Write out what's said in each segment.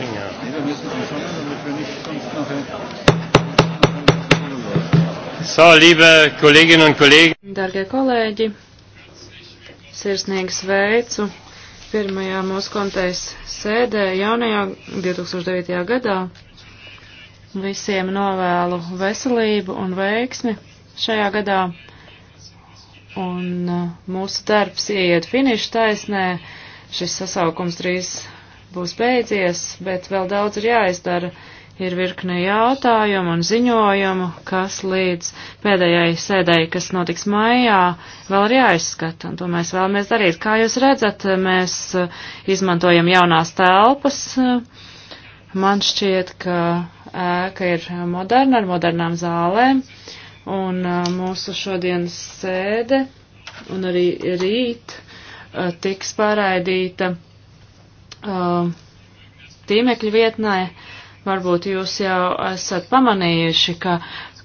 Oettinger. Uh, nee, wir müssen anfangen, damit wir nicht sonst nachher. So, liebe Kolleginnen und Kollegen. Dargie kolēģi, sirsnīgi sveicu pirmajā mūsu komitejas sēdē jaunajā 2009. gadā. Visiem novēlu veselību un veiksmi šajā gadā. Un uh, mūsu darbs ieiet finišu taisnē. Šis sasaukums drīz būs beidzies, bet vēl daudz ir jāizdara. Ir virkne jautājumu un ziņojumu, kas līdz pēdējai sēdēji, kas notiks maijā, vēl ir jāizskata, un to mēs vēlamies darīt. Kā jūs redzat, mēs eh, izmantojam jaunās telpas. Man šķiet, ka ēka ir moderna ar modernām zālēm, un eh, mūsu šodienas sēde un arī rīt eh, tiks pārraidīta Uh, tīmekļa vietnē, varbūt jūs jau esat pamanījuši, ka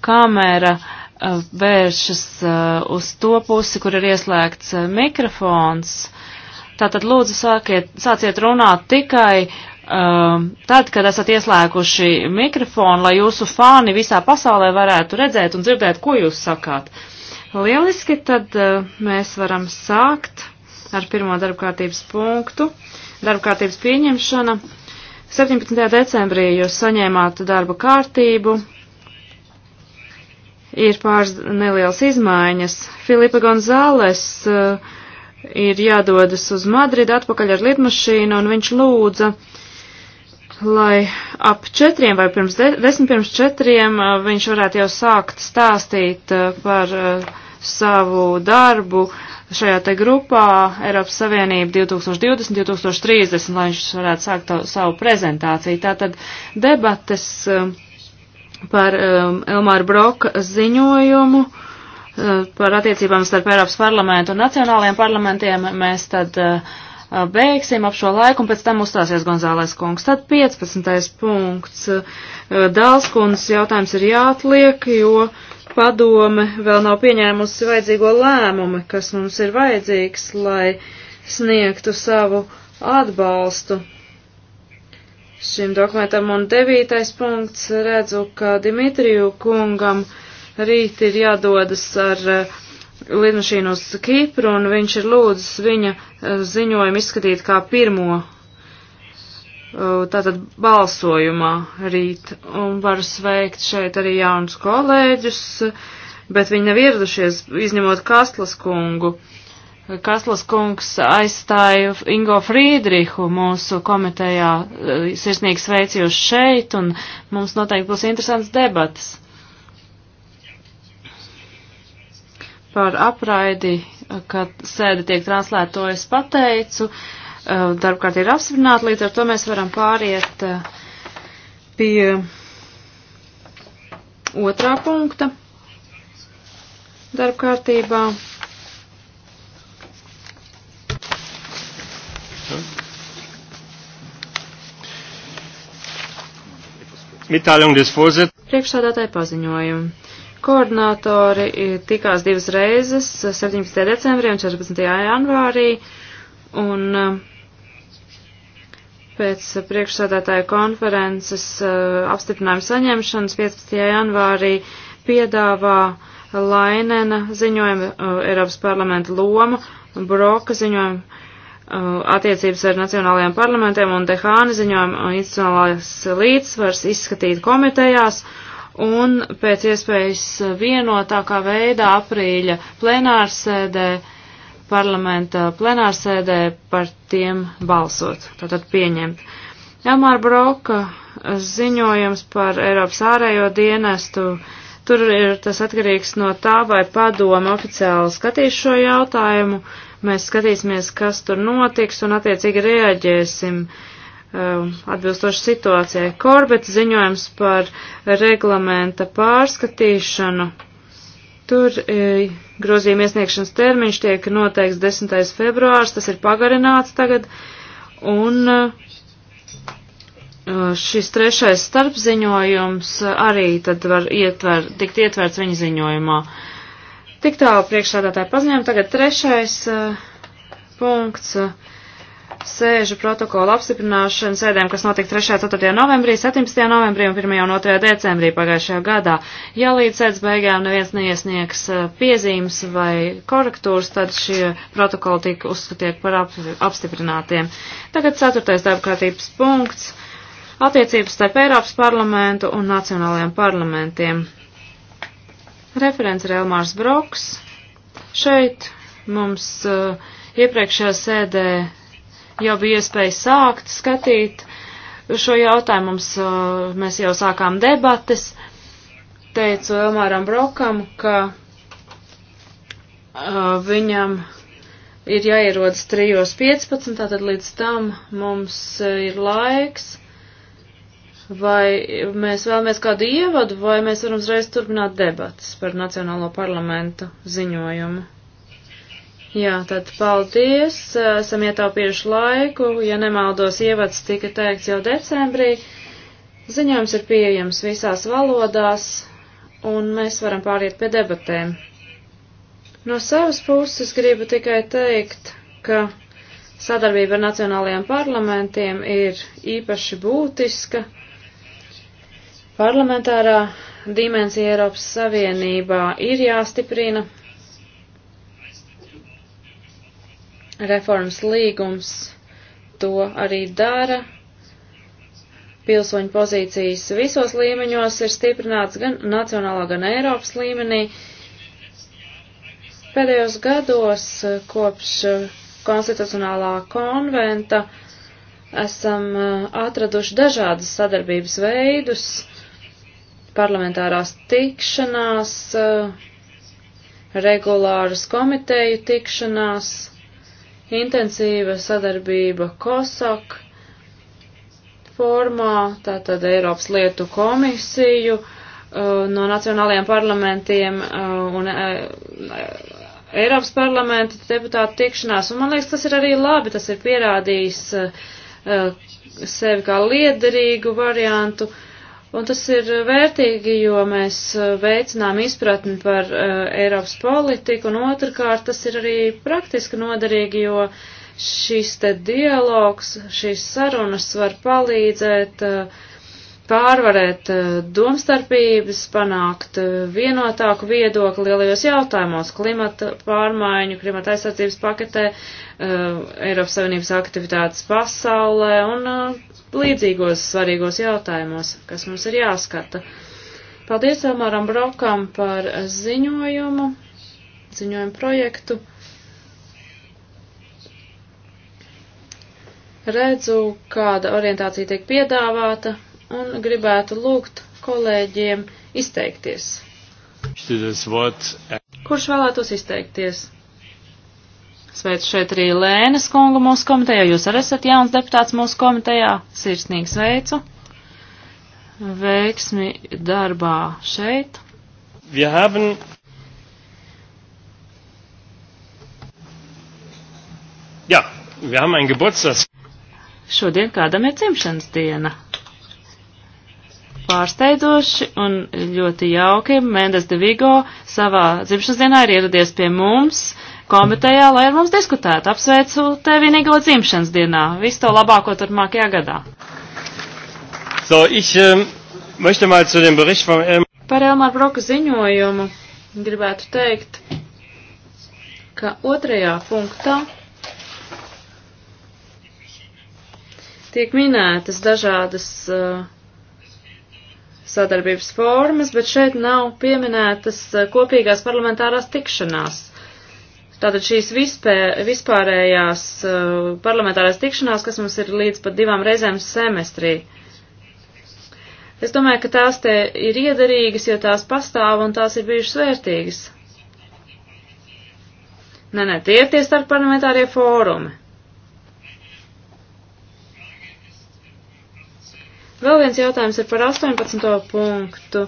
kamera uh, vēršas uh, uz to pusi, kur ir ieslēgts mikrofons. Tātad lūdzu sākiet, sāciet runāt tikai tad, kad esat ieslēguši mikrofonu, lai jūsu fāni visā pasaulē varētu redzēt un dzirdēt, ko jūs sakāt. Lieliski, tad mēs varam sākt ar pirmo darbkārtības punktu. Uh, darba kārtības pieņemšana. 17. decembrī jūs saņēmāt darba kārtību. Ir pāris nelielas izmaiņas. Filipa Gonzāles uh, eh, ir jādodas uz Madridu atpakaļ ar lidmašīnu, un viņš lūdza, lai ap četriem vai pirms de, desmit pirms četriem uh, viņš varētu jau sākt stāstīt uh, par savu darbu šajā te grupā Eiropas Savienība 2020, 2030, lai viņš varētu sākt tavu, savu prezentāciju. Tātad debates um, par um, Elmāra Broka ziņojumu uh, par attiecībām starp Eiropas parlamentu un nacionālajiem parlamentiem mēs tad uh, beigsim ap šo laiku, un pēc tam uzstāsies Gonzālais kungs. Tad 15. punkts. Uh, Dāls kundas jautājums ir jāatliek, jo uh, padome vēl nav pieņēmusi vajadzīgo lēmumu, kas mums ir vajadzīgs, lai sniegtu savu atbalstu. Šim dokumentam un devītais punkts redzu, ka Dimitriju kungam rīt ir jādodas ar eh, lidmašīnu uz Kipru, un viņš ir lūdzis viņa eh, ziņojumu izskatīt kā pirmo Uh, tātad balsojumā rīt un var sveikt šeit arī jaunus kolēģus, bet viņi nav ieradušies, izņemot Kastlas kungu. Kaslas kungs aizstāja Ingo Frīdrihu mūsu komitejā, uh, sirsnīgi sveicu jūs šeit, un mums noteikti būs interesants debats par apraidi, kad sēde tiek translēta, to es pateicu. Uh, Eh, darbkārt ir apstiprināta, līdz ar to mēs varam pāriet eh, pie otrā punkta darbkārtībā. Priekšsādātāja paziņojumu. Koordinātori eh, tikās divas reizes, 17. decembrī un 14. janvārī, un uh, Pēc priekšsādātāja konferences eh, apstiprinājuma saņemšanas 15. janvārī piedāvā Lainena ziņojuma eh, Eiropas parlamenta loma, Broka ziņojuma eh, attiecības ar nacionālajiem parlamentiem un Dehāna ziņojuma institucionālās līdzsvars izskatīt komitejās un pēc iespējas vienotākā veidā aprīļa plenārsēdē parlamenta plenārsēdē par tiem balsot, tātad pieņemt. Elmāra Broka ziņojums par Eiropas ārējo dienestu. Tur ir tas atkarīgs no tā, vai padoma oficiāli skatīs šo jautājumu. Mēs skatīsimies, kas tur notiks un attiecīgi reaģēsim um, atbilstoši situācijai. Korbets ziņojums par reglamenta pārskatīšanu. Tur eh, Grozījuma iesniegšanas termiņš tiek noteikts 10. februārs, tas ir pagarināts tagad, un uh, šis trešais starpziņojums arī tad var ietver, tikt ietverts viņa ziņojumā. Tik tālu priekšsādātāji paziņojumi, tagad trešais uh, punkts. Uh, sēžu protokola apstiprināšanu sēdēm, kas notika 3. un 4. novembrī, 17. novembrī un 1. un 2. decembrī pagājušajā gadā. Ja līdz sēdz beigām neviens neiesniegs eh, piezīmes vai korektūras, tad šie protokoli tika uzskatīti par ap, apstiprinātiem. Tagad 4. darba kārtības punkts - attiecības starp Eiropas parlamentu un nacionālajiem parlamentiem. Referents ir Elmārs Broks. Šeit mums uh, iepriekšējā sēdē jau bija iespēja sākt skatīt šo jautājumu. Mums, uh, mēs jau sākām debates. Teicu Elmāram Brokam, ka uh, viņam ir jāierodas 3.15, tātad līdz tam mums uh, ir laiks. Vai mēs vēlamies kādu ievadu, vai mēs varam uzreiz turpināt debatas par Nacionālo parlamentu ziņojumu? Jā, tad paldies, esam ietaupījuši laiku, ja nemaldos ievads tika teikts jau decembrī. Ziņojums ir pieejams visās valodās, un mēs varam pāriet pie debatēm. No savas puses gribu tikai teikt, ka sadarbība ar nacionālajiem parlamentiem ir īpaši būtiska. Parlamentārā dimensija Eiropas Savienībā ir jāstiprina, reformas līgums to arī dara. Pilsoņu pozīcijas visos līmeņos ir stiprināts gan nacionālā, gan Eiropas līmenī. Pēdējos gados kopš konstitucionālā konventa esam uh, atraduši dažādas sadarbības veidus, parlamentārās tikšanās, uh, regulāras komiteju tikšanās intensīva sadarbība COSAK formā, tātad Eiropas lietu komisiju uh, no nacionālajiem parlamentiem uh, un uh, Eiropas parlamenta deputātu tikšanās. Un man liekas, tas ir arī labi, tas ir pierādījis sevi kā liederīgu variantu. Uh, Un tas ir eh, vērtīgi, jo mēs eh, veicinām izpratni par uh, Eiropas politiku, un otrkārt tas ir arī praktiski noderīgi, jo šis te dialogs, šīs sarunas var palīdzēt uh, pārvarēt eh, domstarpības, panākt eh, vienotāku viedokli lielajos jautājumos - klimata pārmaiņu, klimata aizsardzības paketē, eh, Eiropas Savienības aktivitātes pasaulē un līdzīgos svarīgos jautājumos, kas mums ir jāskata. Paldies Elmaram Braukam par ziņojumu, ziņojumu projektu. redzu, kāda orientācija tiek piedāvāta, un gribētu lūgt kolēģiem izteikties. Äh, Kurš vēlētos izteikties? Sveicu šeit arī Lēnes kungu mūsu komitejā. Jūs arī esat jauns deputāts mūsu komitejā. Sirsnīgi sveicu. Veiksmi darbā šeit. Wir haben Jā, wir haben ein Geburtstags. Šodien kādam ir dzimšanas diena pārsteidoši un ļoti jauki. Mendes de Vigo savā dzimšanas dienā ir ieradies pie mums komitejā, lai ar mums diskutētu. Apsveicu tevi vienīgo dzimšanas dienā. Visu to labāko turpmākajā gadā. So, ich, um, möchte mal zu dem Bericht von Elmar. Par Elmar Broka ziņojumu gribētu teikt, ka otrajā punktā tiek minētas dažādas uh, sadarbības formas, bet šeit nav pieminētas eh, kopīgās parlamentārās tikšanās. Tātad šīs vispē, vispārējās uh, parlamentārās tikšanās, kas mums ir līdz pat divām reizēm semestrī. Es domāju, ka tās te ir iederīgas, jo tās pastāv un tās ir bijušas vērtīgas. Nē, nē, tie ir tie starpparlamentārie fórumi. Vēl viens jautājums ir par 18. punktu.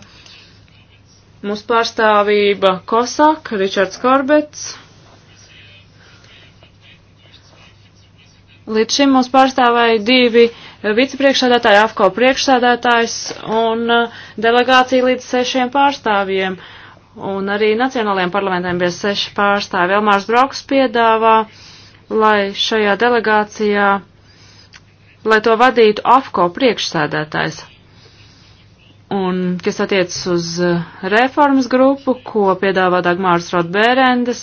Mūsu pārstāvība Kosak, Ričards Korbets. Līdz šim mūs pārstāvēja divi vicepriekšsādātāji, AFCO priekšsādātājs un eh, delegācija līdz sešiem pārstāvjiem. Un arī nacionālajiem parlamentiem bija seši pārstāvi. Elmārs Broks piedāvā, lai šajā delegācijā lai to vadītu AFCO priekšsēdētājs. Un, kas attiecas uz eh, reformas grupu, ko piedāvā Dagmārs Rotbērendes,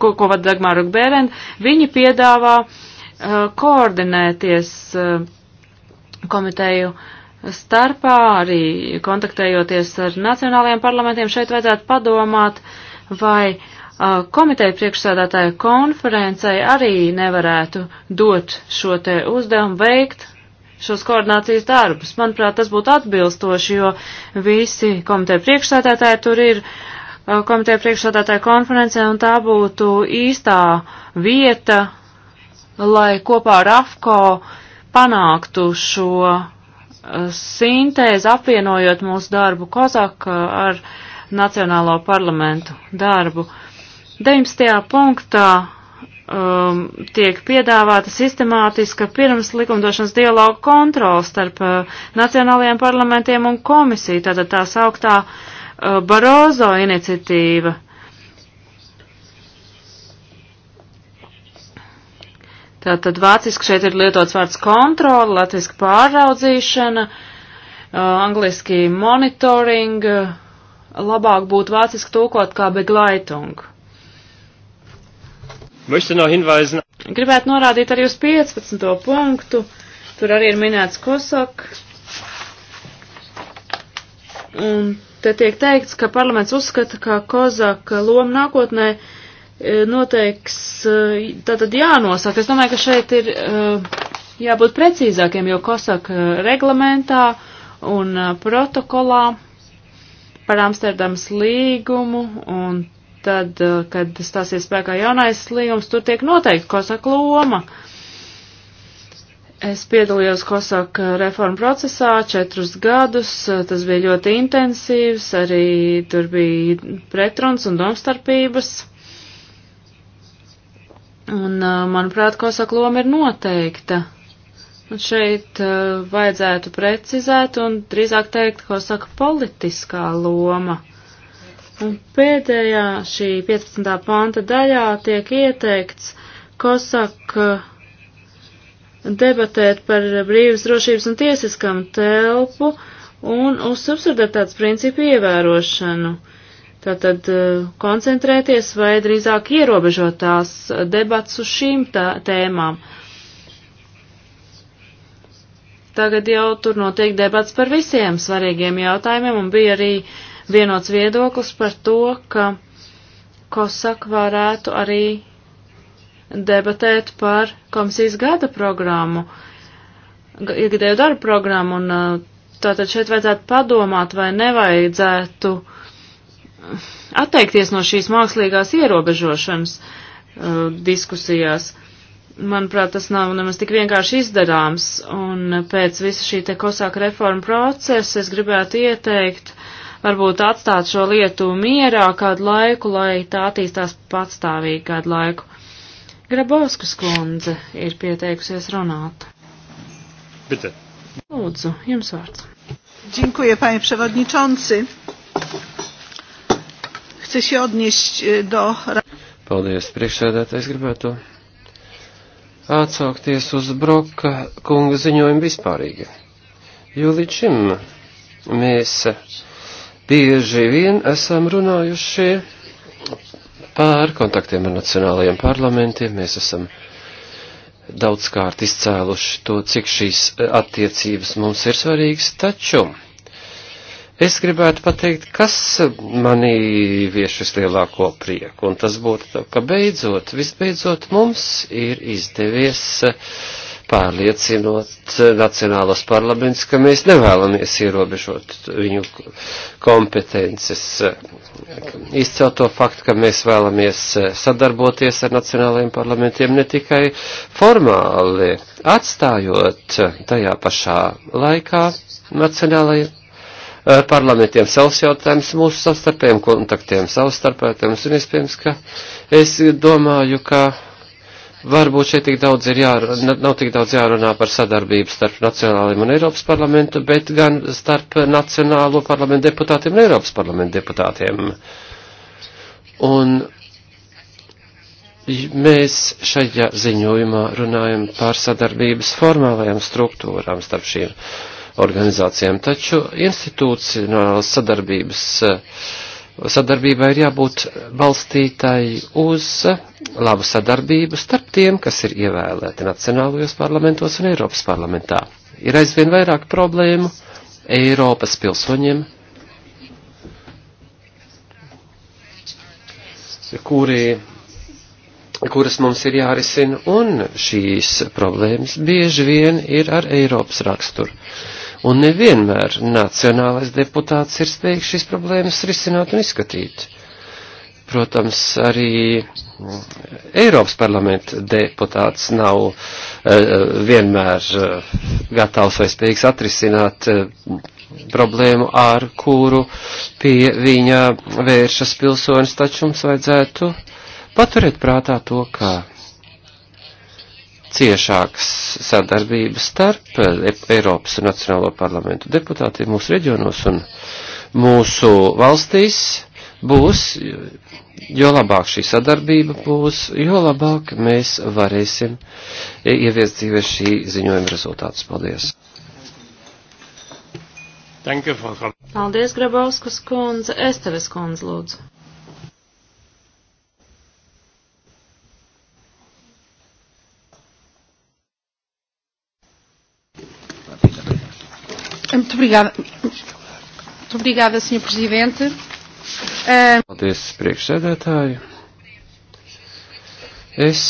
ko, ko vada Dagmāra Rotbērenda, viņi piedāvā uh, koordinēties uh, komiteju starpā, arī kontaktējoties ar nacionālajiem parlamentiem. Šeit vajadzētu padomāt, vai uh, komiteja priekšsādātāja konferencei arī nevarētu dot šo te uzdevumu veikt šos koordinācijas darbus. Manuprāt, tas būtu atbilstoši, jo visi komiteja priekšsādātāji tur ir komiteja priekšsādātāja konferencē, un tā būtu īstā vieta, lai kopā ar AFCO panāktu šo sintēzi, apvienojot mūsu darbu Kozak ar Nacionālo parlamentu darbu. Uh, 19. punktā um, tiek piedāvāta sistemātiska pirms likumdošanas dialogu kontrola starp uh, nacionālajiem parlamentiem un komisiju, tātad tā sauktā uh, Barozo iniciatīva. Tātad vāciski šeit ir lietots vārds kontrola, latviski pārraudzīšana, uh, angliski monitoring, uh, labāk būtu vāciski tūkot kā beglaitung. Gribētu norādīt arī uz 15. punktu. Tur arī ir minēts Kosok. Un te tiek teikts, ka parlaments uzskata, ka Kozaka loma nākotnē e, noteiks, e, tātad jānosaka. Es domāju, ka šeit ir e, jābūt precīzākiem, jo Kosaka reglamentā un protokolā par Amsterdamas līgumu un tad, eh, kad stāsies spēkā jaunais līgums, tur tiek noteikti Kosaka loma. Es piedalījos Kosaka eh, reformu procesā četrus gadus, eh, tas bija ļoti intensīvs, arī tur bija pretruns un domstarpības. Un, manuprāt, Kosaka loma ir noteikta. Un šeit uh, vajadzētu precizēt un drīzāk teikt, ko saka politiskā loma Un pēdējā šī 15. panta daļā tiek ieteikts Kosak eh, debatēt par brīvas drošības un tiesiskam telpu un uz subsidaritātes principu ievērošanu. Tātad eh, koncentrēties vai drīzāk ierobežot tās debats uz šīm tēmām. Tagad jau tur notiek debats par visiem svarīgiem jautājumiem un bija arī uh, vienots viedoklis par to, ka Kosak varētu arī debatēt par komisijas gada programmu, ikgadēju darba programmu, un uh, tātad šeit vajadzētu padomāt, vai nevajadzētu uh, atteikties no šīs mākslīgās ierobežošanas uh, diskusijās manuprāt, tas nav nemaz tik vienkārši izdarāms, un pēc visa šī te kosāka reforma procesa es gribētu ieteikt varbūt atstāt šo lietu mierā kādu laiku, lai tā attīstās patstāvīgi kādu laiku. Grabovskas kundze ir pieteikusies runāt. Bitte. Lūdzu, jums vārds. Dziękuję, panie przewodniczący. Chcę się odnieść e, do. Paldies, priekšsēdētājs gribētu atsaukties uz Broka kunga ziņojumu vispārīgi. Jo līdz šim mēs bieži vien esam runājuši par kontaktiem ar nacionālajiem parlamentiem. Mēs esam daudzkārt izcēluši to, cik šīs eh, attiecības mums ir svarīgas, taču es gribētu pateikt, kas manī vieš vislielāko prieku, un tas būtu, ka beidzot, visbeidzot mums ir izdevies uh, pārliecinot nacionālos parlaments, ka mēs nevēlamies ierobežot viņu kompetences. Izcelt to faktu, ka mēs vēlamies sadarboties ar nacionālajiem parlamentiem ne tikai formāli, atstājot tajā pašā laikā nacionālajiem eh, parlamentiem savus jautājumus, mūsu savstarpējiem kontaktiem, savstarpējiem, un iespējams, ka es domāju, ka Varbūt šeit tik daudz ir jārunā, nav tik daudz jārunā par sadarbību starp nacionāliem un Eiropas parlamentu, bet gan starp nacionālo parlamentu deputātiem un Eiropas parlamentu deputātiem. Un mēs šajā ziņojumā runājam par sadarbības formālajām struktūrām starp šīm organizācijām, taču institūcionālas sadarbības uh, sadarbībai ir jābūt balstītai uz labu sadarbību starp tiem, kas ir ievēlēti nacionālajos parlamentos un Eiropas parlamentā. Ir aizvien vairāk problēmu Eiropas pilsoņiem, kuri, kuras mums ir jārisina, un šīs problēmas bieži vien ir ar Eiropas raksturu un nevienmēr nacionālais deputāts ir spējīgs šīs problēmas risināt un izskatīt. Protams, arī mm, Eiropas parlamenta deputāts nav uh, vienmēr uh, gatavs vai spējīgs atrisināt uh, problēmu, ar kuru pie viņa vēršas pilsonis, taču mums vajadzētu paturēt prātā to, ka ciešākas sadarbības starp eh, Eiropas un Nacionālo parlamentu deputātiem mūsu reģionos un mūsu valstīs būs, jo labāk šī sadarbība būs, jo labāk mēs varēsim eh, ieviest dzīvē šī ziņojuma rezultātus. Paldies! Paldies, Grabauskas kundze, Esteves kundze, lūdzu. Muito obrigada. Muito obrigada, Sr. Presidente. Ah, Paldies, priekšsēdētāji. Es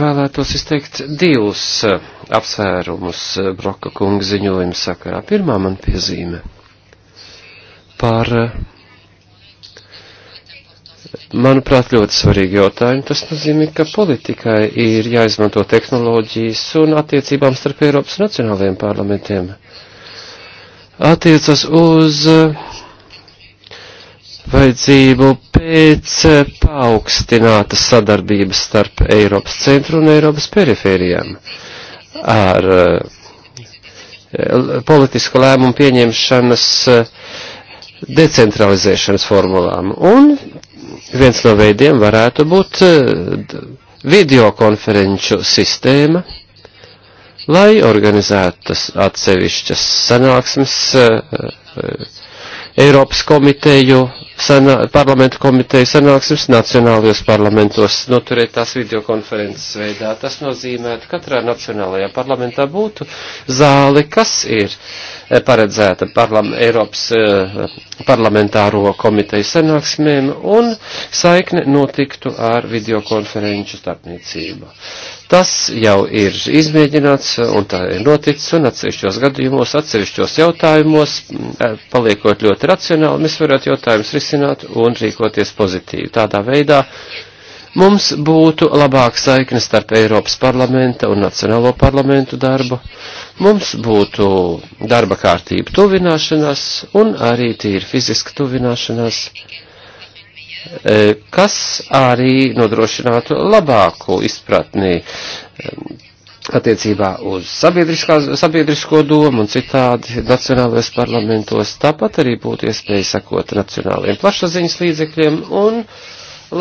vēlētos izteikt divus ah, apsvērumus ah, Broka kunga ziņojuma sakarā. Pirmā man piezīme par, manuprāt, ļoti svarīgi jautājumi. Tas nozīmē, ka politikai ir jāizmanto tehnoloģijas un attiecībām starp Eiropas nacionālajiem parlamentiem attiecas uz uh, vajadzību pēc uh, paaugstinātas sadarbības starp Eiropas centru un Eiropas perifērijām ar uh, politisku lēmumu pieņemšanas decentralizēšanas formulām. Un viens no veidiem varētu būt videokonferenču sistēma, lai organizētas atsevišķas sanāksmes eh, eh, Eiropas komiteju, sanā, parlamentu komiteju sanāksmes nacionālajos parlamentos, noturēt tās videokonferences veidā. Tas nozīmē, ka katrā nacionālajā parlamentā būtu zāli, kas ir eh, paredzēta parlam, Eiropas parlamentāro komiteju sanāksmēm, un saikne notiktu ar videokonferenču starpniecību. Tas jau ir izmēģināts un tā ir noticis, un atsevišķos gadījumos, atsevišķos jautājumos, eh, paliekot ļoti racionāli, mēs varētu jautājumus risināt un rīkoties pozitīvi. Tādā veidā mums būtu labāka saikne starp Eiropas parlamenta un Nacionālo parlamentu darbu, mums būtu darba kārtība tuvināšanās un arī tīri fiziska tuvināšanās Eh, kas arī nodrošinātu labāku izpratni eh, attiecībā uz sabiedrisko domu un citādi nacionālajos parlamentos. Tāpat arī būtu iespēja sekot nacionālajiem plašsaziņas līdzekļiem un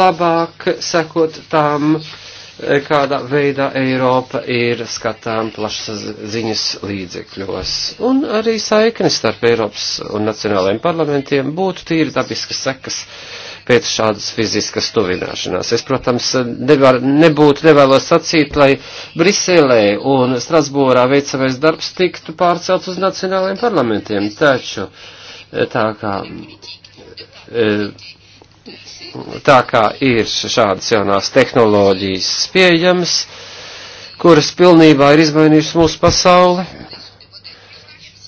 labāk sekot tām, eh, kādā veidā Eiropa ir skatām plašsaziņas līdzekļos. Un arī saiknes starp Eiropas un nacionālajiem parlamentiem būtu tīri dabiskas sekas. Uh, pēc šādas fiziskas tuvināšanās. Es, protams, nevar, nebūtu nevēlos sacīt, lai Briselē un Strasbūrā veicamais darbs tiktu pārcelt uz nacionālajiem parlamentiem, taču tā kā. E, tā kā ir šādas jaunās tehnoloģijas pieejamas, kuras pilnībā ir izmainījušas mūsu pasauli,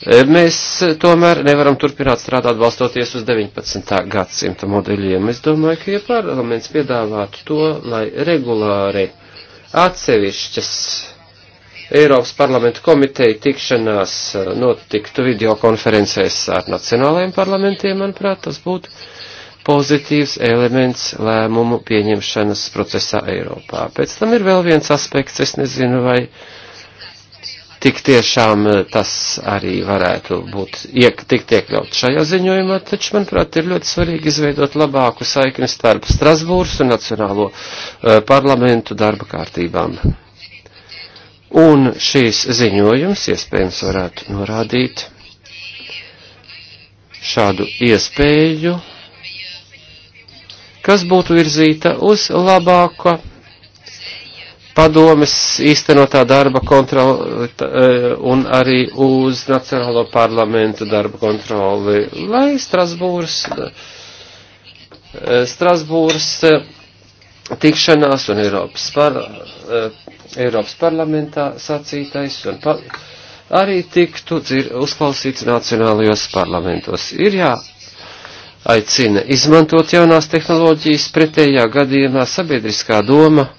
E, mēs tomēr nevaram turpināt strādāt balstoties uz 19. gadsimta modeļiem. Es domāju, ka ja parlaments piedāvātu to, lai regulāri atsevišķas Eiropas parlamenta komiteja tikšanās e, notiktu videokonferencēs ar nacionālajiem parlamentiem, manuprāt, tas būtu pozitīvs elements lēmumu pieņemšanas procesā Eiropā. Pēc tam ir vēl viens aspekts, es nezinu, vai Tik tiešām eh, tas arī varētu būt iek, tikt iekļaut šajā ziņojumā, taču, manuprāt, ir ļoti svarīgi izveidot labāku saikni starp Strasbūras un Nacionālo uh, parlamentu darba kārtībām. Un šīs ziņojums iespējams varētu norādīt šādu iespēju, kas būtu virzīta uz labāku padomes īstenotā darba kontroli e, un arī uz Nacionālo parlamentu darba kontroli, lai Strasbūras, e, Strasbūras e, tikšanās un Eiropas, par, Eiropas parlamentā sacītais un pa, arī tiktu dzir, uzklausīts nacionālajos parlamentos. Ir jā, aicina izmantot jaunās tehnoloģijas, pretējā gadījumā sabiedriskā doma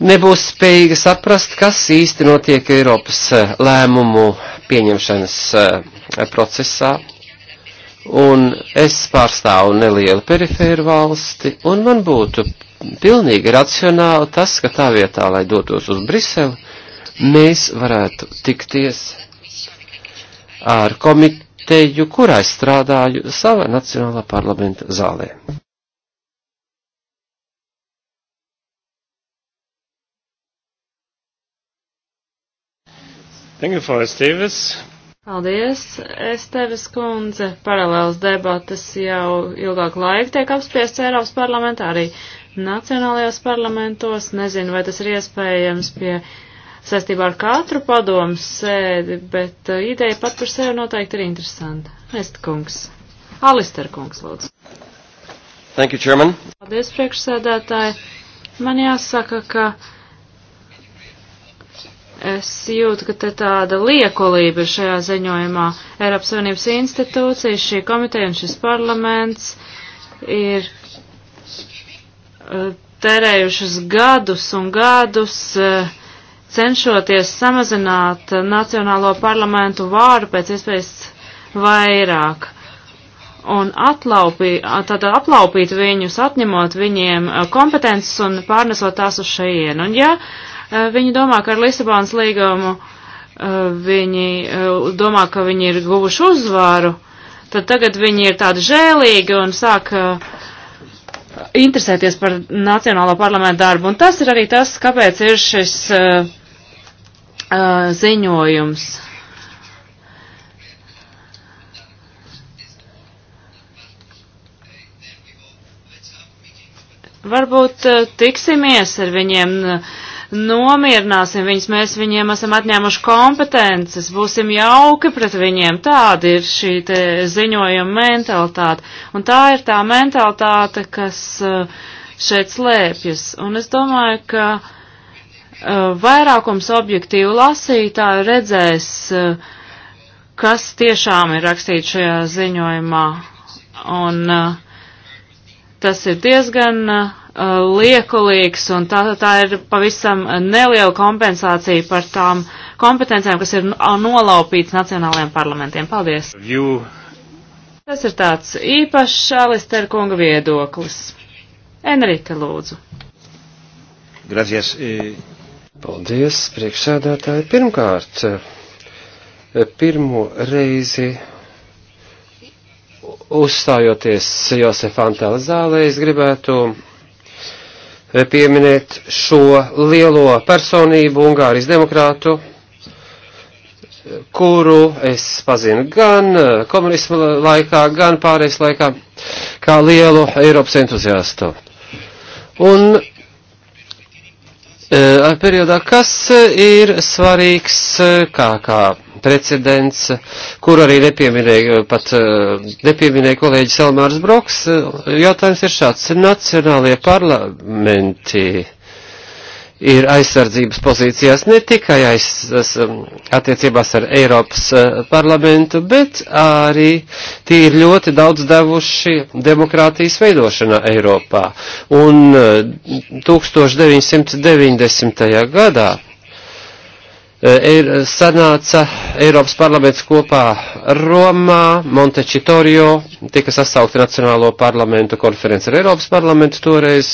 nebūs spējīga saprast, kas īsti notiek Eiropas eh, lēmumu pieņemšanas eh, procesā. Un es pārstāvu nelielu perifēru valsti, un man būtu pilnīgi racionāli tas, ka tā vietā, lai dotos uz Briseli, mēs varētu tikties ar komiteju, kurā es strādāju, savā nacionālā parlamenta zālē. Thank you, Forrest Davis. Paldies, Esteves kundze. Paralēlas debatas jau ilgāk laika tiek apspriests Eiropas parlamentā, arī nacionālajos parlamentos. Nezinu, vai tas ir iespējams pie saistībā ar katru padomu sēdi, bet uh, ideja pat par sevi noteikti ir interesanta. Est kungs. Alister kungs, lūdzu. Thank you, Chairman. Paldies, priekšsēdētāji. Man jāsaka, ka Es jūtu, ka te tāda liekolība ir šajā ziņojumā. Eiropas Savienības institūcijas, šī komiteja un šis parlaments ir e, terējušas gadus un gadus e, cenšoties samazināt Nacionālo parlamentu vāru pēc iespējas vairāk un atlaupī, tātad aplaupīt viņus, atņemot viņiem e, kompetences un pārnesot tās uz šajien. Un ja uh, Eh, viņi domā, ka ar Lisabonas līgumu eh, viņi eh, domā, ka viņi ir guvuši uzvaru, tad tagad viņi ir tādi žēlīgi un sāk interesēties par Nacionālo parlamentu darbu. Un tas ir arī tas, kāpēc ir šis ziņojums. Varbūt tiksimies ar viņiem uh, nomierināsim viņus, mēs viņiem esam atņēmuši kompetences, būsim jauki pret viņiem, tāda ir šī te ziņojuma mentalitāte. Un tā ir tā mentalitāte, kas eh, šeit slēpjas. Un es domāju, ka eh, vairākums objektīvu lasītāju redzēs, eh, kas tiešām ir rakstīts šajā ziņojumā. Un tas ir diezgan uh, Uh, liekulīgs, un tā, tā ir pavisam neliela kompensācija par tām kompetencijām, kas ir nolaupīts nacionālajiem parlamentiem. Paldies! You... Tas ir tāds īpašs Alister kunga viedoklis. Enrika, lūdzu. Gracias. Eh. Paldies, priekšsēdētāji. Pirmkārt, eh, pirmo reizi uzstājoties Josefa Antela zālē, es gribētu pieminēt šo lielo personību, Ungārijas demokrātu, kuru es pazinu gan eh, komunismu laikā, gan pārējais laikā, kā lielu Eiropas entuziastu. Un eh, periodā, kas eh, ir svarīgs kā, kā precedents, kur arī nepieminēja, eh, pat eh, nepieminēja kolēģis Elmārs Broks. Eh, jautājums ir šāds. Nacionālie parlamenti ir aizsardzības pozīcijās ne tikai aiz, um, attiecībās ar Eiropas parlamentu, bet arī tie ir ļoti daudz devuši demokrātijas veidošanā Eiropā. Un 1990. gadā Eh, ir sanāca Eiropas parlaments kopā Romā, Montečitorio, tika sasaukta Nacionālo parlamentu konference ar Eiropas parlamentu toreiz.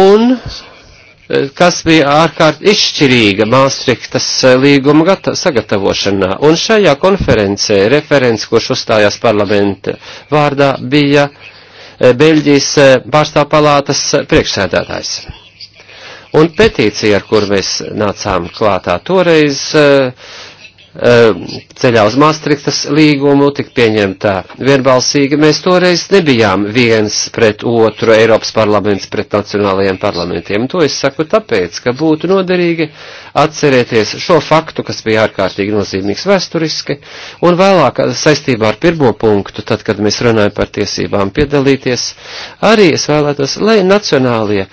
Un eh, kas bija ārkārt izšķirīga Māstriktas eh, līguma sagatavošanā. Un šajā konferencē referents, kurš uzstājās parlamenta vārdā, bija Beļģijas pārstāvpalātas priekšsēdētājs. Un petīcija, ar kur mēs nācām klātā toreiz, uh, Eh, ceļā uz Maastrichtas līgumu, tik pieņemtā vienbalsīga. Mēs toreiz nebijām viens pret otru Eiropas parlaments pret nacionālajiem parlamentiem. To es saku tāpēc, ka būtu noderīgi atcerēties šo faktu, kas bija ārkārtīgi nozīmīgs vēsturiski, un vēlāk saistībā ar pirmo punktu, tad, kad mēs runājam par tiesībām piedalīties, arī es vēlētos, lai nacionālie eh,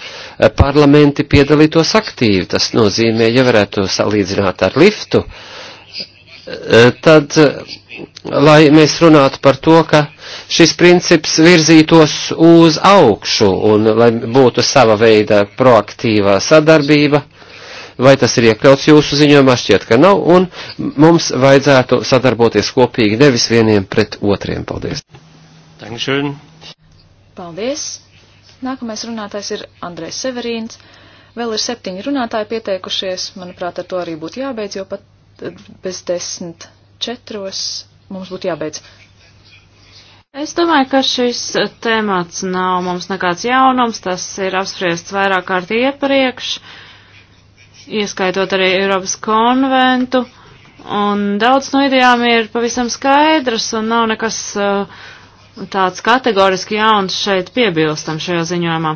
parlamenti piedalītos aktīvi. Tas nozīmē, ja varētu salīdzināt ar liftu, uh, Eh, tad, eh, lai mēs runātu par to, ka šis princips virzītos uz augšu un lai būtu sava veida proaktīvā sadarbība, vai tas ir iekļauts jūsu ziņojumā, šķiet, ka nav, un mums vajadzētu sadarboties kopīgi nevis vieniem pret otriem. Paldies! Dankšön. Paldies! Nākamais runātājs ir Andrēs Severīns. Vēl ir septiņi runātāji pieteikušies, manuprāt, ar to arī būtu jābeidz, jo pat tad bez desmit četros mums būtu jābeidz. Es domāju, ka šis temats nav mums nekāds jaunums, tas ir apspriests vairāk kārt iepriekš, ieskaitot arī Eiropas konventu, un daudz no idejām ir pavisam skaidrs un nav nekas uh, tāds kategoriski jauns šeit piebilstam šajā ziņojumā.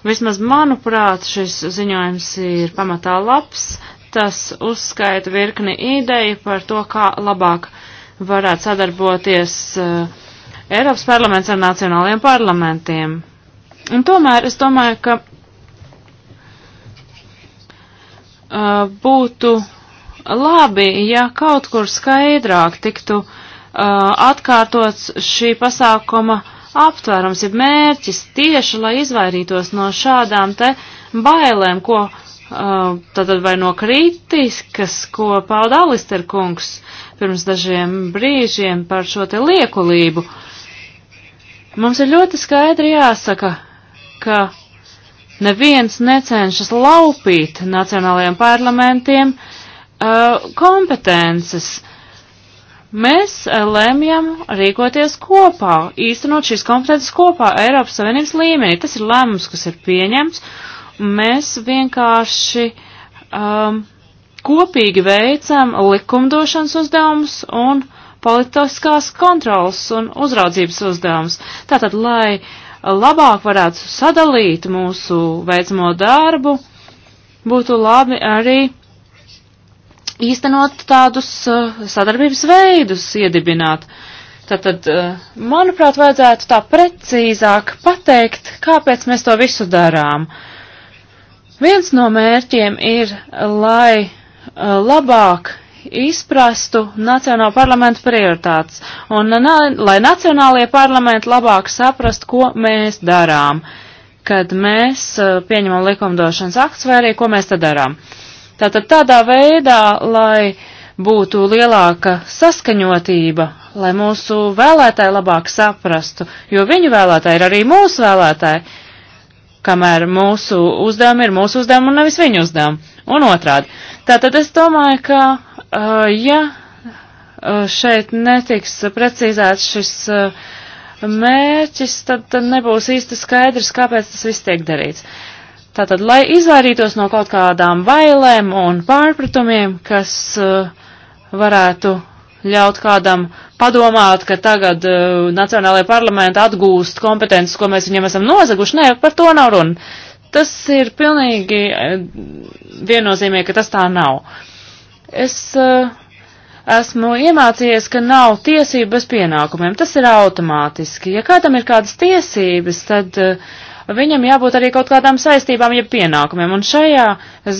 Vismaz manuprāt, šis ziņojums ir pamatā labs, Tas uzskaita virkni ideju par to, kā labāk varētu sadarboties uh, Eiropas parlaments ar nacionāliem parlamentiem. Un tomēr es domāju, ka uh, būtu labi, ja kaut kur skaidrāk tiktu uh, atkārtots šī pasākuma aptvērums, ja mērķis tieši, lai izvairītos no šādām te bailēm, ko Uh, tātad vai no kritiskas, ko pauda Alister kungs pirms dažiem brīžiem par šo te liekulību. Mums ir ļoti skaidri jāsaka, ka neviens necenšas laupīt nacionālajiem parlamentiem uh, kompetences. Mēs uh, lemjam rīkoties kopā, īstenot šīs kompetences kopā Eiropas Savienības līmenī. Tas ir lēmums, kas ir pieņemts, Mēs vienkārši um, kopīgi veicam likumdošanas uzdevumus un politiskās kontrolas un uzraudzības uzdevumus. Tātad, lai labāk varētu sadalīt mūsu veicamo darbu, būtu labi arī īstenot tādus uh, sadarbības veidus iedibināt. Tātad, uh, manuprāt, vajadzētu tā precīzāk pateikt, kāpēc mēs to visu darām. Uh, Viens no mērķiem ir, lai uh, labāk izprastu Nacionālo parlamentu prioritātes un na, lai Nacionālajie parlamenti labāk saprast, ko mēs darām, kad mēs uh, pieņemam likumdošanas akts vai arī, ko mēs tad darām. Tātad tādā veidā, lai būtu lielāka saskaņotība, lai mūsu vēlētāji labāk saprastu, jo viņu vēlētāji ir arī mūsu vēlētāji kamēr mūsu uzdevumi ir mūsu uzdevumi un nevis viņu uzdevumi. Un otrādi. Tātad es domāju, ka, uh, ja uh, šeit netiks precīzēts šis uh, mērķis, tad, tad nebūs īsti skaidrs, kāpēc tas viss tiek darīts. Tātad, lai izvairītos no kaut kādām bailēm un pārpratumiem, kas uh, varētu ļaut kādam padomāt, ka tagad uh, Nacionālajie parlamenti atgūst kompetences, ko mēs viņiem esam nozaguši. Nē, par to nav runa. Tas ir pilnīgi uh, viennozīmīgi, ka tas tā nav. Es uh, esmu iemācījies, ka nav tiesību bez pienākumiem. Tas ir automātiski. Ja kādam ir kādas tiesības, tad uh, viņam jābūt arī kaut kādām saistībām, ja pienākumiem. Un šajā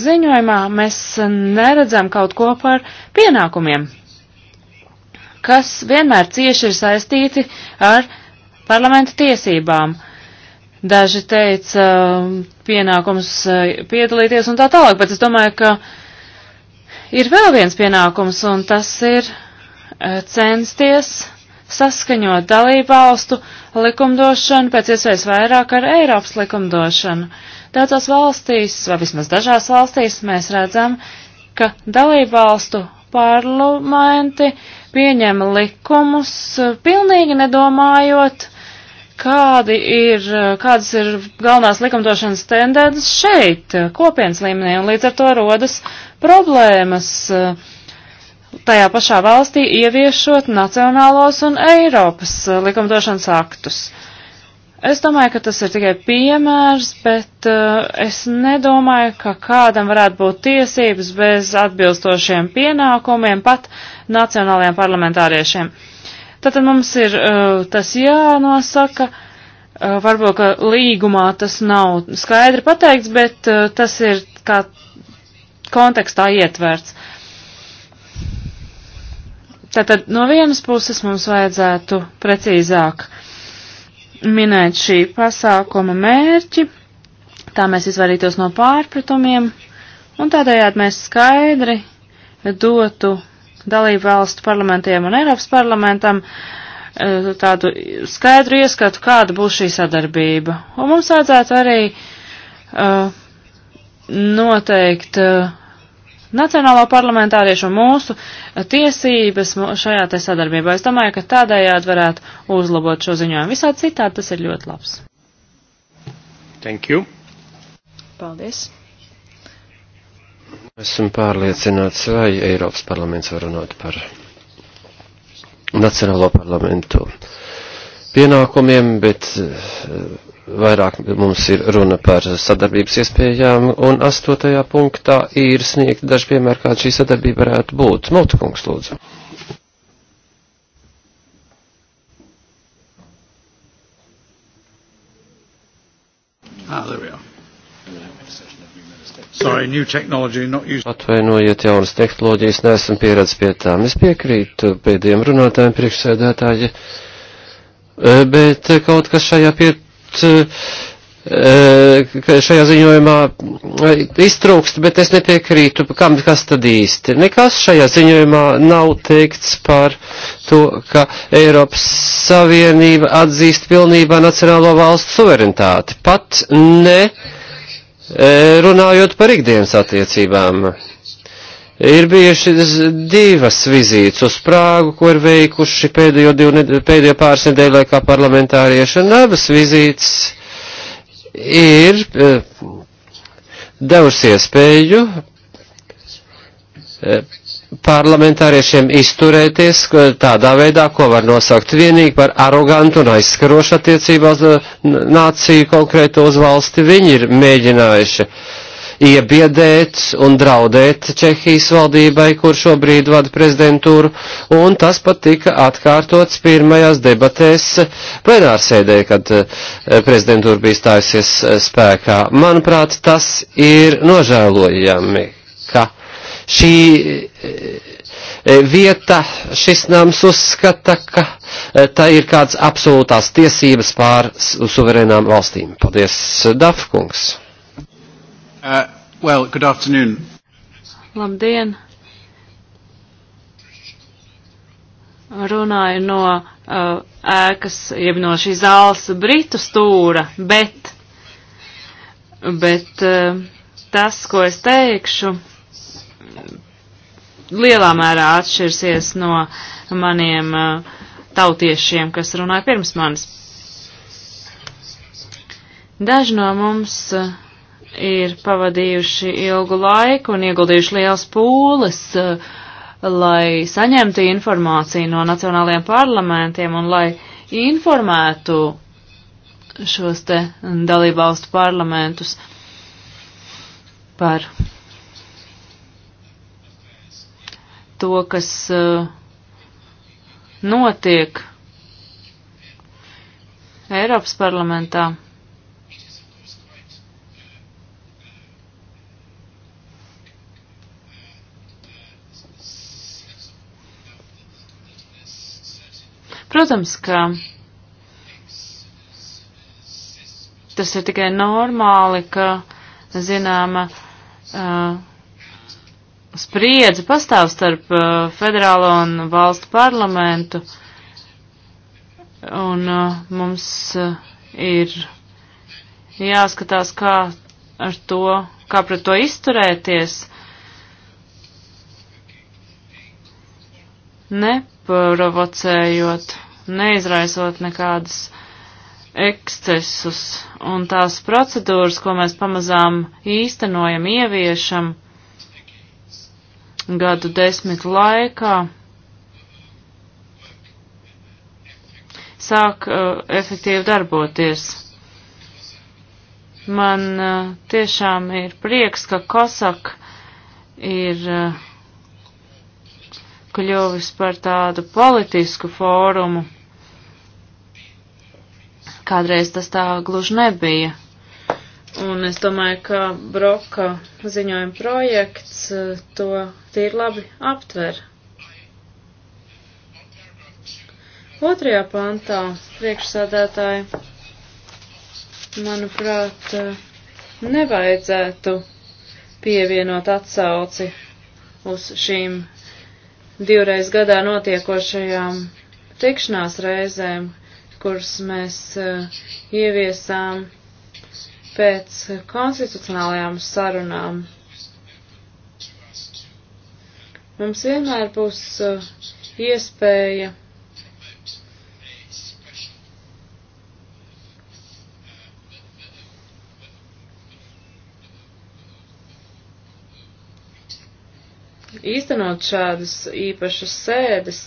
ziņojumā mēs neredzam kaut ko par pienākumiem kas vienmēr cieši ir saistīti ar parlamenta tiesībām. Daži teica um, pienākums uh, piedalīties un tā tālāk, bet es domāju, ka ir vēl viens pienākums, un tas ir uh, censties saskaņot dalību valstu likumdošanu pēc iespējas vairāk ar Eiropas likumdošanu. Daudzās valstīs, vai vismaz dažās valstīs, mēs redzam, ka dalību valstu parlamenti uh, pieņem likumus, eh, pilnīgi nedomājot, kādi ir, eh, kādas ir galvenās likumdošanas tendences šeit, eh, kopienas līmenī, un līdz ar to rodas problēmas tajā pašā valstī ieviešot nacionālos un Eiropas likumdošanas aktus. Uh, Es domāju, ka tas ir tikai piemērs, bet uh, es nedomāju, ka kādam varētu būt tiesības bez atbilstošiem pienākumiem pat nacionālajiem parlamentāriešiem. Tātad mums ir uh, tas jānosaka, uh, varbūt, ka līgumā tas nav skaidri pateikts, bet uh, tas ir kā kontekstā ietverts. Tātad no vienas puses mums vajadzētu precīzāk uh, minēt šī pasākuma mērķi, tā mēs izvairītos no pārpratumiem, un tādējādi mēs skaidri dotu dalību valstu parlamentiem un Eiropas parlamentam e, tādu skaidru ieskatu, kāda būs šī sadarbība. Un mums vajadzētu arī uh, noteikt uh, Nacionālo parlamentāriešu un mūsu eh, tiesības šajā te sadarbībā. Es domāju, ka tādējādi varētu uzlabot šo ziņojumu. Visā citādi tas ir ļoti labs. Thank you. Paldies. Esmu pārliecināts, vai Eiropas parlaments var runāt par Nacionālo parlamentu pienākumiem, bet eh, vairāk mums ir runa par sadarbības iespējām, un astotajā punktā ir sniegt daži piemēri, kāda šī sadarbība varētu būt. Mautekungs, lūdzu. Ah, there we are. Sorry, new technology, not used. Atvainojiet, jaunas tehnoloģijas, neesam pieredzējuši pie tām. Es piekrītu pēdējiem runātājiem, priekšsēdētāji, eh, bet kaut kas šajā pie, Eh, šajā ziņojumā eh, iztrūkst, bet es nepiekrītu, kam kas tad īsti. Nekas šajā ziņojumā nav teikts par to, ka Eiropas Savienība atzīst pilnībā nacionālo valstu suverenitāti. Pat ne eh, runājot par ikdienas attiecībām. Ir bijušas divas vizītes uz Prāgu, ko ir veikuši pēdējo, divu, pēdējo pāris nedēļu laikā parlamentārieši, un abas vizītes ir eh, devušas iespēju eh, parlamentāriešiem izturēties tādā veidā, ko var nosaukt vienīgi par arogantu un aizskarošu attiecībās eh, nāciju konkrēto uz valsti. Viņi ir mēģinājuši uh, iebiedēt un draudēt Čehijas valdībai, kur šobrīd vada prezidentūru, un tas pat tika atkārtots pirmajās debatēs plenārsēdē, kad eh, prezidentūra bija stājusies eh, spēkā. Manuprāt, tas ir nožēlojami, ka šī eh, vieta, šis nams uzskata, ka tā ir kāds absolūtās tiesības pār suverēnām valstīm. Paldies, Dafkungs! Uh, well, good afternoon. Labdien! Runāju no uh, ēkas, jeb no šīs zāles britu stūra, bet, bet uh, tas, ko es teikšu, lielā mērā atšķirsies no maniem uh, tautiešiem, kas runāja pirms manis. Daži no mums uh, ir pavadījuši ilgu laiku un ieguldījuši liels pūles, eh, lai saņemtu informāciju no nacionālajiem parlamentiem un lai informētu šos te dalībvalstu parlamentus par to, kas eh, notiek Eiropas parlamentā. Protams, ka tas ir tikai normāli, ka zināma uh, spriedze pastāv starp uh, federālo un valstu parlamentu, un uh, mums ir jāskatās, kā ar to, kā pret to izturēties. Ne neprovocējot, neizraisot nekādas ekscesus un tās procedūras, ko mēs pamazām īstenojam, ieviešam gadu desmit laikā, sāk uh, efektīvi darboties. Man uh, tiešām ir prieks, ka Kosak ir uh, kļuvis par tādu politisku fórumu. Kādreiz tas tā gluži nebija. Un es domāju, ka Broka ziņojuma projekts eh, to tīri labi aptver. Otrajā pantā priekšsādātāji, manuprāt, eh, nevajadzētu pievienot atsauci uz šīm divreiz gadā notiekošajām tikšanās reizēm, kuras mēs eh, ieviesām pēc konstitucionālajām sarunām. Mums vienmēr būs eh, iespēja īstenot šādas īpašas sēdes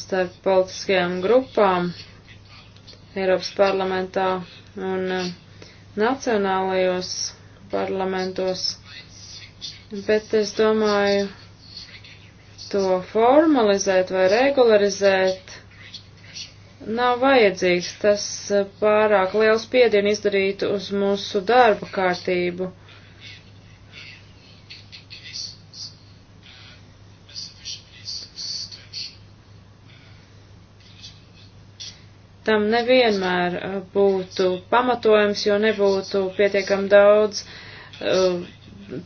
starp politiskajām grupām Eiropas parlamentā un eh, nacionālajos parlamentos. Bet es domāju, to formalizēt vai regularizēt nav vajadzīgs. Tas eh, pārāk liels piedienu izdarītu uz mūsu darba kārtību. tam nevienmēr uh, būtu pamatojums, jo nebūtu pietiekam daudz uh,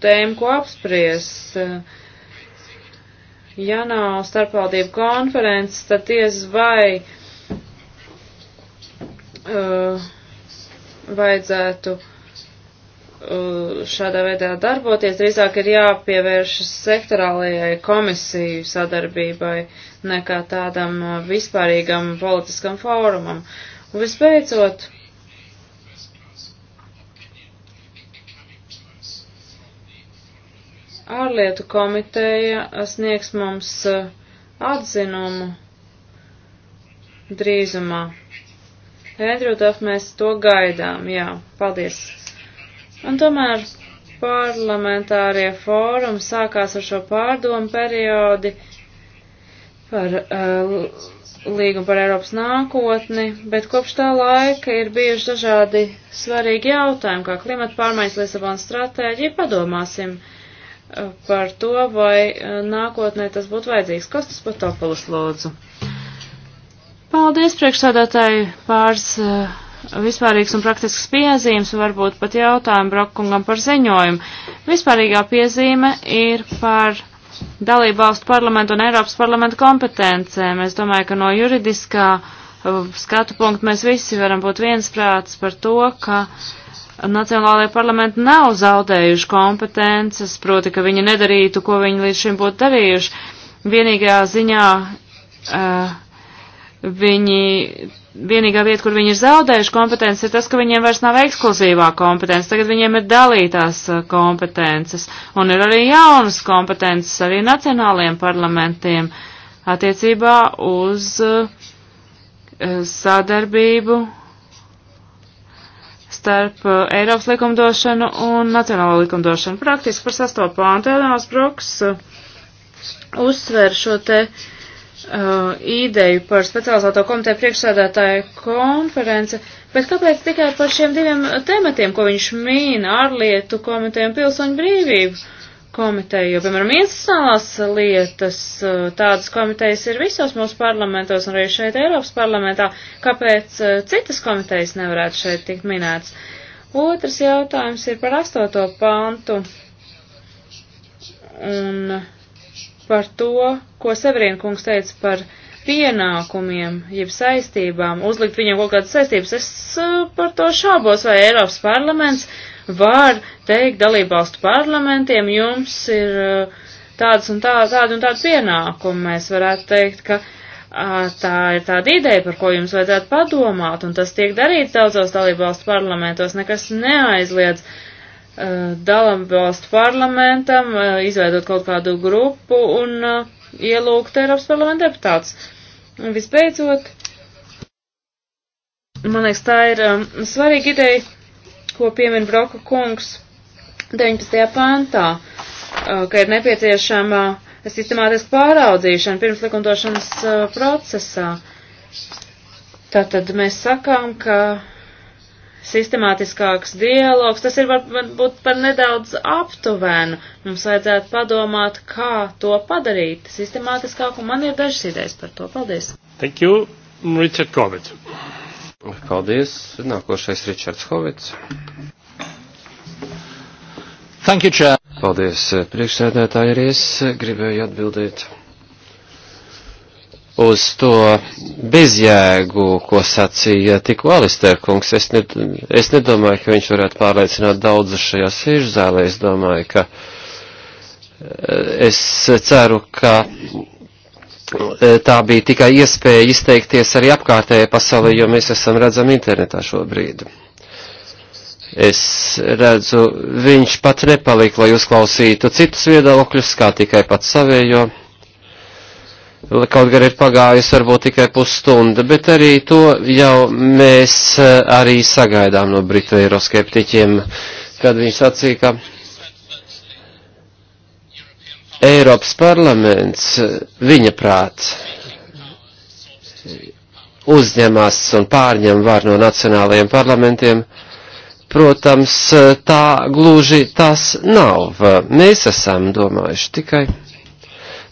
tēmu, ko apspriest. Uh, ja nav starpvaldību konferences, tad tiez vai uh, vajadzētu uh, Uh, šādā veidā darboties, drīzāk ir jāpievēršas sektorālajai komisiju sadarbībai nekā tādam uh, vispārīgam politiskam fórumam. Un visbeidzot, ārlietu komiteja sniegs mums uh, atzinumu drīzumā. Edrudaf, mēs to gaidām, jā, paldies. Un tomēr parlamentārie fórumi sākās ar šo pārdomu periodi par uh, līgumu par Eiropas nākotni, bet kopš tā laika ir bijuši dažādi svarīgi jautājumi, kā klimata pārmaiņas, Lisabonas stratēģija. Padomāsim uh, par to, vai uh, nākotnē tas būtu vajadzīgs. Kostas Patopulis lūdzu. Paldies, priekšsādātāji, pāris. Uh, vispārīgs un praktisks piezīmes, varbūt pat jautājumu Brokungam par ziņojumu. Vispārīgā piezīme ir par dalību valstu parlamentu un Eiropas parlamentu kompetencēm. Es domāju, ka no juridiskā uh, skatu punkta mēs visi varam būt viensprāts par to, ka nacionālajie parlamenti nav zaudējuši kompetences, proti, ka viņi nedarītu, ko viņi līdz šim būtu darījuši. Vienīgajā ziņā uh, viņi, vienīgā vieta, kur viņi ir zaudējuši kompetences, ir tas, ka viņiem vairs nav ekskluzīvā kompetence, tagad viņiem ir dalītās eh, kompetences, un ir arī jaunas kompetences arī nacionāliem parlamentiem attiecībā uz eh, sadarbību starp eh, Eiropas likumdošanu un nacionālo likumdošanu. Praktiski par sasto pāntu Elēnas Broks uzsver šo te uh, uh, ideju par specializēto komiteju priekšsēdētāju konferenci, bet kāpēc tikai par šiem diviem tematiem, ko viņš mīna - ārlietu komiteju un pilsoņu brīvību komiteju? Jo, piemēram, institucionālās lietas, uh, tādas komitejas ir visos mūsu parlamentos un arī šeit Eiropas parlamentā. Kāpēc uh, citas komitejas nevarētu šeit tikt minētas? Otrs jautājums ir par astoto pantu. Un, uh, par to, ko Severina kungs teica par pienākumiem, jeb saistībām, uzlikt viņiem kaut kādas saistības. Es uh, par to šābos, vai Eiropas parlaments var teikt dalībvalstu parlamentiem, jums ir uh, tāds un tā, tādi un tādi pienākumi. Mēs varētu teikt, ka uh, tā ir tāda ideja, par ko jums vajadzētu padomāt, un tas tiek darīts daudzos dalībvalstu parlamentos, nekas neaizliedz Eh, dalam valstu parlamentam, eh, izveidot kaut kādu grupu un eh, ielūgt Eiropas parlamenta deputātus. Un visbeidzot, man liekas, tā ir svarīga ideja, ko piemin Broka kungs 19. pāntā, ka ir nepieciešama sistemātiska pāraudzīšana pirms likumdošanas procesā. Tātad mēs sakām, ka sistemātiskāks dialogs, tas ir varbūt par nedaudz aptuvenu. Mums vajadzētu padomāt, kā to padarīt sistemātiskāk, un man ir dažas idejas par to. Paldies! Thank you, Richard Kovits. Paldies, nākošais Ričards Hovits. Thank you, Chair. Paldies, priekšsēdētāji, arī es gribēju atbildēt uz to bezjēgu, ko sacīja tikko Alisterkungs. Es, ne, es nedomāju, ka viņš varētu pārliecināt daudzus šajā sēžzālē. Es domāju, ka es ceru, ka e, tā bija tikai iespēja izteikties arī apkārtējai pasaulē, jo mēs esam redzami internetā šobrīd. Es redzu, viņš pat nepalika, lai uzklausītu citus viedokļus, kā tikai pats savējo kaut gan ir pagājis varbūt tikai pusstunda, bet arī to jau mēs eh, arī sagaidām no Britu eiroskeptiķiem, kad viņi sacīja, ka Eiropas parlaments viņa prāt uzņemas un pārņem var no nacionālajiem parlamentiem. Protams, eh, tā gluži tas nav. Mēs esam domājuši tikai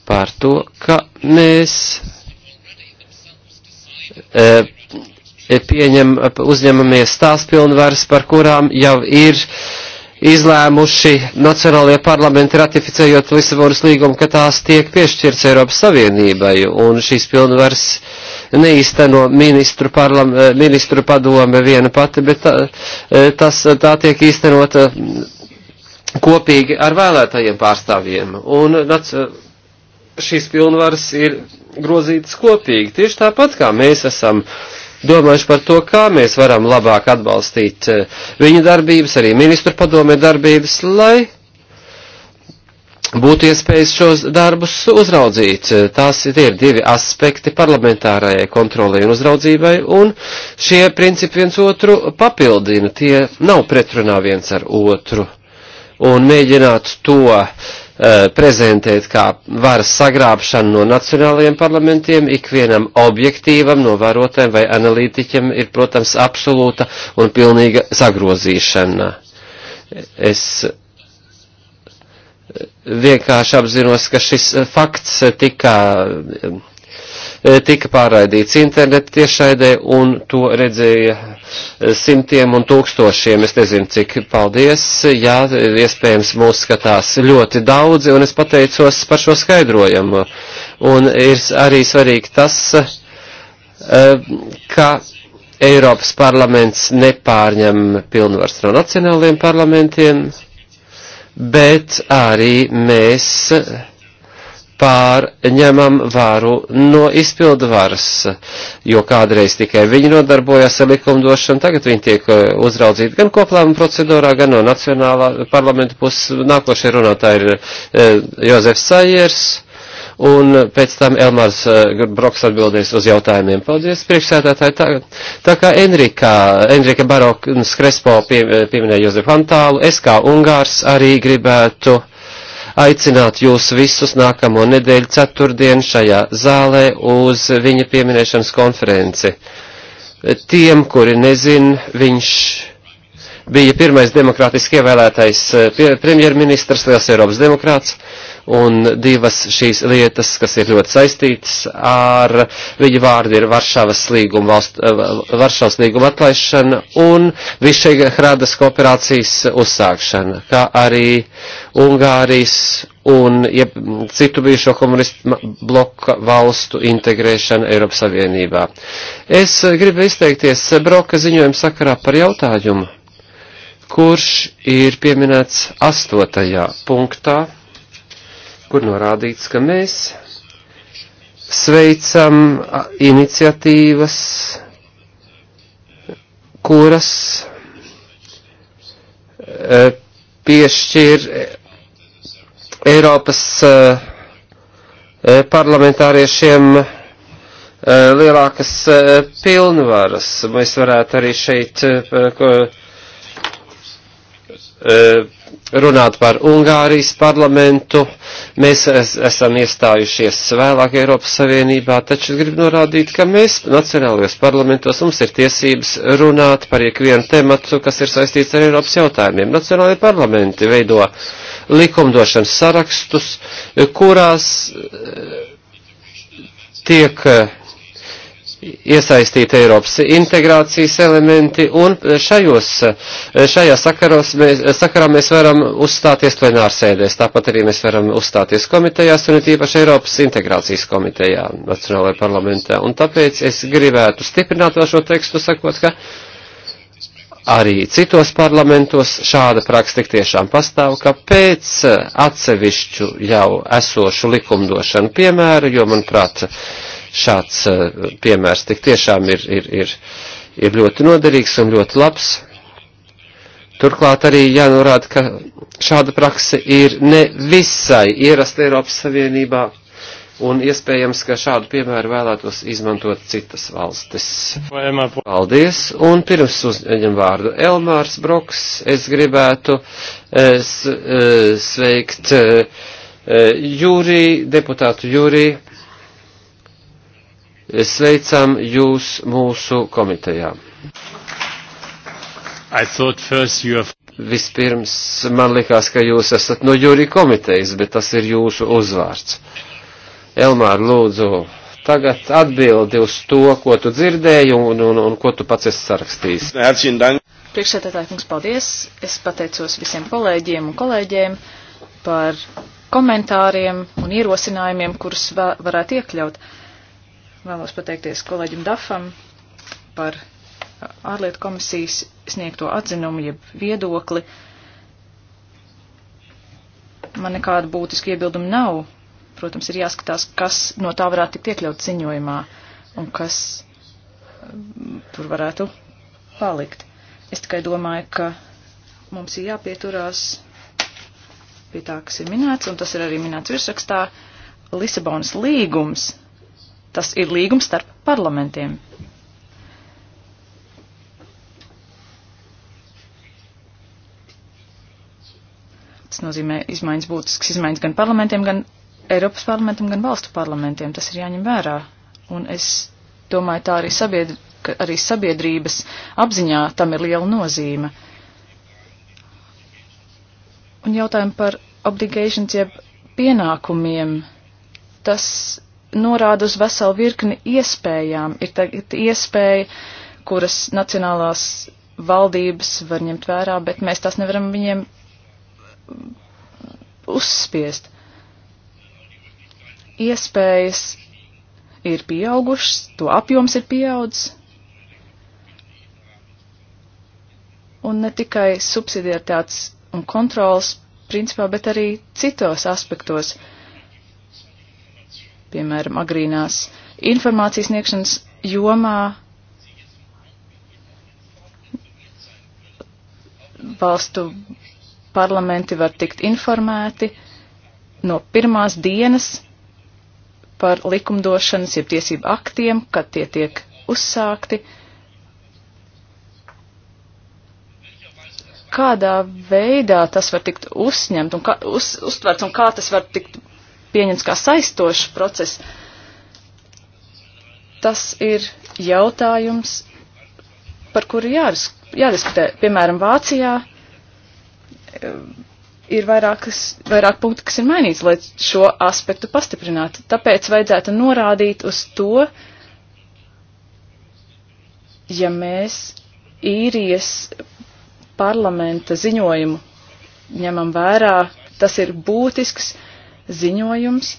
par to, ka mēs e, e, pieņem, uzņemamies tās pilnvaras, par kurām jau ir izlēmuši nacionālajie parlamenti ratificējot Lisabonas līgumu, ka tās tiek piešķirts Eiropas Savienībai, un šīs pilnvaras neīsteno ministru, parlam, e, ministru padome viena pati, bet tā, e, tas, tā tiek īstenota kopīgi ar vēlētajiem pārstāvjiem. Un, nac, šīs pilnvaras ir grozītas kopīgi. Tieši tāpat kā mēs esam domājuši par to, kā mēs varam labāk atbalstīt eh, viņa darbības, arī ministru padomē darbības, lai būtu iespējas šos darbus uzraudzīt. Tās tie ir divi aspekti parlamentārajai kontrolē un uzraudzībai, un šie principi viens otru papildina, tie nav pretrunā viens ar otru. Un mēģināt to uh, Eh, prezentēt kā varas sagrābšanu no nacionālajiem parlamentiem, ikvienam objektīvam, novērotēm vai analītiķam ir, protams, absolūta un pilnīga sagrozīšana. Es eh, vienkārši apzinos, ka šis eh, fakts tika E, tika pārraidīts internetu tiešraidē un to redzēja e, simtiem un tūkstošiem, es nezinu cik, paldies, jā, iespējams mūs skatās ļoti daudzi un es pateicos par šo skaidrojumu. Un ir arī svarīgi tas, e, ka Eiropas parlaments nepārņem pilnvars no nacionāliem parlamentiem, bet arī mēs pārņemam varu no izpildu varas, jo kādreiz tikai viņi nodarbojās ar likumdošanu, tagad viņi tiek eh, uzraudzīti gan koplēmu procedūrā, gan no nacionālā parlamenta puses. Nākošie runātāji ir eh, Jozefs Sajers, un pēc tam Elmārs eh, Broks atbildēs uz jautājumiem. Paldies, priekšsēdētāji. Tā, tā kā Enrika, Enrika Barok un Skrespo pie, pieminēja Jozefu Antālu, es kā Ungārs arī gribētu aicināt jūs visus nākamo nedēļu ceturtdien šajā zālē uz viņa pieminēšanas konferenci. Tiem, kuri nezin, viņš bija pirmais demokrātiski ievēlētais eh, premjerministrs, liels Eiropas demokrāts, un divas šīs lietas, kas ir ļoti saistītas ar viņa vārdu, ir Varšavas līguma, valst, eh, Varšavas līguma atlaišana un Višegrādas kooperācijas uzsākšana, kā arī Ungārijas un ja, citu bijušo komunistu bloka valstu integrēšana Eiropas Savienībā. Es gribu izteikties Broka ziņojuma sakarā par jautājumu kurš ir pieminēts astotajā punktā, kur norādīts, ka mēs sveicam iniciatīvas, kuras e, piešķir Eiropas e, e, parlamentāriešiem lielākas pilnvaras. Mēs varētu arī šeit E, runāt par Ungārijas parlamentu. Mēs es, esam iestājušies vēlāk Eiropas Savienībā, taču es gribu norādīt, ka mēs nacionālajos parlamentos mums ir tiesības runāt par ikvienu tematu, kas ir saistīts ar Eiropas jautājumiem. Nacionālajie parlamenti veido likumdošanas sarakstus, kurās e, tiek iesaistīt Eiropas integrācijas elementi, un šajos, šajā sakaros mēs, sakarā mēs varam uzstāties plenārsēdēs, tāpat arī mēs varam uzstāties komitejās, un it īpaši Eiropas integrācijas komitejā Nacionālajā parlamentā. Un tāpēc es gribētu stiprināt vēl šo tekstu, sakot, ka arī citos parlamentos šāda praksa tik tiešām pastāv, ka pēc atsevišķu jau esošu likumdošanu piemēru, jo, manuprāt, uh, šāds eh, piemērs tik tiešām ir, ir, ir, ir ļoti noderīgs un ļoti labs. Turklāt arī jānorāda, ka šāda prakse ir ne visai ierasta Eiropas Savienībā, un iespējams, ka šādu piemēru vēlētos izmantot citas valstis. Paldies, un pirms uzņem vārdu Elmārs Broks, es gribētu es, eh, eh, sveikt jūrī, deputātu jūrī Sveicam jūs mūsu komitejā. Have... Vispirms man likās, ka jūs esat no jūri komitejas, bet tas ir jūsu uzvārds. Elmār, lūdzu, tagad atbildi uz to, ko tu dzirdēji un, un, un ko tu pats esi sarakstījis. Priekšsētātāji, kungs, paldies. Es pateicos visiem kolēģiem un kolēģiem par komentāriem un ierosinājumiem, kurus varētu iekļaut. Uh, Vēlos pateikties kolēģim Dafam par uh, ārlietu komisijas sniegto atzinumu, jeb viedokli. Man nekāda būtiska iebilduma nav. Protams, ir jāskatās, kas no tā varētu tikt iekļaut ziņojumā un kas uh, tur varētu palikt. Es tikai domāju, ka mums ir jāpieturās pie tā, kas ir minēts, un tas ir arī minēts virsrakstā, Lisabonas līgums Tas ir līgums starp parlamentiem. Tas nozīmē izmaiņas būtisks izmaiņas gan parlamentiem, gan Eiropas parlamentam, gan valstu parlamentiem. Tas ir jāņem vērā. Un es domāju, tā arī, sabiedr arī sabiedrības apziņā tam ir liela nozīme. Un jautājumi par obligations jeb pienākumiem. Tas norāda uz veselu virkni iespējām. Ir tagad iespēja, kuras nacionālās valdības var ņemt vērā, bet mēs tās nevaram viņiem uzspiest. Iespējas ir pieaugušas, to apjoms ir pieaudzis. Un ne tikai subsidiaritātes un kontrolas principā, bet arī citos aspektos. Uh, piemēram, agrīnās informācijas sniegšanas jomā valstu parlamenti var tikt informēti no pirmās dienas par likumdošanas, jeb tiesību aktiem, kad tie tiek uzsākti. Kādā veidā tas var tikt uzņemt un kā, uz, uztverts un kā tas var tikt pieņemts kā saistošs process. Tas ir jautājums, par kuru jāris, jādiskutē. Piemēram, Vācijā eh, ir vairākas, vairāk punkti, kas ir mainīts, lai šo aspektu pastiprinātu. Tāpēc vajadzētu norādīt uz to, ja mēs īrijas parlamenta ziņojumu ņemam vērā, tas ir būtisks ziņojums.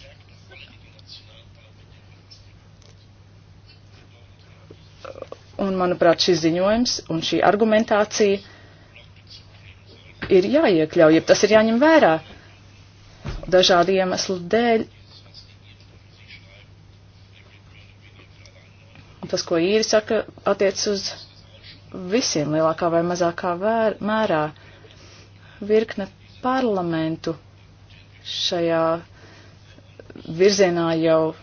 Un, manuprāt, šis ziņojums un šī argumentācija ir jāiekļauj, ja tas ir jāņem vērā dažādu iemeslu dēļ. Un tas, ko īri saka, attiec uz visiem lielākā vai mazākā vēr, mērā virkne parlamentu šajā virzienā jau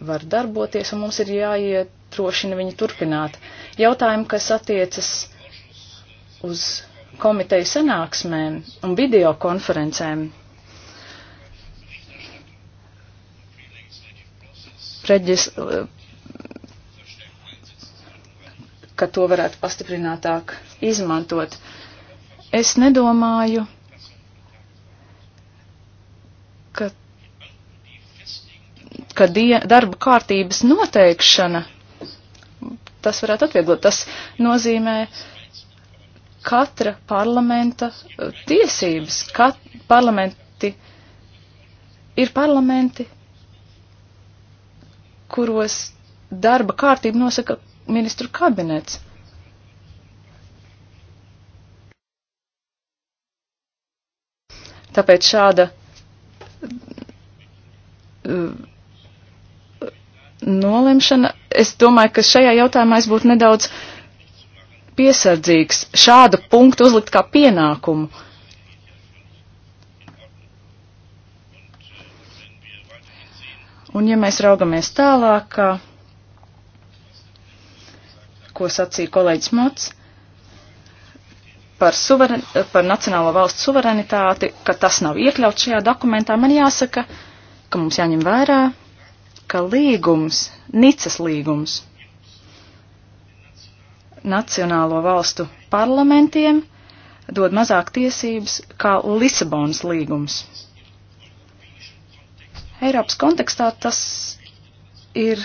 var darboties, un mums ir jāietrošina viņu turpināt. Jautājumi, kas attiecas uz komiteju sanāksmēm un video konferencēm. Preģis, ka to varētu pastiprinātāk izmantot. Es nedomāju, ka die, darba kārtības noteikšana, tas varētu atvieglot, tas nozīmē katra parlamenta eh, tiesības, kat, parlamenti, ir parlamenti, kuros darba kārtību nosaka ministru kabinets. Tāpēc šāda uh, nolemšana. Es domāju, ka šajā jautājumā es būtu nedaudz piesardzīgs šādu punktu uzlikt kā pienākumu. Un ja mēs raugamies tālāk, ko sacīja kolēģis Mots par, suveren, par nacionālo valstu suverenitāti, ka tas nav iekļauts šajā dokumentā, man jāsaka, ka mums jāņem vērā, ka līgums, Nicas līgums, nacionālo valstu parlamentiem dod mazāk tiesības kā Lisabonas līgums. Eiropas kontekstā tas ir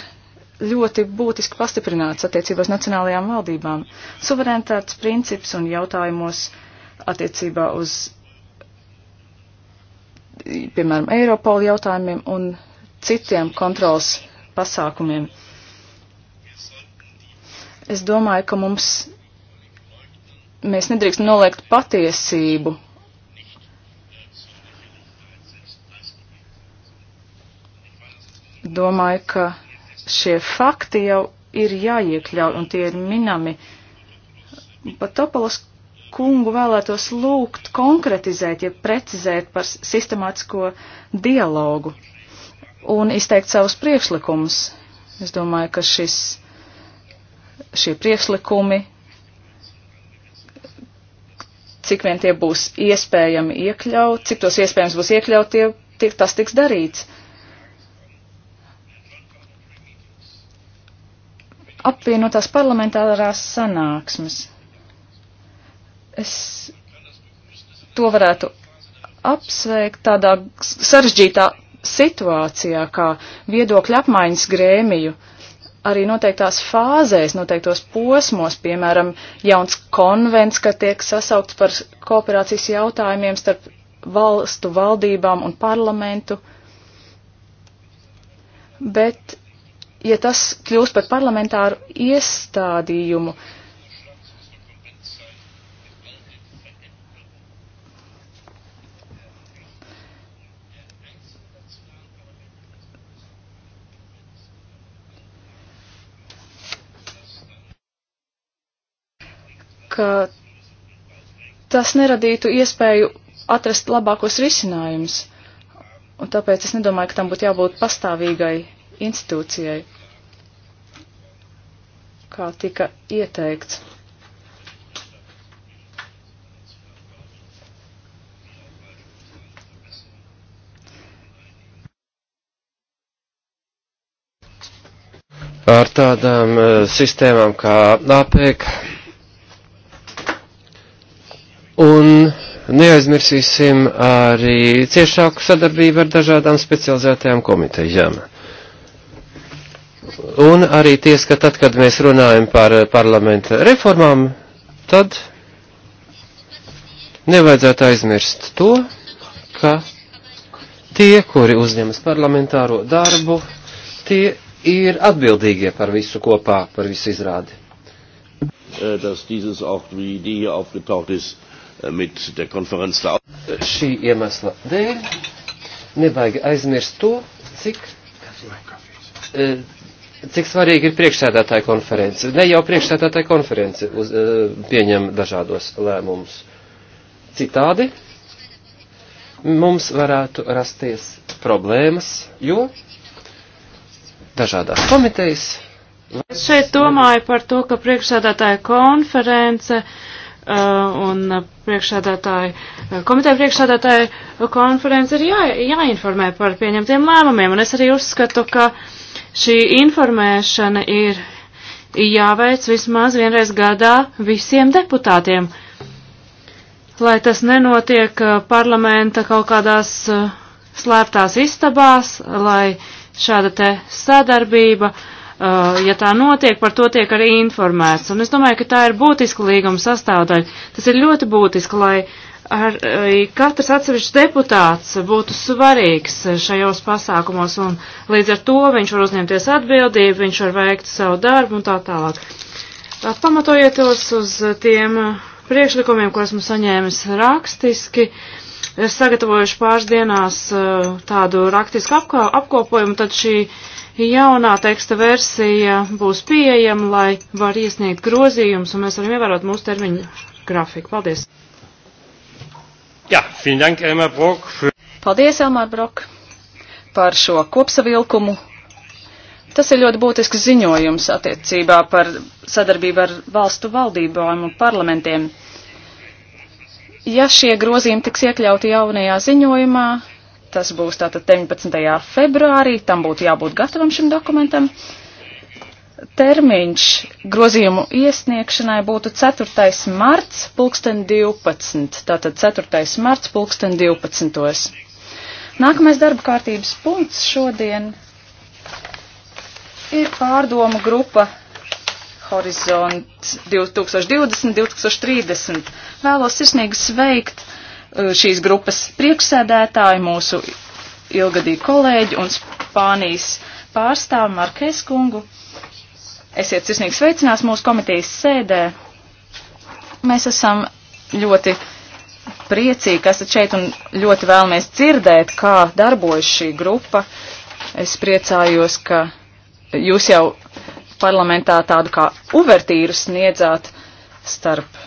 ļoti būtiski pastiprināts attiecībās nacionālajām valdībām. Suverenitātes princips un jautājumos attiecībā uz, piemēram, Eiropola jautājumiem un citiem kontrols pasākumiem. Es domāju, ka mums mēs nedrīkst noliegt patiesību. Domāju, ka šie fakti jau ir jāiekļauj un tie ir minami. Patopalas kungu vēlētos lūgt konkretizēt, ja precizēt par sistemātisko dialogu un izteikt savus priekšlikumus. Es domāju, ka šis, šie priekšlikumi, cik vien tie būs iespējami iekļaut, cik tos iespējams būs iekļaut, tie, tie, tas tiks darīts. Apvienotās parlamentārās sanāksmes. Es to varētu apsveikt tādā sarežģītā situācijā, kā viedokļa apmaiņas grēmiju, arī noteiktās fāzēs, noteiktos posmos, piemēram, jauns konvents, kas tiek sasaukts par kooperācijas jautājumiem starp valstu valdībām un parlamentu. Bet, ja tas kļūst par parlamentāru iestādījumu, uh, ka tas neradītu iespēju atrast labākos risinājumus. Un tāpēc es nedomāju, ka tam būtu jābūt pastāvīgai institūcijai, kā tika ieteikts. Ar tādām eh, sistēmām kā APEC Un neaizmirsīsim arī ciešāku sadarbību ar dažādām specializētajām komitejām. Un arī ties, ka tad, kad mēs runājam par parlamenta reformām, tad nevajadzētu aizmirst to, ka tie, kuri uzņemas parlamentāro darbu, tie ir atbildīgie par visu kopā, par visu izrādi. Äh, dass dieses auch wie die hier aufgetaucht ist, Äh, mit der Konferenz der Šī iemesla dēļ nevajag aizmirst to, cik, äh, cik svarīgi ir priekšsēdētāja konference. Ne jau priekšsēdētāja konference uz, äh, pieņem dažādos lēmumus. Citādi mums varētu rasties problēmas, jo dažādās komitejas. Es šeit domāju par to, ka priekšsēdētāja konference uh, Uh, un priekšsādātāji, uh, komiteja priekšsādātāji uh, konferences ir jā, jāinformē par pieņemtiem lēmumiem, un es arī uzskatu, ka šī informēšana ir jāveic vismaz vienreiz gadā visiem deputātiem, lai tas nenotiek parlamenta kaut kādās slēptās istabās, lai šāda te sadarbība uh, Uh, ja tā notiek, par to tiek arī informēts. Un es domāju, ka tā ir būtiska līguma sastāvdaļa. Tas ir ļoti būtiski, lai ar, katrs atsevišķs deputāts būtu svarīgs šajos pasākumos, un līdz ar to viņš var uzņemties atbildību, viņš var veikt savu darbu un tā tālāk. Uh, pamatojoties uz tiem priekšlikumiem, ko esmu saņēmis rakstiski, es sagatavojuši pāris dienās uh, tādu raktisku apkopojumu, tad šī uh, Jaunā teksta versija būs pieejama, lai var iesniegt grozījumus, un mēs varam ievērot mūsu termiņu grafiku. Paldies! Jā, vielen dank, Elmar Brok. Für... Paldies, Elmar Brok, par šo kopsavilkumu. Tas ir ļoti būtisks ziņojums attiecībā par sadarbību ar valstu valdībām un parlamentiem. Ja šie grozījumi tiks iekļauti jaunajā ziņojumā, Tas būs tātad 19. februārī, tam būtu jābūt gatavam šim dokumentam. Termiņš grozījumu iesniegšanai būtu 4. marts pulksten 12. Tātad 4. marts pulksten 12. Nākamais darba kārtības punkts šodien ir pārdomu grupa Horizont 2020-2030. Vēlos sirsnīgi sveikt Eh, šīs grupas priekšsēdētāju, mūsu ilgadīju kolēģi un Spānijas pārstāvu Markēs kungu. Esiet sirsnīgi sveicinās mūsu komitejas sēdē. Mēs esam ļoti priecīgi, ka esat šeit un ļoti vēlamies dzirdēt, kā darbojas šī grupa. Es priecājos, ka jūs jau parlamentā tādu kā uvertīru sniedzāt starp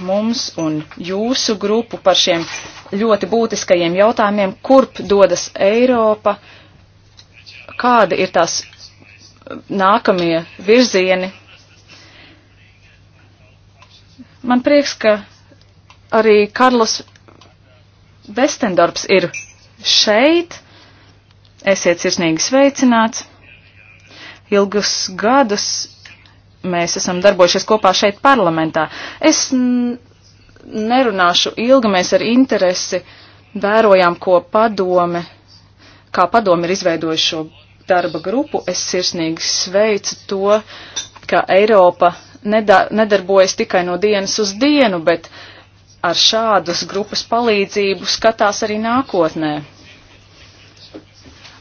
mums un jūsu grupu par šiem ļoti būtiskajiem jautājumiem, kurp dodas Eiropa, kādi ir tās eh, nākamie virzieni. Man prieks, ka arī Karlos Vestendorps ir šeit. Esiet sirsnīgi sveicināts. Ilgus gadus mēs esam darbojušies kopā šeit parlamentā. Es nerunāšu ilgi, mēs ar interesi vērojām, ko padome, kā padome ir izveidojuši šo darba grupu. Es sirsnīgi sveicu to, ka Eiropa neda, nedarbojas tikai no dienas uz dienu, bet ar šādas grupas palīdzību skatās arī nākotnē.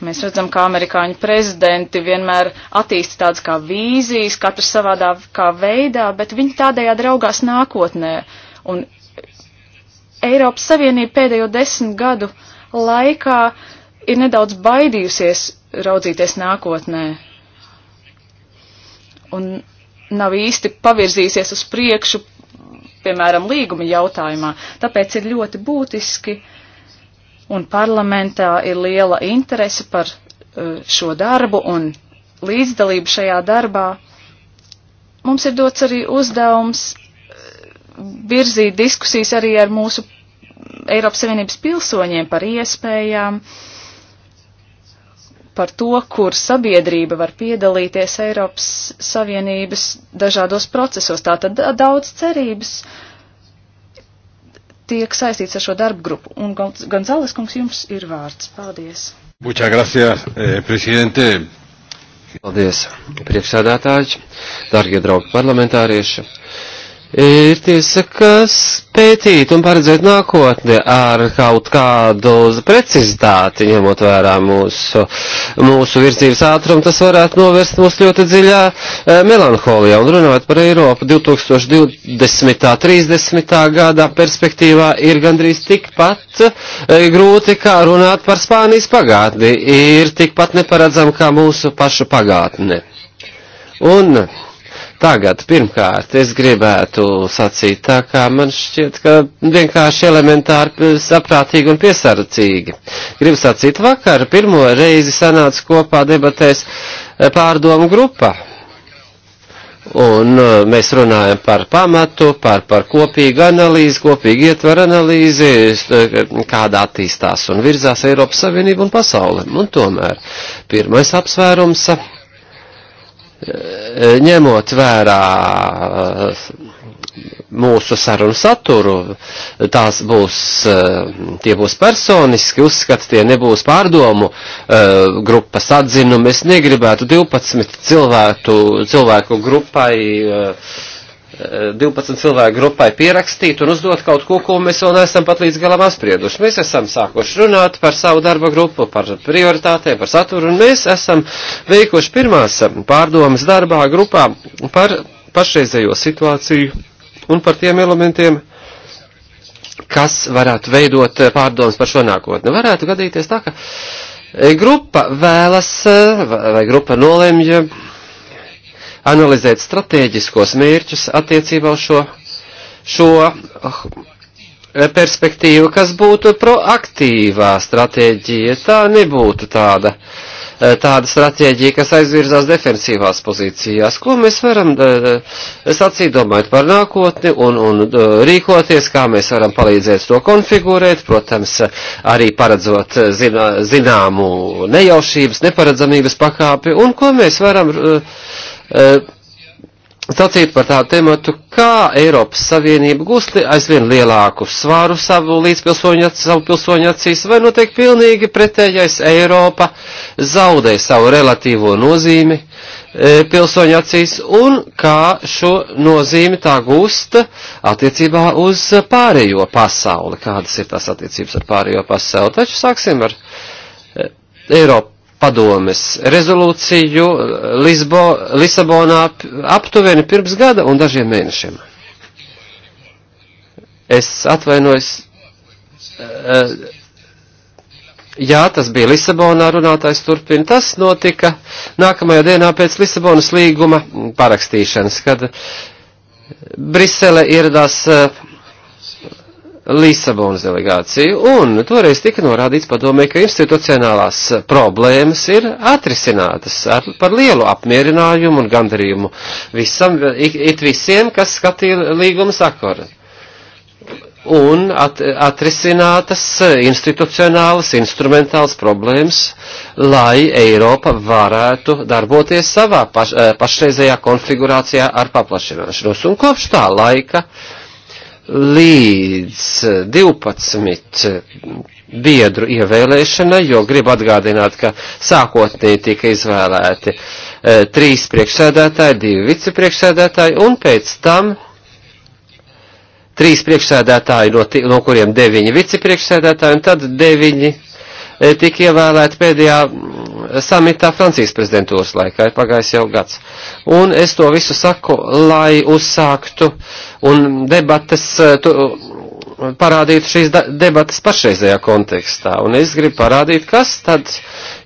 Mēs redzam, kā amerikāņu prezidenti vienmēr attīsta tādas kā vīzijas, katrs savādā kā veidā, bet viņi tādējādi raugās nākotnē. Un Eiropas Savienība pēdējo desmit gadu laikā ir nedaudz baidījusies raudzīties nākotnē. Un nav īsti pavirzīsies uz priekšu, piemēram, līguma jautājumā. Tāpēc ir ļoti būtiski uh, un parlamentā ir liela interese par eh, šo darbu un līdzdalību šajā darbā. Mums ir dots arī uzdevums eh, virzīt diskusijas arī ar mūsu Eiropas Savienības pilsoņiem par iespējām, par to, kur sabiedrība var piedalīties Eiropas Savienības dažādos procesos. Tātad daudz cerības uh, tiek saistīts ar šo darbu grupu. Un Gonzales kungs, jums ir vārds. Paldies. Muchas gracias, eh, presidente. Paldies, priekšsēdētāji, dārgie draugi parlamentārieši ir tiesa, kas pētīt un paredzēt nākotni ar kaut kādu precizitāti, ņemot vērā mūsu, mūsu virzības ātrumu, tas varētu novērst mūs ļoti dziļā e, melanholijā. Un runājot par Eiropu, 2020. 30. gadā perspektīvā ir gandrīz tikpat e, grūti, kā runāt par Spānijas pagātni, ir tikpat neparedzam kā mūsu pašu pagātne. Un Tagad, pirmkārt, es gribētu sacīt tā, kā man šķiet, ka vienkārši elementāri saprātīgi un piesardzīgi. Gribu sacīt vakar, pirmo reizi sanāca kopā debatēs eh, pārdomu grupa. Un eh, mēs runājam par pamatu, par, par kopīgu analīzi, kopīgu ietveru analīzi, eh, kādā attīstās un virzās Eiropas Savienība un pasaule. Un tomēr pirmais apsvērums E, ņemot vērā e, mūsu sarunu saturu, tās būs, e, tie būs personiski uzskati, tie nebūs pārdomu grupas atzinumi. Es negribētu 12 cilvēku, cilvēku grupai uh, 12 cilvēku grupai pierakstīt un uzdot kaut ko, ko mēs vēl neesam pat līdz galam apsprieduši. Mēs esam sākuši runāt par savu darba grupu, par prioritātēm, par saturu, un mēs esam veikuši pirmās pārdomas darbā grupā par pašreizējo situāciju un par tiem elementiem, kas varētu veidot pārdomas par šo nākotni. Varētu gadīties tā, ka grupa vēlas vai grupa nolemj analizēt stratēģiskos mērķus attiecībā uz šo, šo ah, perspektīvu, kas būtu proaktīvā stratēģija. Tā nebūtu tāda, eh, tāda stratēģija, kas aizvirzās defensīvās pozīcijās. Ko mēs varam sacīt domājot par nākotni un, un rīkoties, kā mēs varam palīdzēt to konfigurēt, protams, arī paredzot eh, zinā, zināmu nejaušības, neparedzamības pakāpi un ko mēs varam Eh, sacīt par tādu tematu, kā Eiropas Savienība gūst aizvien lielāku svāru savu līdzpilsoņu, savu pilsoņu acīs, vai notiek pilnīgi pretējais Eiropa zaudē savu relatīvo nozīmi e, pilsoņu acīs, un kā šo nozīmi tā gūst attiecībā uz pārējo pasauli, kādas ir tās attiecības ar pārējo pasauli. Taču sāksim ar e, Eiropu padomes rezolūciju eh, Lisbo, Lisabonā aptuveni pirms gada un dažiem mēnešiem. Es atvainojos. Eh, jā, tas bija Lisabonā, runātājs turpina. Tas notika nākamajā dienā pēc Lisabonas līguma parakstīšanas, kad Brisele ieradās uh, Lisabonas delegāciju, un toreiz tika norādīts padomē, ka institucionālās problēmas ir atrisinātas ar, par lielu apmierinājumu un gandarījumu visam, it, it visiem, kas skatīja līguma sakara. Un at, atrisinātas institucionālas, instrumentālas problēmas, lai Eiropa varētu darboties savā paš, eh, pašreizējā konfigurācijā ar paplašināšanos. Un kopš tā laika uh, līdz 12 biedru ievēlēšanai, jo gribu atgādināt, ka sākotnēji tika izvēlēti e, trīs priekšsēdētāji, divi vicepriekšsēdētāji, un pēc tam trīs priekšsēdētāji, no, no kuriem deviņi vicepriekšsēdētāji, un tad deviņi e, tika ievēlēti pēdējā samitā Francijas prezidentūras laikā, ir pagājis jau gads. Un es to visu saku, lai uzsāktu un debates, e, tu, parādītu šīs debates pašreizējā kontekstā. Un es gribu parādīt, kas tad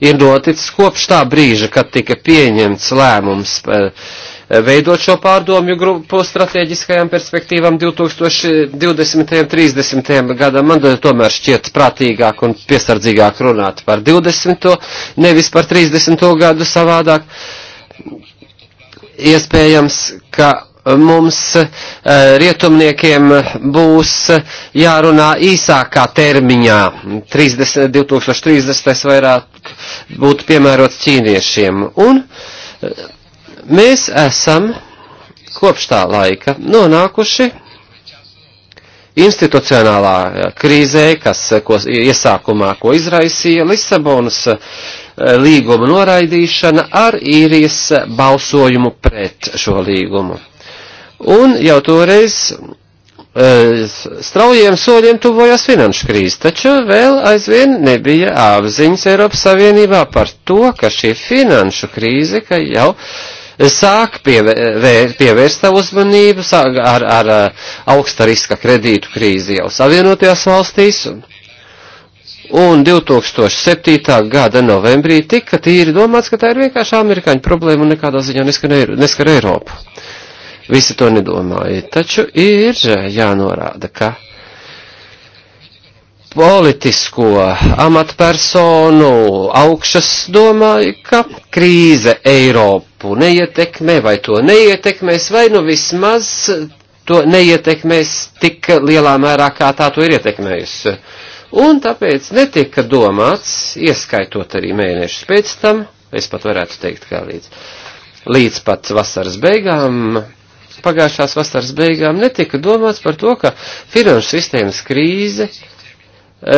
ir noticis kopš tā brīža, kad tika pieņemts lēmums. Uh, Eh, veidot šo pārdomju grupu strateģiskajām perspektīvām 2020. un 30. gadam. Man tomēr šķiet prātīgāk un piesardzīgāk runāt par 20. nevis par 30. gadu savādāk. Iespējams, ka mums eh, rietumniekiem būs jārunā īsākā termiņā. 30, 2030. vairāk būtu piemērots ķīniešiem. Un eh, Mēs esam kopš tā laika nonākuši institucionālā krīzē, kas ko, iesākumā ko izraisīja Lisabonas eh, līguma noraidīšana ar īrijas balsojumu pret šo līgumu. Un jau toreiz eh, straujiem soļiem tuvojās finanšu krīze, taču vēl aizvien nebija apziņas Eiropas Savienībā par to, ka šī finanšu krīze, ka jau uh, sāk pievēr, pievērst savu uzmanību sāk ar, ar uh, augsta riska kredītu krīzi jau Savienotajās valstīs. Un 2007. gada novembrī tika tīri domāts, ka tā ir vienkārši amerikāņu problēma un nekādā ziņā neskar Eiropu. Visi to nedomāja. Taču ir uh, jānorāda, ka politisko amatpersonu augšas domāju, ka krīze Eiropu neietekmē vai to neietekmēs, vai nu vismaz to neietekmēs tik lielā mērā, kā tā to ir ietekmējusi. Un tāpēc netika domāts, ieskaitot arī mēnešus pēc tam, es pat varētu teikt, kā līdz, līdz pat vasaras beigām, pagājušās vasaras beigām, netika domāts par to, ka finanšu sistēmas krīze uh, E,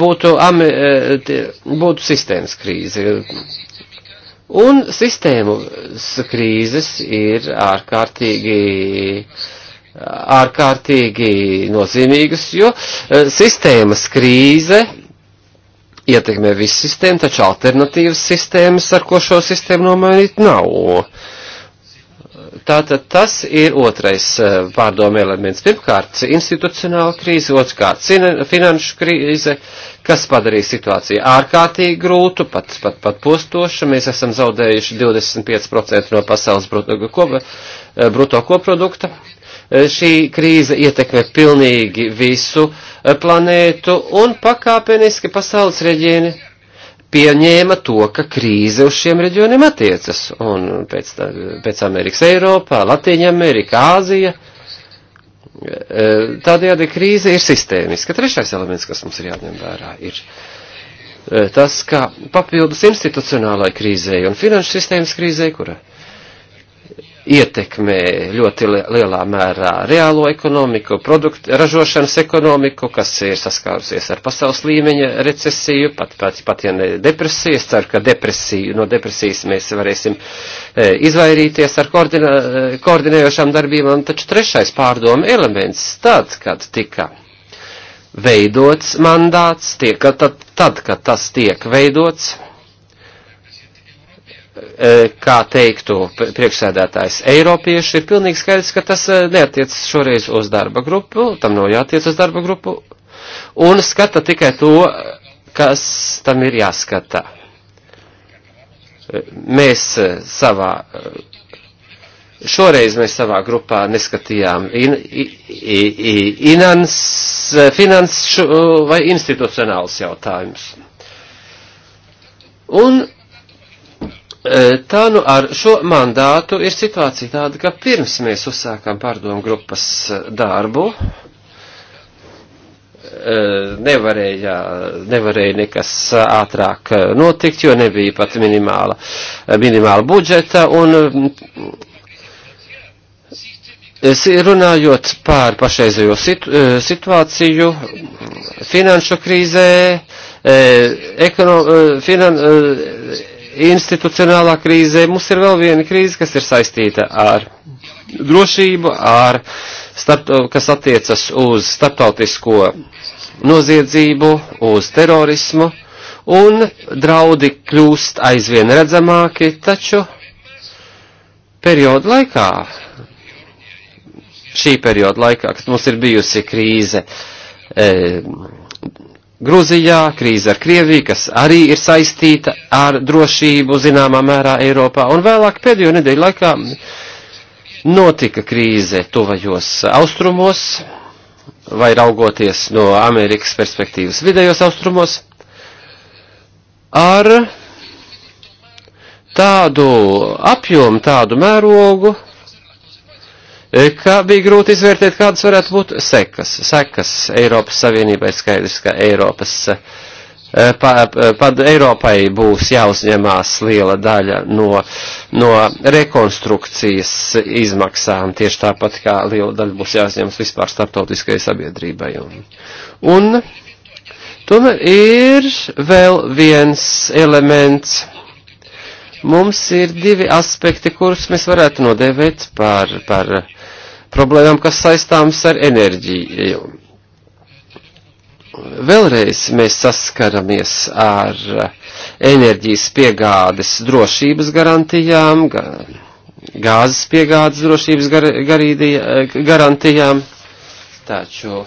būtu, am, e, būtu sistēmas krīze. Un sistēmas krīzes ir ārkārtīgi, ārkārtīgi nozīmīgas, jo e, sistēmas krīze ietekmē visu sistēmu, taču alternatīvas sistēmas, ar ko šo sistēmu nomainīt, nav. Uh, Tātad tas ir otrais eh, pārdomu elements. Pirmkārt, institucionāla krīze, otrkārt, finanšu krīze, kas padarīja situāciju ārkārtīgi grūtu, pat, pat, pat postošu. Mēs esam zaudējuši 25% no pasaules bruto, eh, ko, eh, bruto koprodukta. Šī krīze ietekmē pilnīgi visu planētu un pakāpeniski pasaules reģioni pieņēma to, ka krīze uz šiem reģioniem attiecas, un pēc, tā, pēc Amerikas Eiropā, Latīņa Amerika, Āzija, e, tādējādi krīze ir sistēmiska. Trešais elements, kas mums ir jāņem vērā, ir e, tas, ka papildus institucionālai krīzei un finanšu sistēmas krīzei, kura ietekmē ļoti lielā mērā reālo ekonomiku, produktu, ražošanas ekonomiku, kas ir saskārusies ar pasaules līmeņa recesiju, pat, pat, pat ja ne depresiju. Es ceru, ka depresiju, no depresijas mēs varēsim e, izvairīties ar koordinē, e, koordinējošām darbībām, taču trešais pārdomu elements tad, kad tika veidots mandāts, tiek, tad, tad, kad tas tiek veidots, Eh, kā teiktu priekšsēdētājs, Eiropieši ir pilnīgi skaidrs, ka tas eh, neatiec šoreiz uz darba grupu, tam nav jātiec uz darba grupu, un skata tikai to, kas tam ir jāskata. Eh, mēs savā, šoreiz mēs savā grupā neskatījām in, in, in, inans, finanšu vai institucionālus jautājumus. Un E, tā nu ar šo mandātu ir situācija tāda, ka pirms mēs uzsākām pārdomu grupas darbu, e, nevarēja, nevarēja nekas ātrāk notikt, jo nebija pat minimāla, minimāla budžeta. Un, runājot pār pašreizējo situ, e, situāciju, finanšu krīzē, ekono, finan, institucionālā krīze, mums ir vēl viena krīze, kas ir saistīta ar drošību, ar starp, kas attiecas uz starptautisko noziedzību, uz terorismu, un draudi kļūst aizvien redzamāki, taču periodu laikā, šī perioda laikā, kad mums ir bijusi krīze, e, Gruzijā, krīze ar Krieviju, kas arī ir saistīta ar drošību zināmā mērā Eiropā, un vēlāk pēdējo nedēļu laikā notika krīze tuvajos austrumos, vai raugoties no Amerikas perspektīvas vidējos austrumos, ar tādu apjomu, tādu mērogu, E, kā bija grūti izvērtēt, kādas varētu būt sekas. Sekas Eiropas Savienībai skaidrs, ka Eiropas, e, pa, e, pa, Eiropai būs jāuzņemās liela daļa no, no rekonstrukcijas izmaksām, tieši tāpat kā liela daļa būs jāuzņemas vispār starptautiskajai sabiedrībai. Un, un tomēr ir vēl viens elements mums ir divi aspekti, kurus mēs varētu nodēvēt par, par problēmām, kas saistāmas ar enerģiju. Vēlreiz mēs saskaramies ar enerģijas piegādes drošības garantijām, gāzes piegādes drošības gar, garīdija, garantijām, taču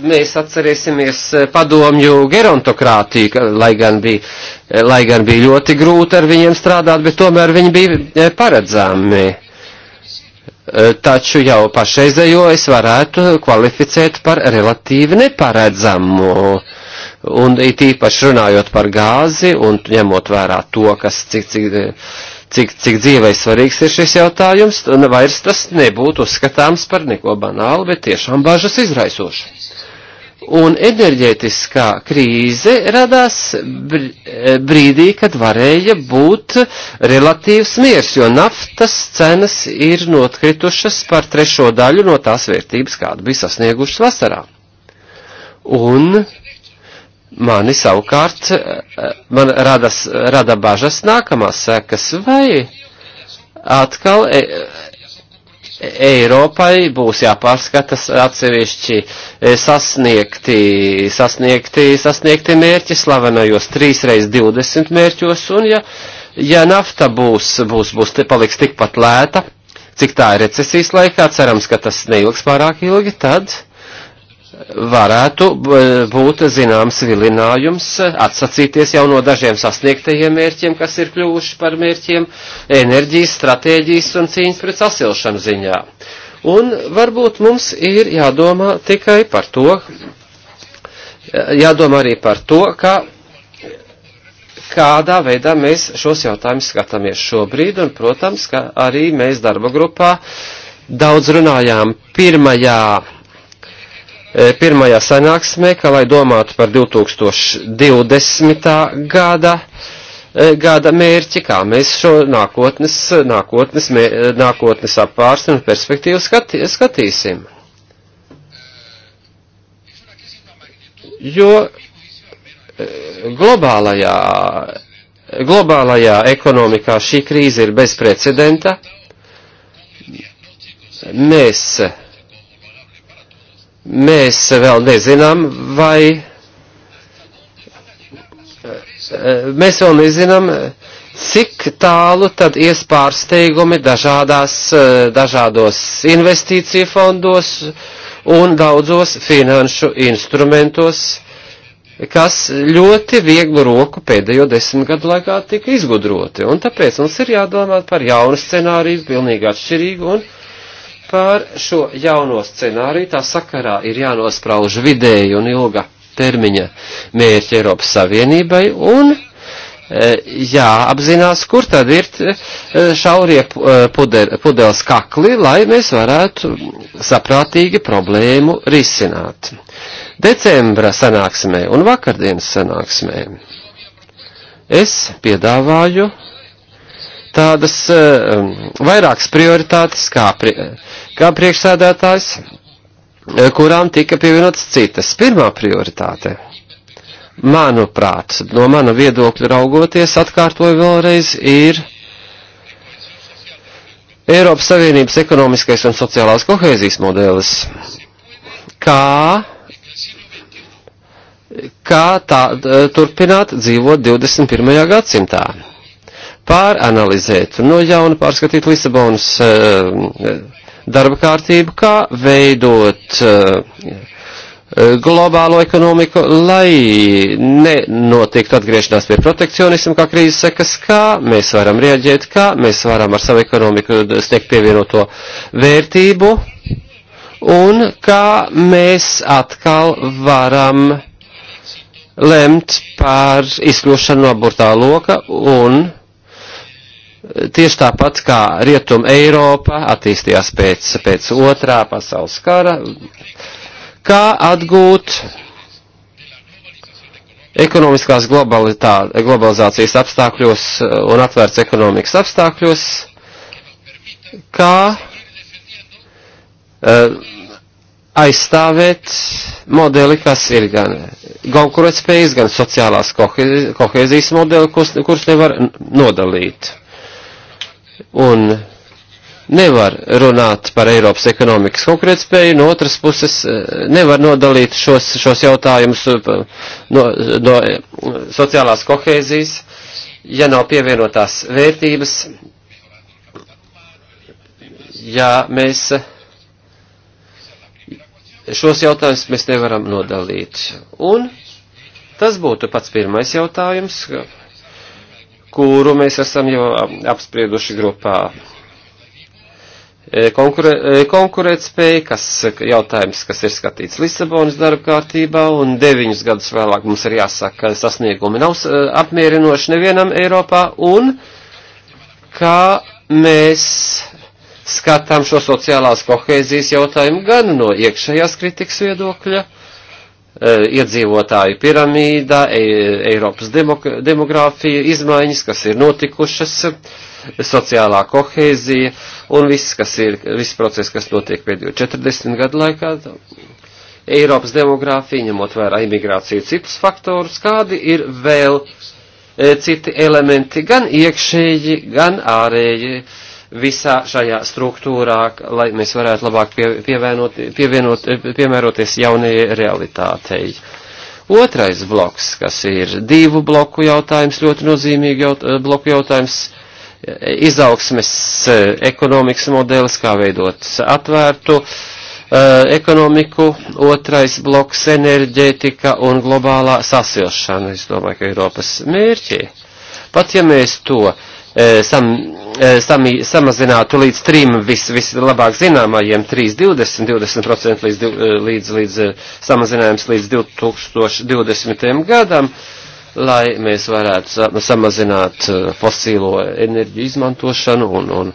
mēs atcerēsimies padomju gerontokrātiju, lai gan bija, lai gan bija ļoti grūti ar viņiem strādāt, bet tomēr viņi bija paredzāmi. Eh, taču jau pašreizējo es varētu kvalificēt par relatīvi neparedzamu. Un it īpaši runājot par gāzi un ņemot vērā to, kas cik, cik, cik, cik dzīvei svarīgs ir šis jautājums, vairs tas nebūtu uzskatāms par neko banālu, bet tiešām bažas izraisošu. Un enerģētiskā krīze radās eh, brīdī, kad varēja būt relatīvs miers, jo naftas cenas ir notkritušas par trešo daļu no tās vērtības, kādu bija sasniegušas vasarā. Un mani savukārt, eh, man radas, rada bažas nākamās sekas, vai atkal eh, Eiropai būs jāpārskatas atsevišķi e, sasniegti, sasniegti, sasniegti mērķi, slavenajos 3x20 mērķos, un ja, ja nafta būs, būs, būs, paliks tikpat lēta, cik tā ir recesijas laikā, cerams, ka tas neilgs pārāk ilgi, tad varētu eh, būt zināms vilinājums atsacīties jau no dažiem sasniegtajiem mērķiem, kas ir kļuvuši par mērķiem enerģijas, stratēģijas un cīņas pret sasilšanu ziņā. Un varbūt mums ir jādomā tikai par to, jādomā arī par to, ka kādā veidā mēs šos jautājumus skatāmies šobrīd, un, protams, ka arī mēs darba grupā daudz runājām pirmajā E, pirmajā sanāksmē, ka lai domātu par 2020. gada, e, gada mērķi, kā mēs šo nākotnes, nākotnes, nākotnes apvārsni un perspektīvu skatī, skatīsim. Jo e, globālajā, globālajā ekonomikā šī krīze ir bezprecedenta. Mēs Mēs vēl nezinām, vai. Mēs vēl nezinām, cik tālu tad ies pārsteigumi dažādās, dažādos investīciju fondos un daudzos finanšu instrumentos, kas ļoti vieglu roku pēdējo desmit gadu laikā tika izgudroti. Un tāpēc mums ir jādomā par jaunu scenāriju, pilnīgi atšķirīgu un Par šo jauno scenāriju tā sakarā ir jānosprauž vidēji un ilga termiņa mērķi Eiropas Savienībai un e, jāapzinās, kur tad ir e, šaurie e, pudeles kakli, lai mēs varētu saprātīgi problēmu risināt. Decembra sanāksmē un vakardienas sanāksmē es piedāvāju tādas eh, um, vairākas prioritātes kā, pri, kā priekšsēdētājs, eh, kurām tika pievienotas citas. Pirmā prioritāte, manuprāt, no mana viedokļa raugoties, atkārtoju vēlreiz, ir Eiropas Savienības ekonomiskais un sociālās kohēzijas modelis. Kā kā tā eh, turpināt dzīvot 21. gadsimtā pāranalizēt un no jauna pārskatīt Lisabonas eh, darba kārtību, kā veidot eh, globālo ekonomiku, lai nenotiktu atgriešanās pie protekcionismu kā krīzes sekas, kā mēs varam rieģēt, kā mēs varam ar savu ekonomiku sniegt pievienoto vērtību un kā mēs atkal varam lemt par izkļūšanu no burtā loka un Tieši tāpat kā Rietuma Eiropa attīstījās pēc, pēc otrā pasaules kara, kā atgūt ekonomiskās globalizācijas apstākļos un atvērts ekonomikas apstākļos, kā uh, aizstāvēt modeli, kas ir gan konkurētspējas, gan sociālās kohēzijas modeli, kurus nevar nodalīt un nevar runāt par Eiropas ekonomikas konkurētspēju, no otras puses eh, nevar nodalīt šos, šos jautājumus eh, no, no eh, sociālās kohēzijas, ja nav pievienotās vērtības, ja mēs šos jautājumus mēs nevaram nodalīt. Un tas būtu pats pirmais jautājums. Ka, kuru mēs esam jau apsprieduši grupā. E, konkurē, e, konkurētspēja, kas jautājums, kas ir skatīts Lisabonas darba kārtībā, un deviņus gadus vēlāk mums ir jāsaka, ka sasniegumi nav e, apmierinoši nevienam Eiropā, un kā mēs skatām šo sociālās kohēzijas jautājumu gan no iekšējās kritikas viedokļa, Eh, iedzīvotāju piramīda, e, Eiropas demogrāfija, izmaiņas, kas ir notikušas, sociālā kohēzija un viss, kas ir, viss process, kas notiek pēdējo 40 gadu laikā. Eiropas demogrāfija, ņemot vērā imigrāciju citus faktorus, kādi ir vēl e, citi elementi, gan iekšēji, gan ārēji visā šajā struktūrā, lai mēs varētu labāk pie, pievienot, pievienot, piemēroties jaunajai realitātei. Otrais bloks, kas ir divu bloku jautājums, ļoti nozīmīgi jaut, bloku jautājums, izaugsmes ekonomikas modelis, kā veidot atvērtu uh, ekonomiku, otrais bloks enerģētika un globālā sasilšana, es domāju, ka Eiropas mērķi. Pat ja mēs to uh, Eh, sam, eh, sam, samazinātu līdz trim vis, vislabāk zināmajiem 3,20, 20% eh, līdz, līdz, līdz samazinājums līdz 2020. gadam, lai mēs varētu samazināt fosīlo enerģiju izmantošanu un, un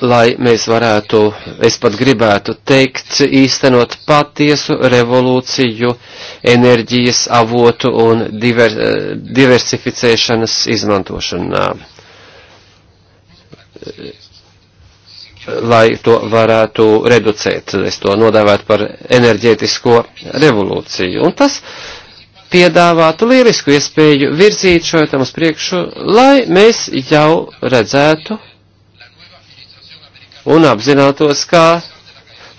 lai mēs varētu, es pat gribētu teikt, īstenot patiesu revolūciju enerģijas avotu un diver, diversificēšanas izmantošanā, lai to varētu reducēt. Es to nodēvētu par enerģētisko revolūciju. Un tas piedāvātu lielisku iespēju virzīt šo jautājumu uz priekšu, lai mēs jau redzētu, un apzinātos, kā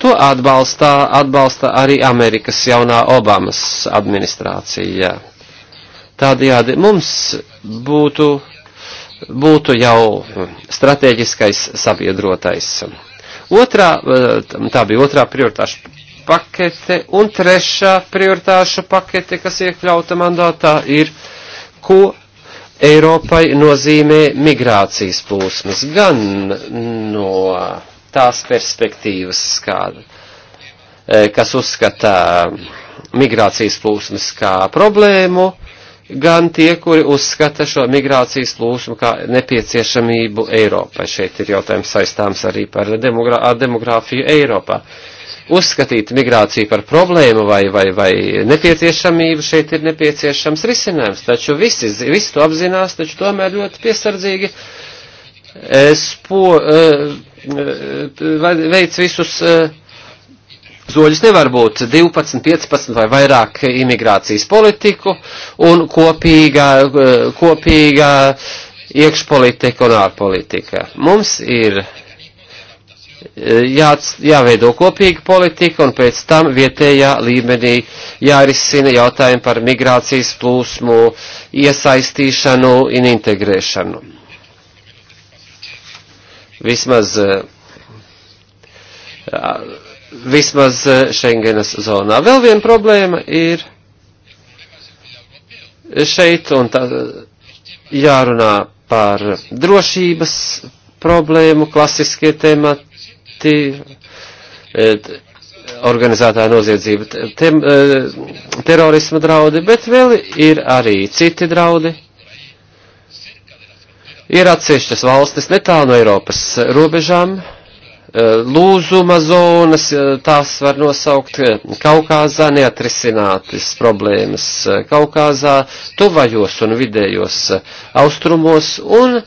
to atbalstā, atbalsta arī Amerikas jaunā Obamas administrācija. Tādējādi mums būtu, būtu jau strateģiskais sabiedrotais. Otrā, eh, tā bija otrā prioritāšu pakete, un trešā prioritāšu pakete, kas iekļauta mandātā, ir, ko Eiropai nozīmē migrācijas plūsmas gan no tās perspektīvas, kāda, e, kas uzskatā migrācijas plūsmas kā problēmu, gan tie, kuri uzskata šo migrācijas plūsmu kā nepieciešamību Eiropai. Šeit ir jautājums saistāms arī par demogra ar demogrāfiju Eiropā. Uh, uzskatīt migrāciju par problēmu vai, vai, vai nepieciešamību, šeit ir nepieciešams risinājums, taču visi, visi to apzinās, taču tomēr ļoti piesardzīgi e, spo, e, e, veic visus Zoļus nevar būt 12, 15 vai vairāk imigrācijas politiku un kopīgā, kopīgā iekšpolitika un ārpolitika. Mums ir jā, jāveido kopīga politika un pēc tam vietējā līmenī jārisina jautājumi par migrācijas plūsmu, iesaistīšanu un integrēšanu. Vismaz, eh, vismaz eh, Schengenas zonā. Vēl viena problēma ir šeit un tā eh, jārunā par drošības problēmu, klasiskie temati citi e, organizētā noziedzība, te, terorisma draudi, bet vēl ir arī citi draudi. Ir atsevišķas valstis netālu no Eiropas robežām, e, lūzuma zonas, e, tās var nosaukt Kaukāzā neatrisinātas problēmas Kaukāzā, tuvajos un vidējos austrumos un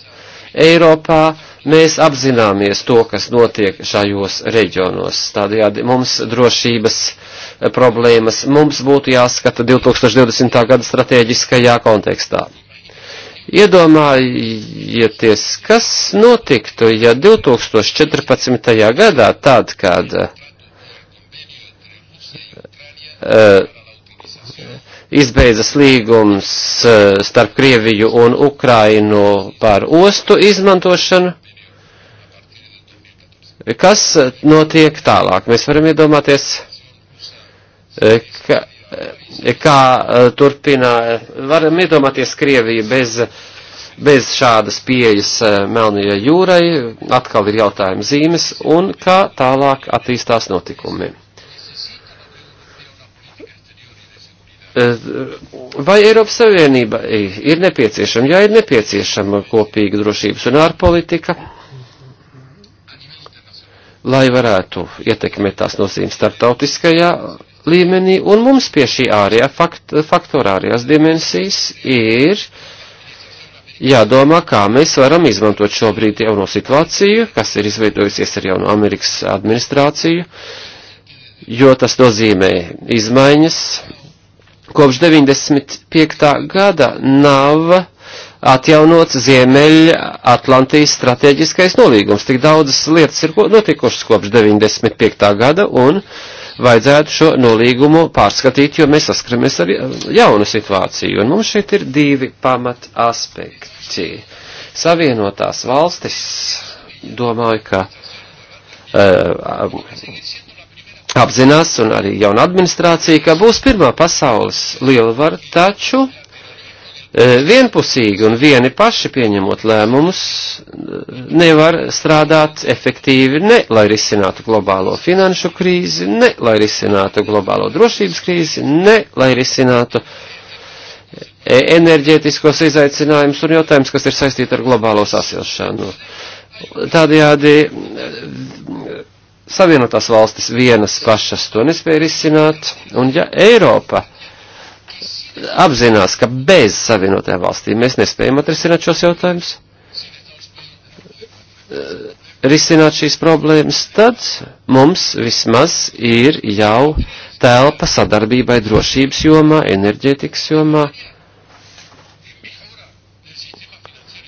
Eiropā Mēs apzināmies to, kas notiek šajos reģionos. Tādējādi mums drošības eh, problēmas mums būtu jāskata 2020. gada strateģiskajā kontekstā. Iedomājieties, kas notiktu, ja 2014. gadā, tad, kad uh, izbeidzas līgums eh, starp Krieviju un Ukrainu par ostu izmantošanu. Kas eh, notiek tālāk? Mēs varam iedomāties, eh, ka, eh, kā turpina, varam iedomāties Krieviju bez, bez šādas pieejas Melnajai jūrai, atkal ir jautājums zīmes, un kā tālāk attīstās notikumi. Vai Eiropas Savienība ir nepieciešama? Jā, ir nepieciešama kopīga drošības un ārpolitika. politika lai varētu ietekmēt tās nozīmes starptautiskajā līmenī, un mums pie šī ārējā fakt, faktora ārējās dimensijas ir jādomā, kā mēs varam izmantot šobrīd jauno situāciju, kas ir izveidojusies ar jauno Amerikas administrāciju, jo tas nozīmē izmaiņas. Kopš 95. gada nav atjaunots Ziemeļa Atlantijas strateģiskais nolīgums. Tik daudzas lietas ir notikušas kopš 95. gada un vajadzētu šo nolīgumu pārskatīt, jo mēs saskaramies ar jaunu situāciju. Un mums šeit ir divi pamat aspekti. Savienotās valstis, domāju, ka uh, apzinās un arī jauna administrācija, ka būs pirmā pasaules lielvara, taču Eh, vienpusīgi un vieni paši pieņemot lēmumus eh, nevar strādāt efektīvi ne lai risinātu globālo finanšu krīzi, ne lai risinātu globālo drošības krīzi, ne lai risinātu eh, enerģētiskos izaicinājumus un jautājumus, kas ir saistīti ar globālo sasilšanu. Tādējādi savienotās valstis vienas pašas to nespēja risināt, un ja Eiropa apzinās, ka bez savienotajām valstīm mēs nespējam atrisināt šos jautājumus, eh, risināt šīs problēmas, tad mums vismaz ir jau telpa sadarbībai drošības jomā, enerģētikas jomā,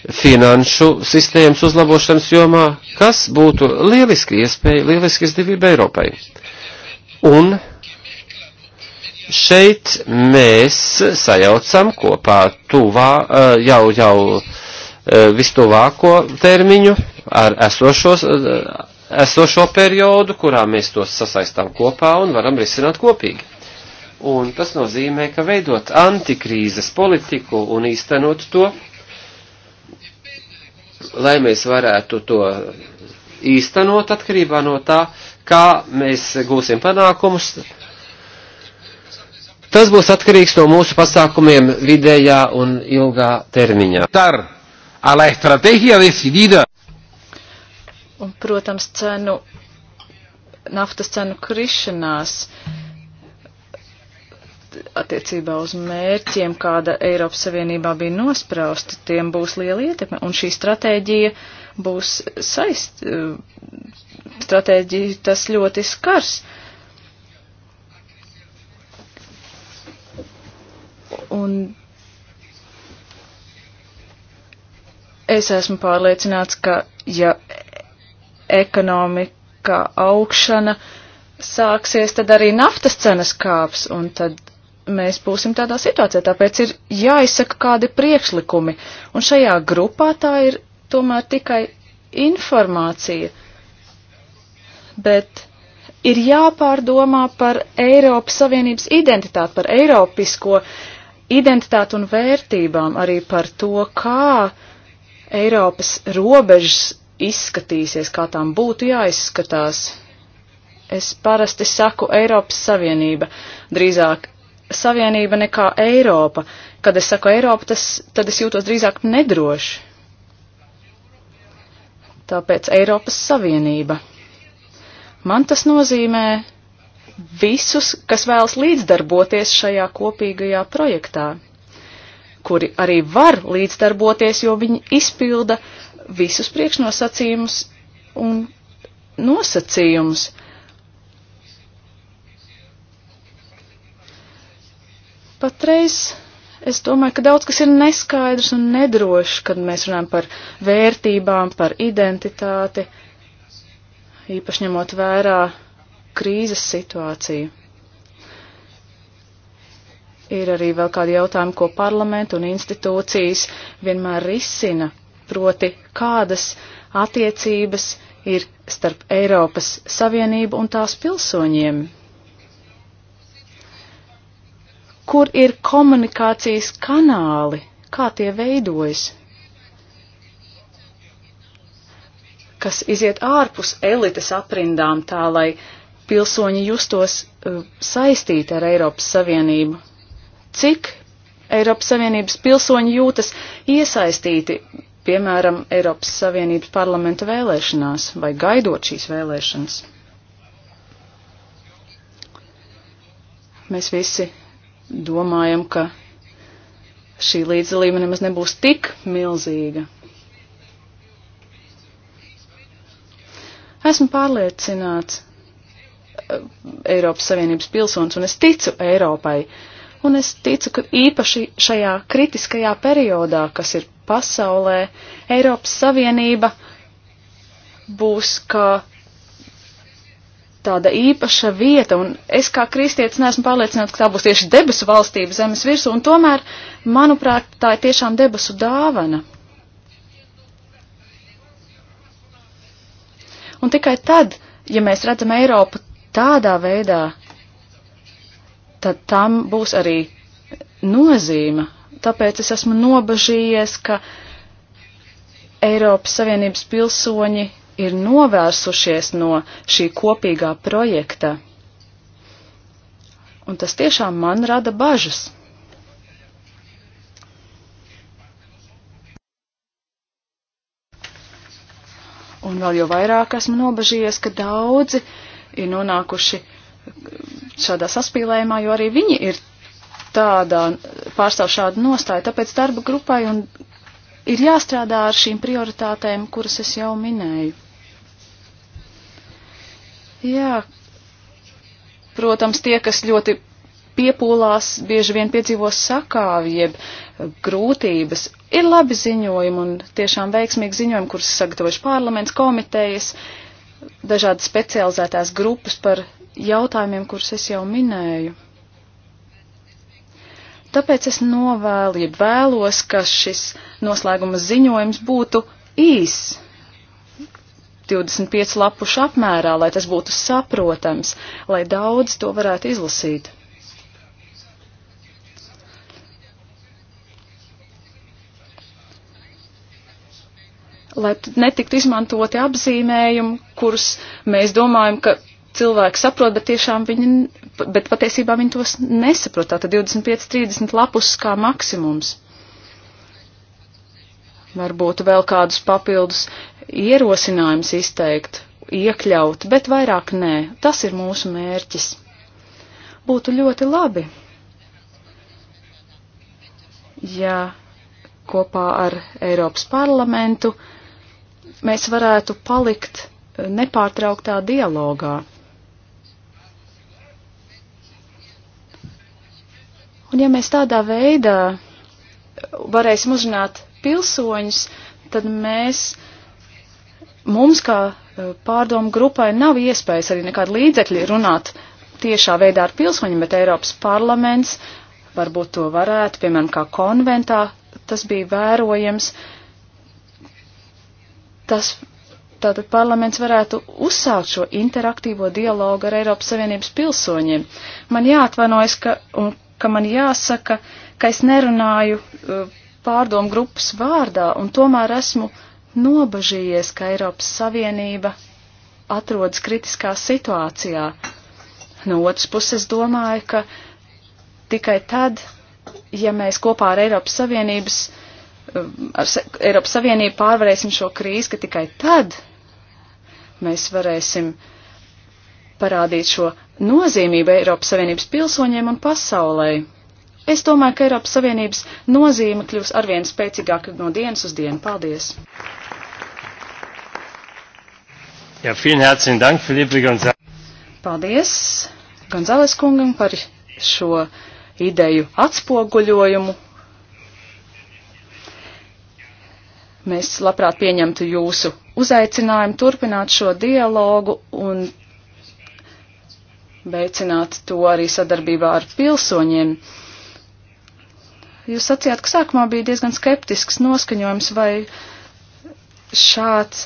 finanšu sistēmas uzlabošanas jomā, kas būtu lieliski iespēja, lieliski izdevība Eiropai. Un šeit mēs sajaucam kopā tuvā, eh, jau, jau eh, vistuvāko termiņu ar esošos, eh, esošo periodu, kurā mēs tos sasaistām kopā un varam risināt kopīgi. Un tas nozīmē, ka veidot antikrīzes politiku un īstenot to, lai mēs varētu to īstenot atkarībā no tā, kā mēs gūsim panākumus, Tas būs atkarīgs no mūsu pasākumiem vidējā un ilgā termiņā. Un, protams, cenu, naftas cenu krišanās attiecībā uz mērķiem, kāda Eiropas Savienībā bija nosprausta, tiem būs liela ietekme. Un šī stratēģija būs saist, eh, stratēģija tas ļoti skars. Es esmu pārliecināts, ka ja ekonomika augšana sāksies, tad arī naftas cenas kāps, un tad mēs būsim tādā situācijā. Tāpēc ir jāizsaka kādi priekšlikumi, un šajā grupā tā ir tomēr tikai informācija. Bet ir jāpārdomā par Eiropas Savienības identitāti, par eiropisko identitāti un vērtībām, arī par to, kā uh, Eiropas robežas izskatīsies, kā tām būtu jāizskatās. Es parasti saku Eiropas Savienība, drīzāk Savienība nekā Eiropa. Kad es saku Eiropa, tas, tad es jūtos drīzāk nedroši. Tāpēc Eiropas Savienība. Man tas nozīmē visus, kas vēlas līdzdarboties šajā kopīgajā projektā kuri arī var līdzdarboties, jo viņi izpilda visus priekšnosacījumus un nosacījumus. Patreiz es domāju, ka daudz kas ir neskaidrs un nedrošs, kad mēs runājam par vērtībām, par identitāti, īpaši ņemot vērā krīzes situāciju. Ir arī vēl kādi jautājumi, ko parlamentu un institūcijas vienmēr risina, proti kādas attiecības ir starp Eiropas Savienību un tās pilsoņiem. Kur ir komunikācijas kanāli, kā tie veidojas? Kas iziet ārpus elites aprindām tā, lai pilsoņi justos uh, saistīti ar Eiropas Savienību? cik Eiropas Savienības pilsoņi jūtas iesaistīti, piemēram, Eiropas Savienības parlamenta vēlēšanās vai gaidot šīs vēlēšanas. Mēs visi domājam, ka šī līdzdalība nemaz nebūs tik milzīga. Esmu pārliecināts eh, Eiropas Savienības pilsons un es ticu Eiropai. Uh, Un es ticu, ka īpaši šajā kritiskajā periodā, kas ir pasaulē, Eiropas Savienība būs kā tāda īpaša vieta, un es kā kristietis neesmu pārliecināts, ka tā būs tieši debesu valstība zemes virsū, un tomēr, manuprāt, tā ir tiešām debesu dāvana. Un tikai tad, ja mēs redzam Eiropu tādā veidā, tad tam būs arī nozīme. Tāpēc es esmu nobažījies, ka Eiropas Savienības pilsoņi ir novērsušies no šī kopīgā projekta. Un tas tiešām man rada bažas. Un vēl jau vairāk esmu nobažījies, ka daudzi ir nonākuši šādā saspīlējumā, jo arī viņi ir tādā, pārstāv šādu nostāju, tāpēc darba grupai un ir jāstrādā ar šīm prioritātēm, kuras es jau minēju. Jā, protams, tie, kas ļoti piepūlās, bieži vien piedzīvos sakāvi, jeb grūtības. Ir labi ziņojumi un tiešām veiksmīgi ziņojumi, kurus sagatavojuši parlaments komitejas, dažādas specializētās grupas par jautājumiem, kurus es jau minēju. Tāpēc es novēlu, ja vēlos, ka šis noslēguma ziņojums būtu īss, 25 lapušu apmērā, lai tas būtu saprotams, lai daudz to varētu izlasīt. Lai netiktu izmantoti apzīmējumi, kurus mēs domājam, ka cilvēki saprot, bet tiešām viņi, bet patiesībā viņi tos nesaprot. Tātad 25-30 lapus kā maksimums. Varbūt vēl kādus papildus ierosinājumus izteikt, iekļaut, bet vairāk nē. Tas ir mūsu mērķis. Būtu ļoti labi, ja kopā ar Eiropas parlamentu mēs varētu palikt nepārtrauktā dialogā Un ja mēs tādā veidā varēsim uzrunāt pilsoņus, tad mēs, mums kā eh, pārdomu grupai nav iespējas arī nekādi līdzekļi runāt tiešā veidā ar pilsoņiem, bet Eiropas parlaments varbūt to varētu, piemēram, kā konventā, tas bija vērojams. Tas tātad parlaments varētu uzsākt šo interaktīvo dialogu ar Eiropas Savienības pilsoņiem. Man jāatvainojas, ka, un ka man jāsaka, ka es nerunāju uh, pārdomu grupas vārdā, un tomēr esmu nobažījies, ka Eiropas Savienība atrodas kritiskā situācijā. No otras puses domāju, ka tikai tad, ja mēs kopā ar Eiropas Savienības, um, ar Eiropas Savienību pārvarēsim šo krīzi, ka tikai tad mēs varēsim uh, parādīt šo nozīmību Eiropas Savienības pilsoņiem un pasaulē. Es domāju, ka Eiropas Savienības nozīme kļūs arvien spēcīgāka no dienas uz dienu. Paldies! Ja, Dank, Filipe Gonzales. Paldies Gonzales kungam par šo ideju atspoguļojumu. Mēs labprāt pieņemtu jūsu uzaicinājumu turpināt šo dialogu un veicināt to arī sadarbībā ar pilsoņiem. Jūs sacījāt, ka sākumā bija diezgan skeptisks noskaņojums, vai šāds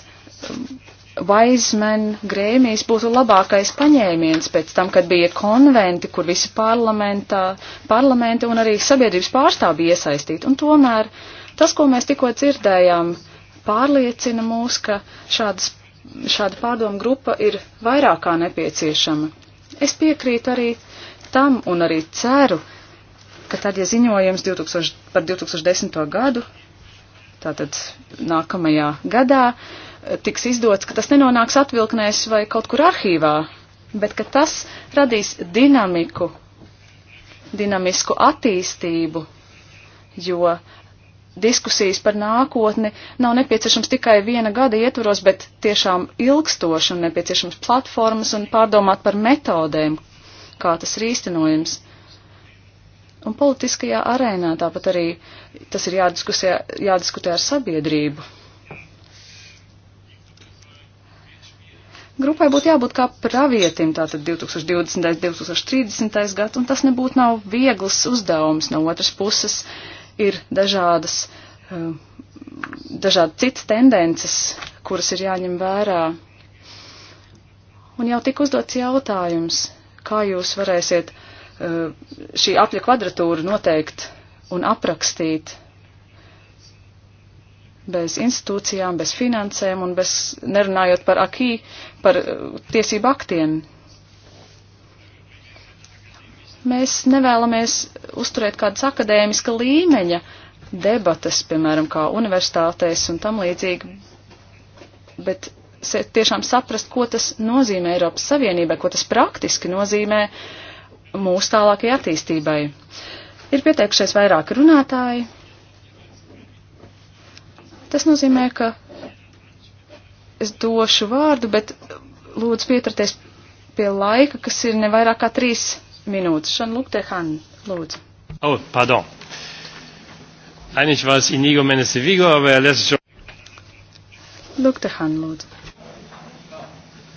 vaizmen um, grēmijas būtu labākais paņēmiens pēc tam, kad bija konventi, kur visi parlamenti un arī sabiedrības pārstāvji iesaistīti. Un tomēr tas, ko mēs tikko dzirdējām, pārliecina mūs, ka šādas, šāda pārdomu grupa ir vairāk kā nepieciešama. Es piekrītu arī tam un arī ceru, ka tad, ja ziņojums 2000, par 2010. gadu, tātad nākamajā gadā, tiks izdots, ka tas nenonāks atvilknēs vai kaut kur arhīvā, bet ka tas radīs dinamiku, dinamisku attīstību, jo uh, diskusijas par nākotni nav nepieciešams tikai viena gada ietvaros, bet tiešām ilgstoši un nepieciešams platformas un pārdomāt par metodēm, kā tas ir īstenojams. Un politiskajā arēnā tāpat arī tas ir jādiskutē ar sabiedrību. Grupai būtu jābūt kā pravietim, tātad 2020. 2030. gads, un tas nebūtu nav viegls uzdevums no otras puses. Uh, ir dažādas, um, dažādi citas tendences, kuras ir jāņem vērā. Un jau tik uzdots jautājums, kā jūs varēsiet uh, šī apļa kvadratūru noteikt un aprakstīt bez institūcijām, bez finansēm un bez, nerunājot par akī, par uh, tiesību aktiem. Mēs nevēlamies uzturēt kādas akadēmiska līmeņa debatas, piemēram, kā universitātēs un tam līdzīgi, bet tiešām saprast, ko tas nozīmē Eiropas Savienībai, ko tas praktiski nozīmē mūsu tālākajai attīstībai. Ir pieteikušies vairāki runātāji. Tas nozīmē, ka es došu vārdu, bet lūdzu pieturties pie laika, kas ir nevairāk kā trīs minūtes. Šanluk Tehan, lūdzu. Oh, pardon. Eigentlich war es Inigo Mendes de Vigo, aber er lässt schon. Luc Tehan, lūdzu.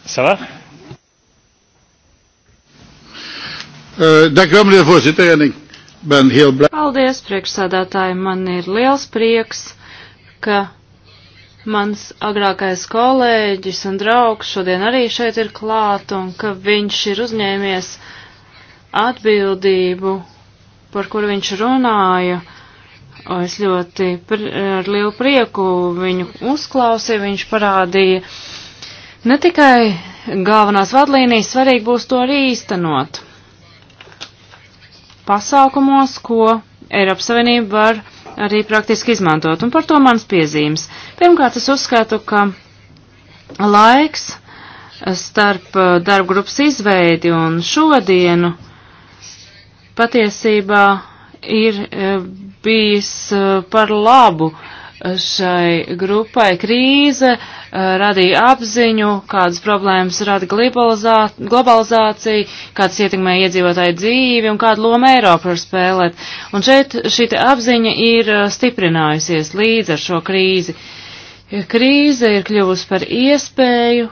Ça va? Uh, Dank u wel, meneer de voorzitter. En ik ben heel blij. Paldies, priekšsādātāji. Man ir liels prieks, ka mans agrākais kolēģis un draugs šodien arī šeit ir klāt un ka viņš ir uzņēmies uh, atbildību, par kuru viņš runāja. Es ļoti ar lielu prieku viņu uzklausīju, viņš parādīja ne tikai galvenās vadlīnijas, svarīgi būs to arī īstenot. Pasākumos, ko Eiropas Savienība var arī praktiski izmantot, un par to mans piezīmes. Pirmkārt, es uzskatu, ka laiks starp darba grupas izveidi un šodienu patiesībā ir e, bijis e, par labu šai grupai. Krīze e, radīja apziņu, kādas problēmas rada globalizācija, kāds ietekmē iedzīvotāju dzīvi un kādu lomu Eiropa var spēlēt. Un šeit šī apziņa ir stiprinājusies līdz ar šo krīzi. Uh, krīze ir kļuvusi par iespēju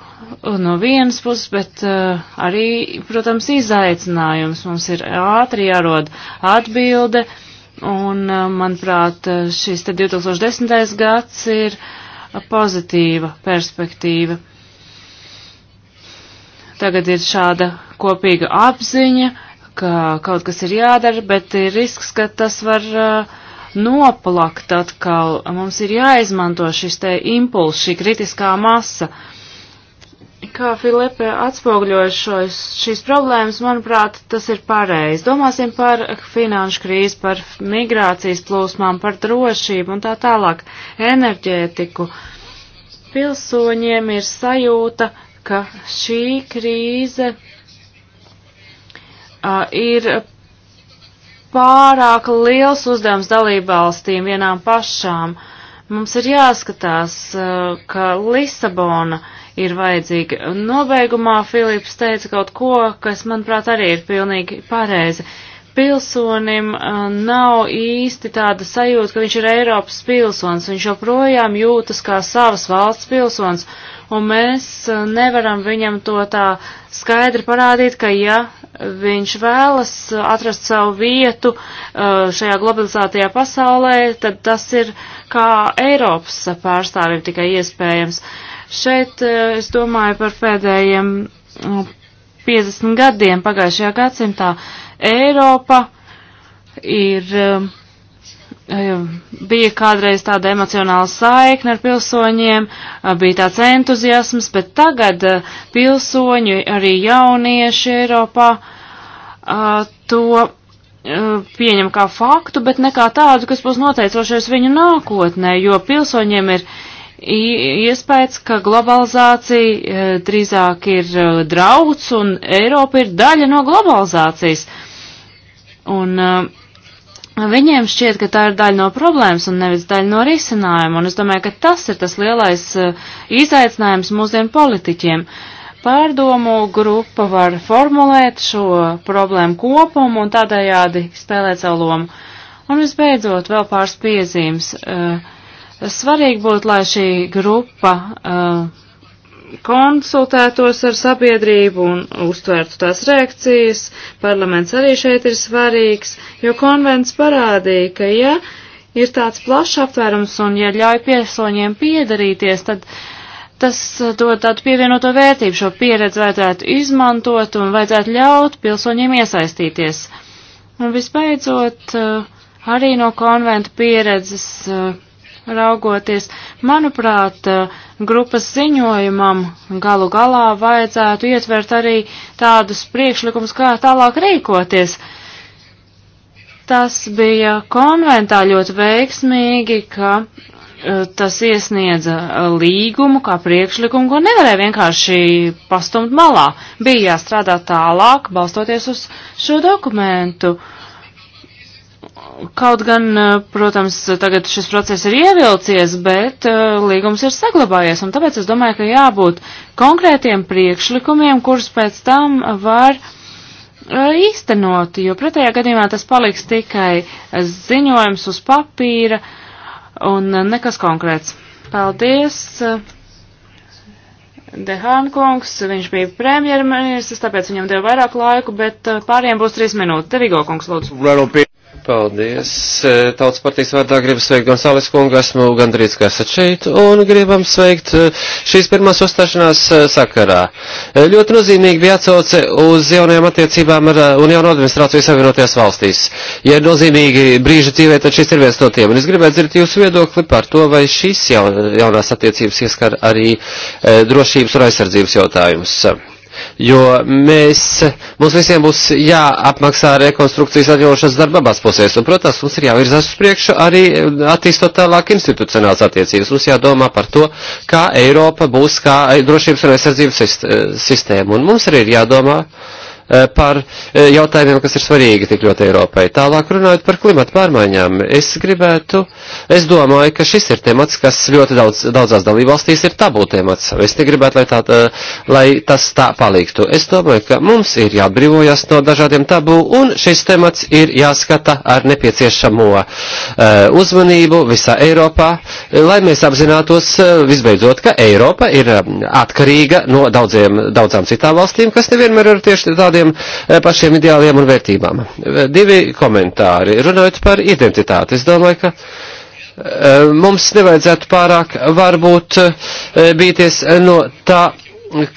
no vienas puses, bet uh, arī, protams, izaicinājums. Mums ir ātri jārod atbilde, un, uh, manuprāt, šis te 2010. gads ir pozitīva perspektīva. Tagad ir šāda kopīga apziņa, ka kaut kas ir jādara, bet ir risks, ka tas var uh, noplakt atkal. Mums ir jāizmanto šis te impuls, šī kritiskā masa. Kā Filipe atspoguļoja šīs problēmas, manuprāt, tas ir pareizi. Domāsim par finanšu krīzi, par migrācijas plūsmām, par drošību un tā tālāk, enerģētiku. Pilsoņiem ir sajūta, ka šī krīze uh, ir pārāk liels uzdevums dalībvalstīm vienām pašām. Mums ir jāskatās, eh, ka Lisabona ir vajadzīga. Un nobeigumā Filips teica kaut ko, kas, manuprāt, arī ir pilnīgi pareizi. Pilsonim eh, nav īsti tāda sajūta, ka viņš ir Eiropas pilsonis. Viņš joprojām jūtas kā savas valsts pilsonis, un mēs eh, nevaram viņam to tā skaidri parādīt, ka ja viņš vēlas atrast savu vietu uh, šajā globalizētajā pasaulē, tad tas ir kā Eiropas pārstāvim tikai iespējams. Šeit uh, es domāju par pēdējiem 50 uh, gadiem pagājušajā gadsimtā Eiropa ir um, bija kādreiz tāda emocionāla saikne ar pilsoņiem, bija tāds entuziasms, bet tagad pilsoņi, arī jaunieši Eiropā to pieņem kā faktu, bet ne kā tādu, kas būs noteicošais viņu nākotnē, jo pilsoņiem ir iespējas, ka globalizācija drīzāk ir drauds un Eiropa ir daļa no globalizācijas. Un uh, Viņiem šķiet, ka tā ir daļa no problēmas un nevis daļa no risinājuma, un es domāju, ka tas ir tas lielais eh, izaicinājums mūsdienu politiķiem. Pārdomu grupa var formulēt šo problēmu kopumu un tādējādi spēlēt savu lomu. Un visbeidzot, vēl pāris piezīmes. Eh, svarīgi būtu, lai šī grupa eh, konsultētos ar sabiedrību un uztvērtu tās reakcijas. Parlaments arī šeit ir svarīgs, jo konvents parādīja, ka ja ir tāds plašs aptvērums un ja ļauj piesoņiem piedarīties, tad tas dod tādu pievienoto vērtību. Šo pieredzi vajadzētu izmantot un vajadzētu ļaut pilsoņiem iesaistīties. Un visbeidzot, eh, arī no konventa pieredzes eh, raugoties, manuprāt, eh, grupas ziņojumam galu galā vajadzētu ietvert arī tādus priekšlikumus, kā tālāk rīkoties. Tas bija konventā ļoti veiksmīgi, ka eh, tas iesniedza līgumu kā priekšlikumu, ko nevarēja vienkārši pastumt malā. Bija jāstrādā tālāk, balstoties uz šo dokumentu. Uh, Kaut gan, protams, tagad šis process ir ievilcies, bet uh, līgums ir saglabājies, un tāpēc es domāju, ka jābūt konkrētiem priekšlikumiem, kurus pēc tam var uh, īstenot, jo pretējā gadījumā tas paliks tikai ziņojums uz papīra un uh, nekas konkrēts. Paldies! Dehāna kungs, viņš bija premjerministrs, tāpēc viņam deva vairāk laiku, bet pāriem būs trīs minūtes. Devīgo kungs, lūdzu. Paldies. E, tautas partijas vārdā gribu sveikt Gonzales kungu, esmu gandrīz, ka esat šeit, un gribam sveikt e, šīs pirmās uzstāšanās e, sakarā. Ļoti nozīmīgi bija atsauce uz jaunajām attiecībām ar, un jaunu administrāciju savienoties valstīs. Ja ir nozīmīgi brīži dzīvē, tad šis ir viens no tiem, un es gribētu dzirdēt jūsu viedokli par to, vai šīs jaun, jaunās attiecības ieskar arī drošības un aizsardzības jautājumus jo mēs, mums visiem būs jāapmaksā rekonstrukcijas atjaušanas darba abās pusēs, un, protams, mums ir jāvirzās uz priekšu arī attīstot tālāk institucionāls attiecības. Mums jādomā par to, kā Eiropa būs kā drošības un aizsardzības sistēma, un mums arī ir jādomā. Uh, Eh, par eh, jautājumiem, kas ir svarīgi tik ļoti Eiropai. Tālāk runājot par klimatu pārmaiņām, es gribētu, es domāju, ka šis ir temats, kas ļoti daudz, daudzās dalībvalstīs ir tabū temats. Es negribētu, lai, tā, eh, lai tas tā paliktu. Es domāju, ka mums ir jāatbrīvojas no dažādiem tabū, un šis temats ir jāskata ar nepieciešamo uzmanību visā Eiropā, lai mēs apzinātos visbeidzot, ka Eiropa ir atkarīga no daudziem, daudzām citām valstīm, kas nevienmēr ir tieši tādi tādiem eh, pašiem ideāliem un vērtībām. Eh, divi komentāri. Runājot par identitāti, es domāju, ka eh, mums nevajadzētu pārāk varbūt bīties no tā,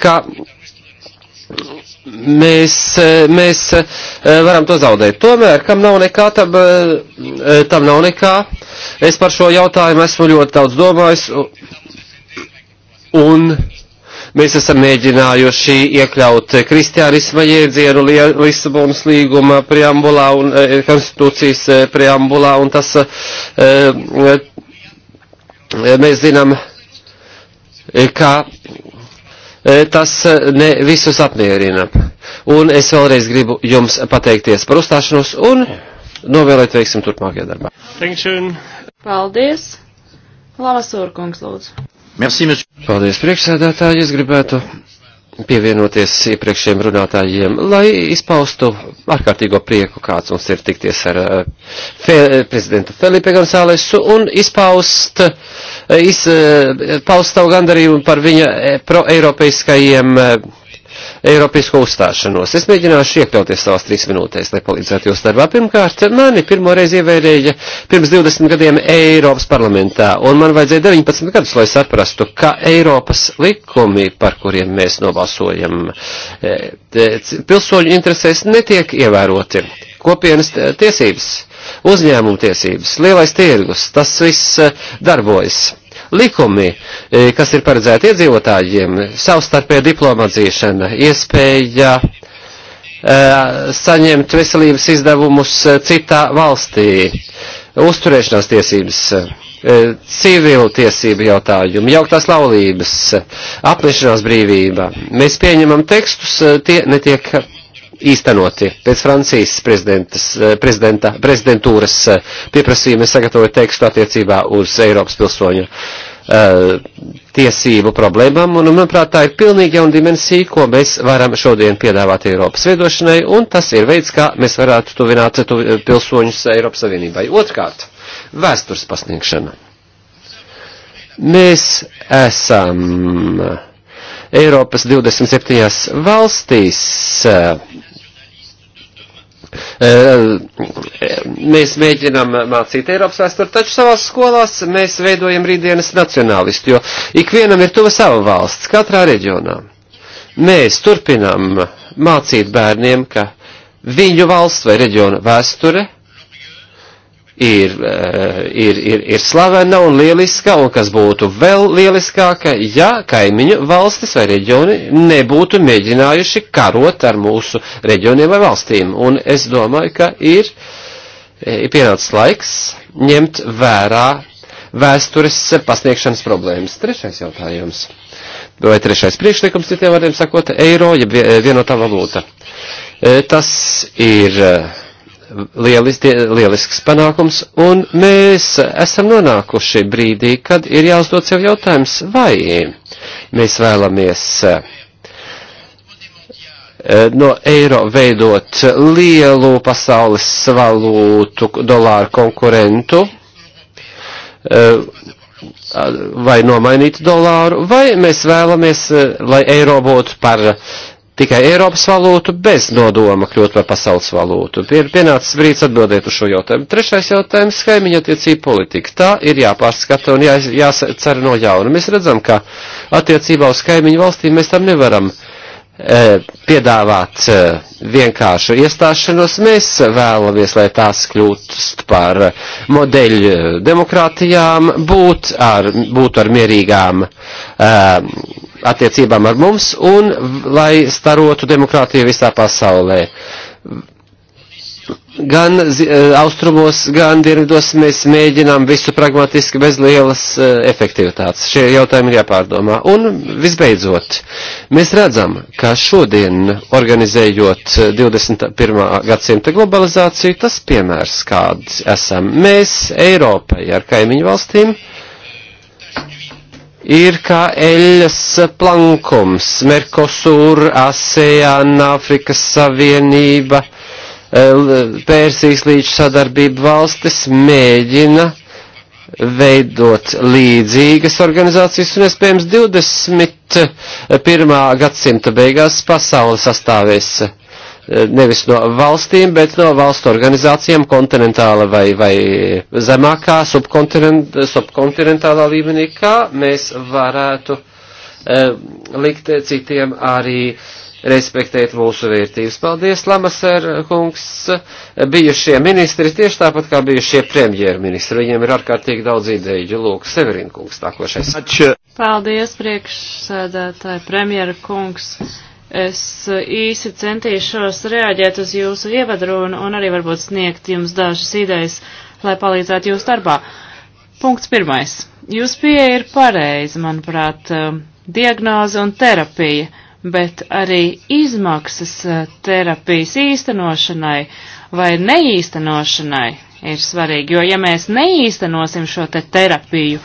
ka mēs, mēs varam to zaudēt. Tomēr, kam nav nekā, tam, tam nav nekā. Es par šo jautājumu esmu ļoti daudz domājis. Un, un Mēs esam mēģinājuši iekļaut kristiānisma jēdzienu Lisabonas līguma preambulā un e, konstitūcijas e, preambulā, un tas e, mēs zinām, ka tas ne visus apmierina. Un es vēlreiz gribu jums pateikties par uzstāšanos un novēlēt veiksim turpmākajā darbā. Paldies! Lava Sūrkungs, lūdzu. Merci, monsieur. Paldies, priekšsēdētāji. Es gribētu pievienoties iepriekšējiem runātājiem, lai izpaustu ārkārtīgo prieku, kāds mums ir tikties ar eh, fe, prezidentu Felipe Gonzālesu un izpaust, eh, izpaust eh, savu gandarījumu par viņa proeiropeiskajiem Eiropisko uzstāšanos. Es mēģināšu iekļauties savās trīs minūtēs, lai palīdzētu jūs darbā. Pirmkārt, mani pirmoreiz ievērēja pirms 20 gadiem Eiropas parlamentā, un man vajadzēja 19 gadus, lai saprastu, ka Eiropas likumi, par kuriem mēs nobalsojam, e, pilsoņu interesēs netiek ievēroti. Kopienas tiesības uzņēmuma tiesības, lielais tirgus, tas viss e, darbojas likumi, e, kas ir paredzēti iedzīvotājiem, savstarpēja diploma atzīšana, iespēja e, saņemt veselības izdevumus e, citā valstī, uzturēšanās tiesības, civilu tiesību jautājumi, jauktās laulības, apmešanās brīvība. Mēs pieņemam tekstus, tie netiek īstenoti. Pēc Francijas eh, prezidentūras eh, pieprasījuma es sagatavoju tekstu attiecībā uz Eiropas pilsoņu uh, tiesību problēmām, un, manuprāt, tā ir pilnīgi jauna dimensija, ko mēs varam šodien piedāvāt Eiropas veidošanai, un tas ir veids, kā mēs varētu tuvināt tu, pilsoņus Eiropas Savienībai. Otrkārt, vēstures pasniegšana. Mēs esam Eiropas 27 valstīs Eh, mēs mēģinām mācīt Eiropas vēsturi, taču savās skolās mēs veidojam rītdienas nacionālistu, jo ikvienam ir tuva sava valsts, katrā reģionā. Mēs turpinām mācīt bērniem, ka viņu valsts vai reģiona vēsture ir, eh, ir, ir, ir slavena un lieliska, un kas būtu vēl lieliskāka, ja kaimiņu valstis vai reģioni nebūtu mēģinājuši karot ar mūsu reģioniem vai valstīm. Un es domāju, ka ir, eh, ir pienācis laiks ņemt vērā vēstures pasniegšanas problēmas. Trešais jautājums. Vai trešais priekšlikums, citiem vārdiem sakot, eiro, ja vienotā valūta. Eh, tas ir lielis, lielisks panākums, un mēs esam nonākuši brīdī, kad ir jāuzdod sev jautājums, vai mēs vēlamies eh, no eiro veidot lielu pasaules valūtu dolāru konkurentu, eh, vai nomainīt dolāru, vai mēs vēlamies, eh, lai eiro būtu par uh, tikai Eiropas valūtu bez nodoma kļūt par pasaules valūtu. Ir pienācis brīdis atbildēt uz šo jautājumu. Trešais jautājums - kaimiņa attiecība politika. Tā ir jāpārskata un jā, jācer no jauna. Mēs redzam, ka attiecībā uz kaimiņu valstīm mēs tam nevaram uh, E, piedāvāt e, vienkāršu iestāšanos. Mēs vēlamies, lai tās kļūst par modeļu demokrātijām, būt ar, būt ar mierīgām e, attiecībām ar mums un lai starotu demokrātiju visā pasaulē gan e, austrumos, gan dienvidos mēs mēģinām visu pragmatiski bez lielas e, efektivitātes. Šie jautājumi ir jāpārdomā. Un visbeidzot, mēs redzam, ka šodien organizējot 21. gadsimta globalizāciju, tas piemērs, kāds esam mēs Eiropai ar kaimiņu valstīm, ir kā eļas plankums, Merkosur, ASEAN, Afrikas Savienība, Persijas līča sadarbība valstis mēģina veidot līdzīgas organizācijas un iespējams 21. gadsimta beigās pasauli sastāvēs eh, nevis no valstīm, bet no valstu organizācijām kontinentāla vai, vai zemākā subkontinent, subkontinentālā līmenī, kā mēs varētu eh, likt citiem arī eh, respektēt mūsu vērtības. Paldies, Lamaser eh, kungs, bijušie ministri, tieši tāpat kā bijušie premjerministri. Viņiem ir ārkārtīgi daudz ideju. Lūk, Severin kungs, nākošais. Paldies, priekšsēdētāji, premjera kungs. Es īsi centīšos reaģēt uz jūsu ievadrunu un arī varbūt sniegt jums dažas idejas, lai palīdzētu jūsu darbā. Punkts pirmais. Jūs pieeja ir pareiza, manuprāt, eh, diagnoze un terapija bet arī izmaksas eh, terapijas īstenošanai vai neīstenošanai ir svarīgi, jo ja mēs neīstenosim šo te terapiju,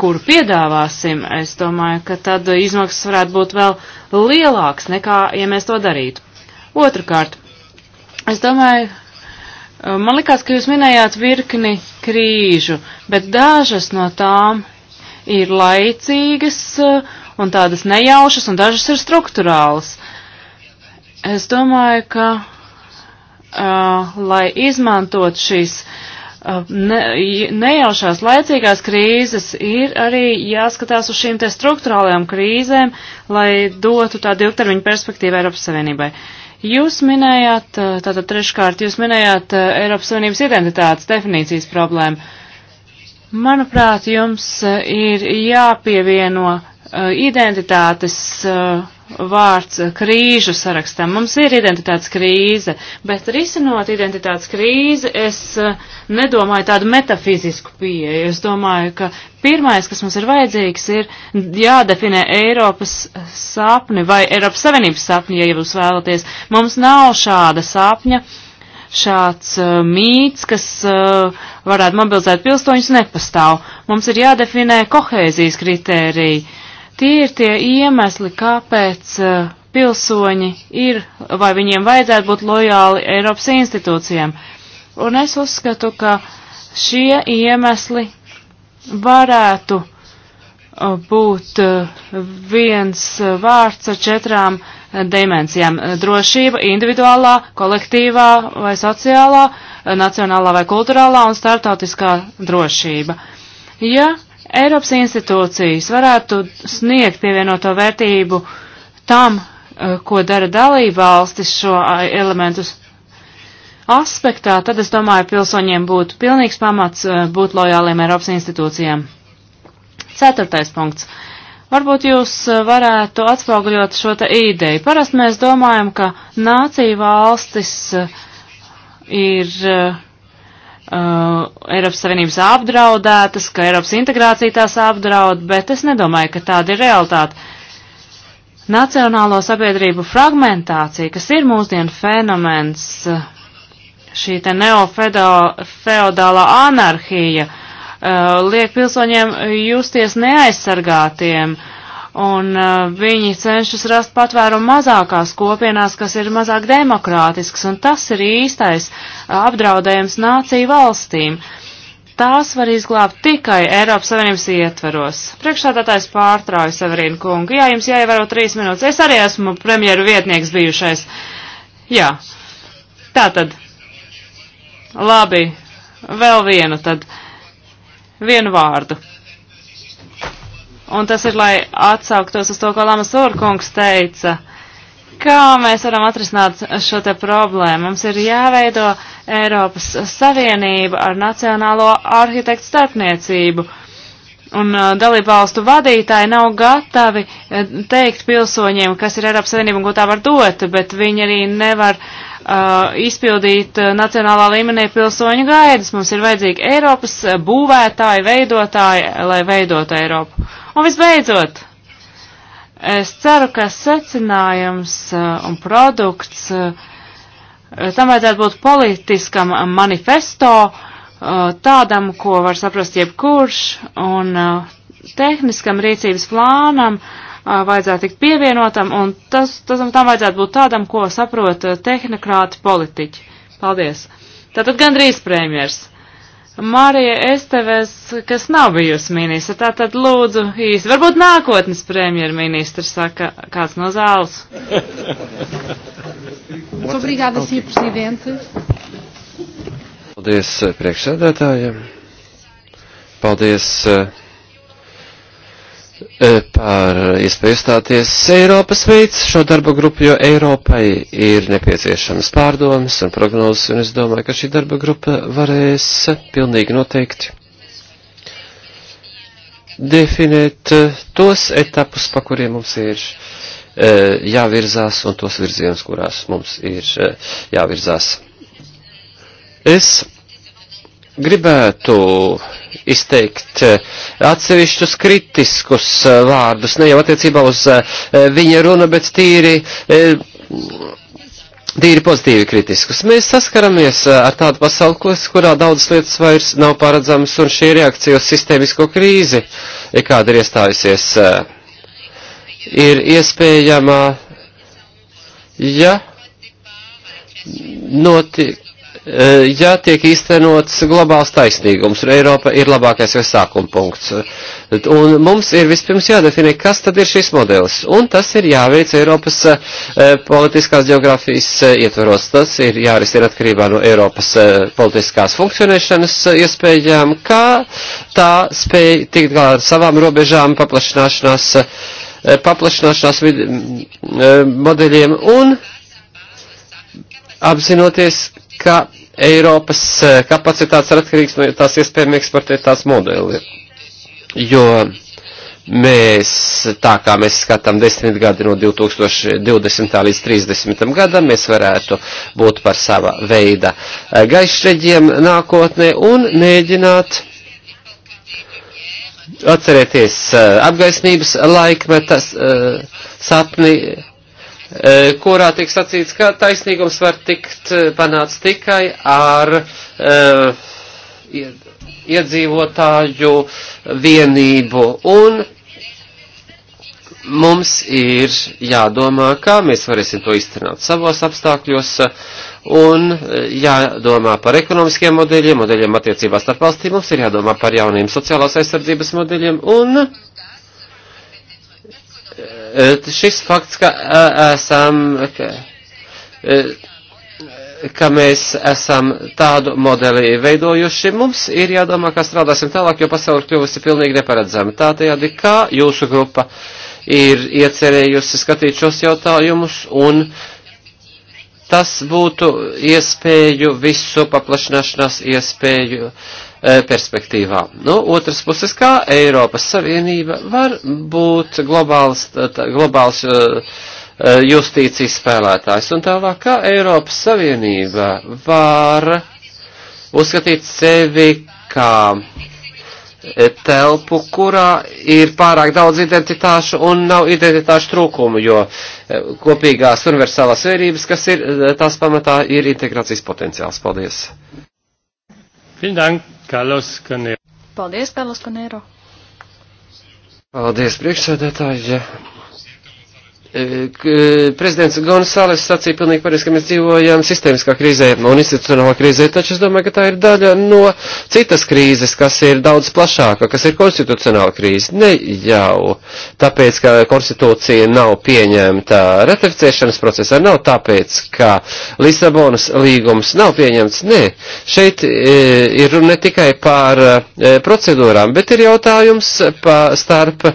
kuru piedāvāsim, es domāju, ka tad izmaksas varētu būt vēl lielāks nekā, ja mēs to darītu. Otrakārt, es domāju, eh, man likās, ka jūs minējāt virkni krīžu, bet dažas no tām ir laicīgas uh, un tādas nejaušas, un dažas ir struktūrālas. Es domāju, ka, uh, lai izmantot šīs uh, ne, nejaušās laicīgās krīzes, ir arī jāskatās uz šīm te struktūrālajām krīzēm, lai dotu tādu ilgtermiņu perspektīvu Eiropas Savienībai. Jūs minējāt, uh, tātad treškārt, jūs minējāt uh, Eiropas Savienības identitātes definīcijas problēmu. Manuprāt, jums uh, ir jāpievieno Eh, identitātes eh, vārds krīžu sarakstam. Mums ir identitātes krīze, bet risinot identitātes krīzi, es eh, nedomāju tādu metafizisku pieeju. Es domāju, ka pirmais, kas mums ir vajadzīgs, ir jādefinē Eiropas sapni vai Eiropas Savienības sapni, ja jūs vēlaties. Mums nav šāda sapņa. Šāds uh, mīts, kas uh, varētu mobilizēt pilstoņus, nepastāv. Mums ir jādefinē kohēzijas kritērija. Uh, Tie ir tie iemesli, kāpēc uh, pilsoņi ir vai viņiem vajadzētu būt lojāli Eiropas institūcijām. Un es uzskatu, ka šie iemesli varētu eh, būt eh, viens vārds ar četrām dimensijām - drošība, individuālā, kolektīvā vai sociālā, nacionālā vai kulturālā un startautiskā drošība. Ja Eiropas institūcijas varētu sniegt pievienoto vērtību tam, eh, ko dara dalībvalstis šo elementus aspektā, tad es domāju, pilsoņiem būtu pilnīgs pamats eh, būt lojāliem Eiropas institūcijām. Ceturtais punkts. Varbūt jūs eh, varētu atspoguļot šo te ideju. Parasti mēs domājam, ka nācija valstis ir uh, Eiropas Savienības apdraudētas, ka Eiropas integrācija tās apdraud, bet es nedomāju, ka tāda ir realitāte. Nacionālo sabiedrību fragmentācija, kas ir mūsdienu fenomens, šī te neofeodālā anarhija, uh, liek pilsoņiem justies neaizsargātiem. Uh, un uh, viņi cenšas rast patvērumu mazākās kopienās, kas ir mazāk demokrātisks, un tas ir īstais uh, apdraudējums nāciju valstīm. Tās var izglābt tikai Eiropas Savienības ietveros. Priekšsādātājs pārtrauja Severīnu kungu. Jā, jums jāievēro trīs minūtes. Es arī esmu premjeru vietnieks bijušais. Jā. Tātad. Labi. Vēl vienu tad. Vienu vārdu. Un tas ir, lai atsauktos uz to, ko Lamas Urkungs teica. Kā mēs varam atrisināt šo te problēmu? Mums ir jāveido Eiropas Savienība ar nacionālo arhitektu starpniecību. Un uh, dalībvalstu vadītāji nav gatavi uh, teikt pilsoņiem, kas ir Eiropas Savienība un ko tā var dot, bet viņi arī nevar uh, izpildīt uh, nacionālā līmenī pilsoņu gaidas. Mums ir vajadzīgi Eiropas uh, būvētāji, veidotāji, lai veidotu Eiropu. Un visbeidzot, es ceru, ka secinājums eh, un produkts eh, tam vajadzētu būt politiskam manifesto, eh, tādam, ko var saprast jebkurš, un tehniskam rīcības plānam vajadzētu tikt pievienotam, un tas, tas, tam vajadzētu būt tādam, ko saprot tehnokrāti politiķi. Paldies! Tātad gandrīz premjers. Marija Esteves, kas nav bijusi ministra, tā tad lūdzu īsi, varbūt nākotnes premjerministra saka kāds no zāles. Obrigada, okay. prezidente. Paldies eh, priekšsēdētājiem. Paldies. Uh, E, par iespēju stāties Eiropas veids šo darba grupu, jo Eiropai ir nepieciešams pārdomas un prognozes, un es domāju, ka šī darba grupa varēs pilnīgi noteikti definēt e, tos etapus, pa kuriem mums ir e, jāvirzās, un tos virzienus, kurās mums ir jāvirzās. Es gribētu izteikt eh, atsevišķus kritiskus eh, vārdus, ne jau attiecībā uz eh, viņa runu, bet tīri, tīri pozitīvi kritiskus. Mēs saskaramies ar tādu pasauli, kurā daudzas lietas vairs nav paredzamas, un šī reakcija uz sistēmisko krīzi, kāda ir iestājusies, ir iespējama, ja notiek E, ja tiek īstenots globāls taisnīgums, un Eiropa ir labākais vai sākuma punkts. Un mums ir vispirms jādefinē, kas tad ir šis modelis, un tas ir jāveic Eiropas e, politiskās geogrāfijas e, ietvaros. Tas ir jārisina atkarībā no Eiropas politiskās funkcionēšanas iespējām, kā tā spēj tikt galā ar savām robežām, paplašināšanās, paplašināšanās vid, modeļiem un apzinoties, ka Eiropas eh, kapacitātes ir atkarīgs no tās iespējami eksportētās modeli. Jo mēs, tā kā mēs skatām desmitgadi no 2020. līdz 30. gadam, mēs varētu būt par sava veida eh, gaišreģiem nākotnē un mēģināt atcerēties eh, apgaismības laikmetas sapni Eh, kurā tiek sacīts, ka taisnīgums var tikt eh, panāts tikai ar uh, iedzīvotāju vienību. Un mums ir jādomā, kā mēs varēsim to iztenāt savos apstākļos, un jādomā par ekonomiskiem modeļiem, modeļiem attiecībās starp valstīm, mums ir jādomā par jauniem sociālās aizsardzības modeļiem, un Eh, šis fakts, ka eh, esam, ka, eh, ka mēs esam tādu modeli veidojuši, mums ir jādomā, kā strādāsim tālāk, jo pasauli kļuvusi pilnīgi neparedzama. Tādējādi, kā jūsu grupa ir iecerējusi skatīt šos jautājumus un tas būtu iespēju visu paplašināšanās iespēju uh, E, perspektīvā. No nu, otras puses, kā Eiropas Savienība var būt globāls, globāls e, e, justīcijas spēlētājs un tālāk, kā Eiropas Savienība var uzskatīt sevi kā telpu, kurā ir pārāk daudz identitāšu un nav identitāšu trūkumu, jo kopīgās universālās vērības, kas ir tās pamatā, ir integrācijas potenciāls. Paldies! Vielen Dank! Kalos Kanero. Paldies, Kalos Kanero. Paldies, priekšsēdētāji prezidents Gonzales sacīja pilnīgi pareizi, ka mēs dzīvojam sistēmiskā krīzē un institucionālā krīzē, taču es domāju, ka tā ir daļa no citas krīzes, kas ir daudz plašāka, kas ir konstitucionāla krīze. Ne jau tāpēc, ka konstitūcija nav pieņemta ratificēšanas procesā, nav tāpēc, ka Lisabonas līgums nav pieņemts. Nē, šeit e, ir runa ne tikai par e, procedūrām, bet ir jautājums pa, starp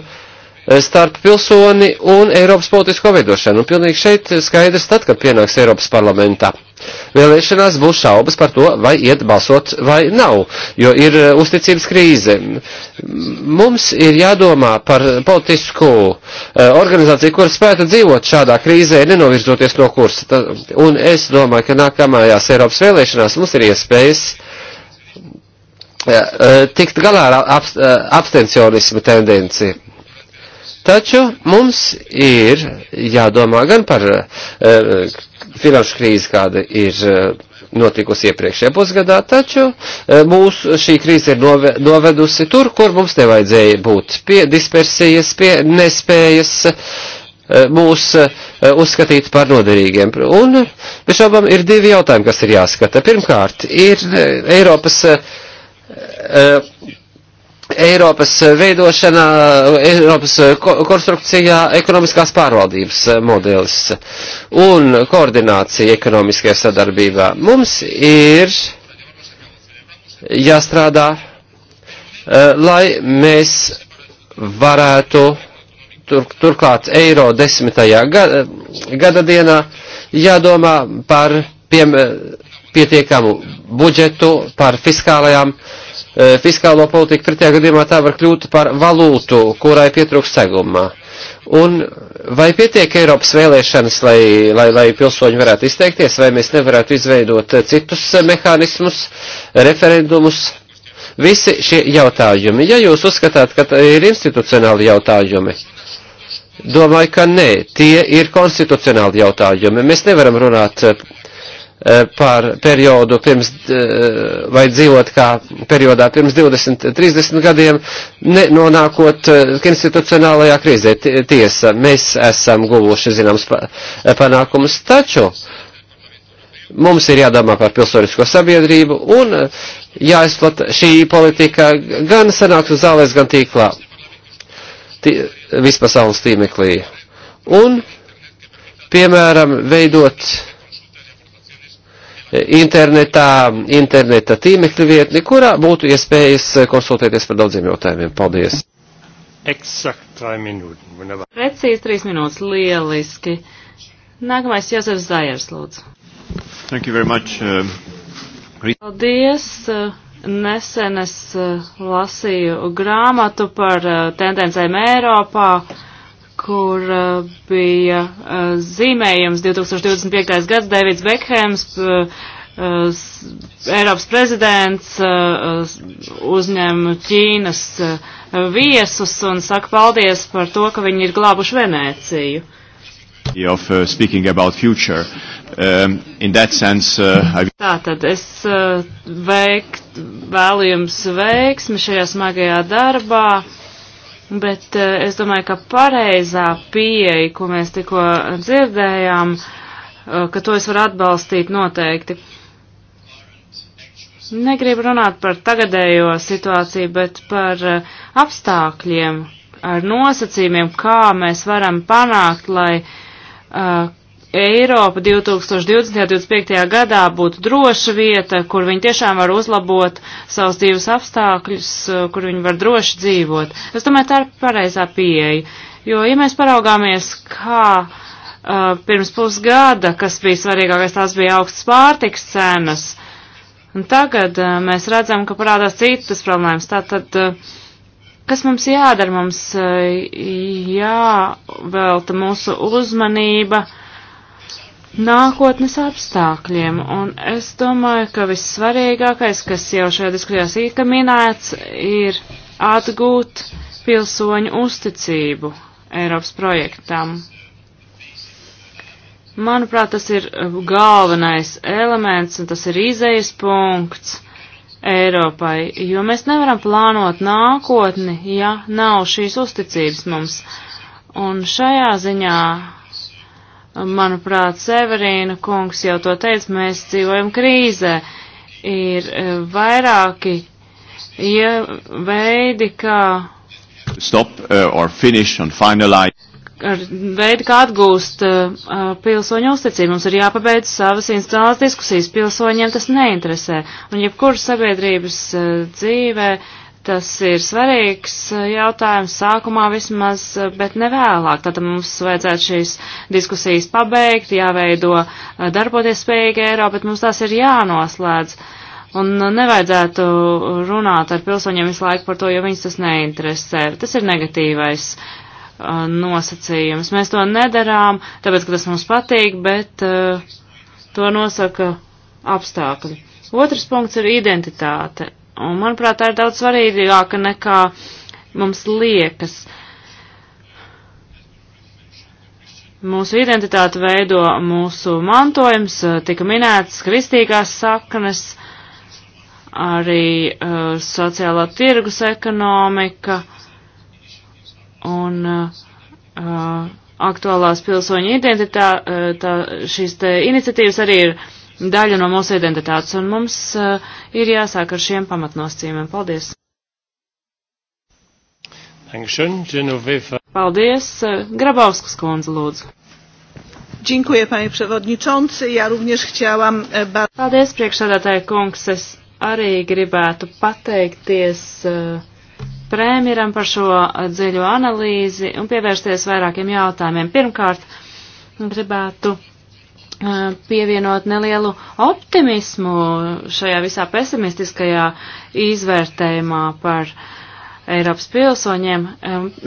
Eh, starp pilsoni un Eiropas politisko veidošanu. Un pilnīgi šeit skaidrs tad, kad pienāks Eiropas parlamentā. Vēlēšanās būs šaubas par to, vai iet balsot vai nav, jo ir eh, uzticības krīze. Mums ir jādomā par politisku eh, organizāciju, kur spētu dzīvot šādā krīzē, nenovirzoties no kursa. Un es domāju, ka nākamajās Eiropas vēlēšanās mums ir iespējas tikt galā ar abstencionismu tendenci. Taču mums ir jādomā gan par uh, finanšu krīzi, kāda ir uh, notikusi iepriekšējā pusgadā, taču uh, eh, mūsu šī krīze ir nove, novedusi tur, kur mums nevajadzēja būt pie dispersijas, pie nespējas uh, mūs uh, uzskatīt par noderīgiem. Un bešobam ir divi jautājumi, kas ir jāskata. Pirmkārt, ir uh, Eiropas. Uh, uh, Eiropas veidošanā, Eiropas konstrukcijā ekonomiskās pārvaldības modelis un koordinācija ekonomiskajā sadarbībā. Mums ir jāstrādā, eh, lai mēs varētu tur, turklāt eiro desmitajā gada, gada dienā jādomā par piem, pietiekamu budžetu, par fiskālajām uh, Eh, fiskālo politiku, pretējā gadījumā tā var kļūt par valūtu, kurai pietrūks segumā. Un vai pietiek Eiropas vēlēšanas, lai, lai, lai pilsoņi varētu izteikties, vai mēs nevarētu izveidot citus mehānismus, referendumus? Visi šie jautājumi, ja jūs uzskatāt, ka ir institucionāli jautājumi, domāju, ka nē, tie ir konstitucionāli jautājumi. Mēs nevaram runāt eh, Eh, par periodu pirms, eh, vai dzīvot kā periodā pirms 20, 30 gadiem, ne, nonākot institucionālajā eh, krīzē. Tiesa, mēs esam guvuši zināms panākumus, taču mums ir jādomā par pilsonisko sabiedrību un jāizplata šī politika gan sanāksmu zālēs, gan tīklā, tī, vispasaules tīmeklī. Un, piemēram, veidot internetā, interneta tīmekļa vietni, kurā būtu iespējas konsultēties par daudziem jautājumiem. Paldies! Eksakt 3 minūtes. Precīzi 3 minūtes. Lieliski. Nākamais Jozefs Zajers, lūdzu. Thank you very much. Uh, Paldies. Nesen es uh, lasīju grāmatu par uh, tendencēm Eiropā kur uh, bija uh, zīmējums 2025. gads Davids Bekhēms, uh, Eiropas prezidents, uh, uh, uzņem Ķīnas uh, viesus un saka paldies par to, ka viņi ir glābuši Venēciju. Of, uh, speaking about future. Um, in that sense, uh, I... Tātad es uh, veikt, vēlu jums veiksmi šajā smagajā darbā bet eh, es domāju, ka pareizā pieeja, ko mēs tikko dzirdējām, eh, ka to es varu atbalstīt noteikti. Negribu runāt par tagadējo situāciju, bet par eh, apstākļiem, ar nosacījumiem, kā mēs varam panākt, lai uh, Eiropa 2020. 25. gadā būtu droša vieta, kur viņi tiešām var uzlabot savus dzīves apstākļus, kur viņi var droši dzīvot. Es domāju, tā ir pareizā pieeja. Jo, ja mēs paraugāmies, kā uh, pirms pusgada, kas bija svarīgākais, tās bija augstas pārtiks cenas, un tagad uh, mēs redzam, ka parādās citas problēmas. Tātad, uh, Kas mums jādara? Mums jāvelta mūsu uzmanība uh, nākotnes apstākļiem. Un es domāju, ka vissvarīgākais, kas jau šajā diskusijās īka minēts, ir atgūt pilsoņu uzticību Eiropas projektam. Manuprāt, tas ir galvenais elements un tas ir izējas punkts Eiropai, jo mēs nevaram plānot nākotni, ja nav šīs uzticības mums. Un šajā ziņā Manuprāt, Severīna kungs jau to teica, mēs dzīvojam krīzē. Ir e, vairāki ja veidi, kā. Stop uh, or finish and finalize. Ar veidu, kā atgūst uh, pilsoņu uzticību, mums ir jāpabeidz savas institucionālās diskusijas. Pilsoņiem tas neinteresē. Un jebkuras sabiedrības uh, dzīvē uh, Tas ir svarīgs eh, jautājums sākumā vismaz, eh, bet ne vēlāk. Tātad mums vajadzētu šīs diskusijas pabeigt, jāveido eh, darboties spējīga Eiropa, bet mums tās ir jānoslēdz. Un nevajadzētu runāt ar pilsoņiem visu laiku par to, jo viņus tas neinteresē. Tas ir negatīvais uh, nosacījums. Mēs to nedarām, tāpēc, ka tas mums patīk, bet uh, to nosaka apstākļi. Otrs punkts ir identitāte. Un, manuprāt, tā ir daudz svarīgāka nekā mums liekas. Mūsu identitāti veido mūsu mantojums, eh, tika minētas kristīgās saknes, arī uh, eh, sociālā tirgus ekonomika un uh, aktuālās pilsoņu identitā, uh, tā, šīs te iniciatīvas arī ir daļa no mūsu identitātes, un mums uh, ir jāsāk ar šiem pamatnosacījumiem. Paldies! Paldies! Eh, Grabauskas kundze, lūdzu! Dziękuję, panie przewodniczący. Ja również chciałam e, bardzo. Paldies, priekšsēdētāja kungs. Es arī gribētu pateikties eh, premjeram par šo dziļo analīzi un pievērsties vairākiem jautājumiem. Pirmkārt, gribētu pievienot nelielu optimismu šajā visā pesimistiskajā izvērtējumā par Eiropas pilsoņiem.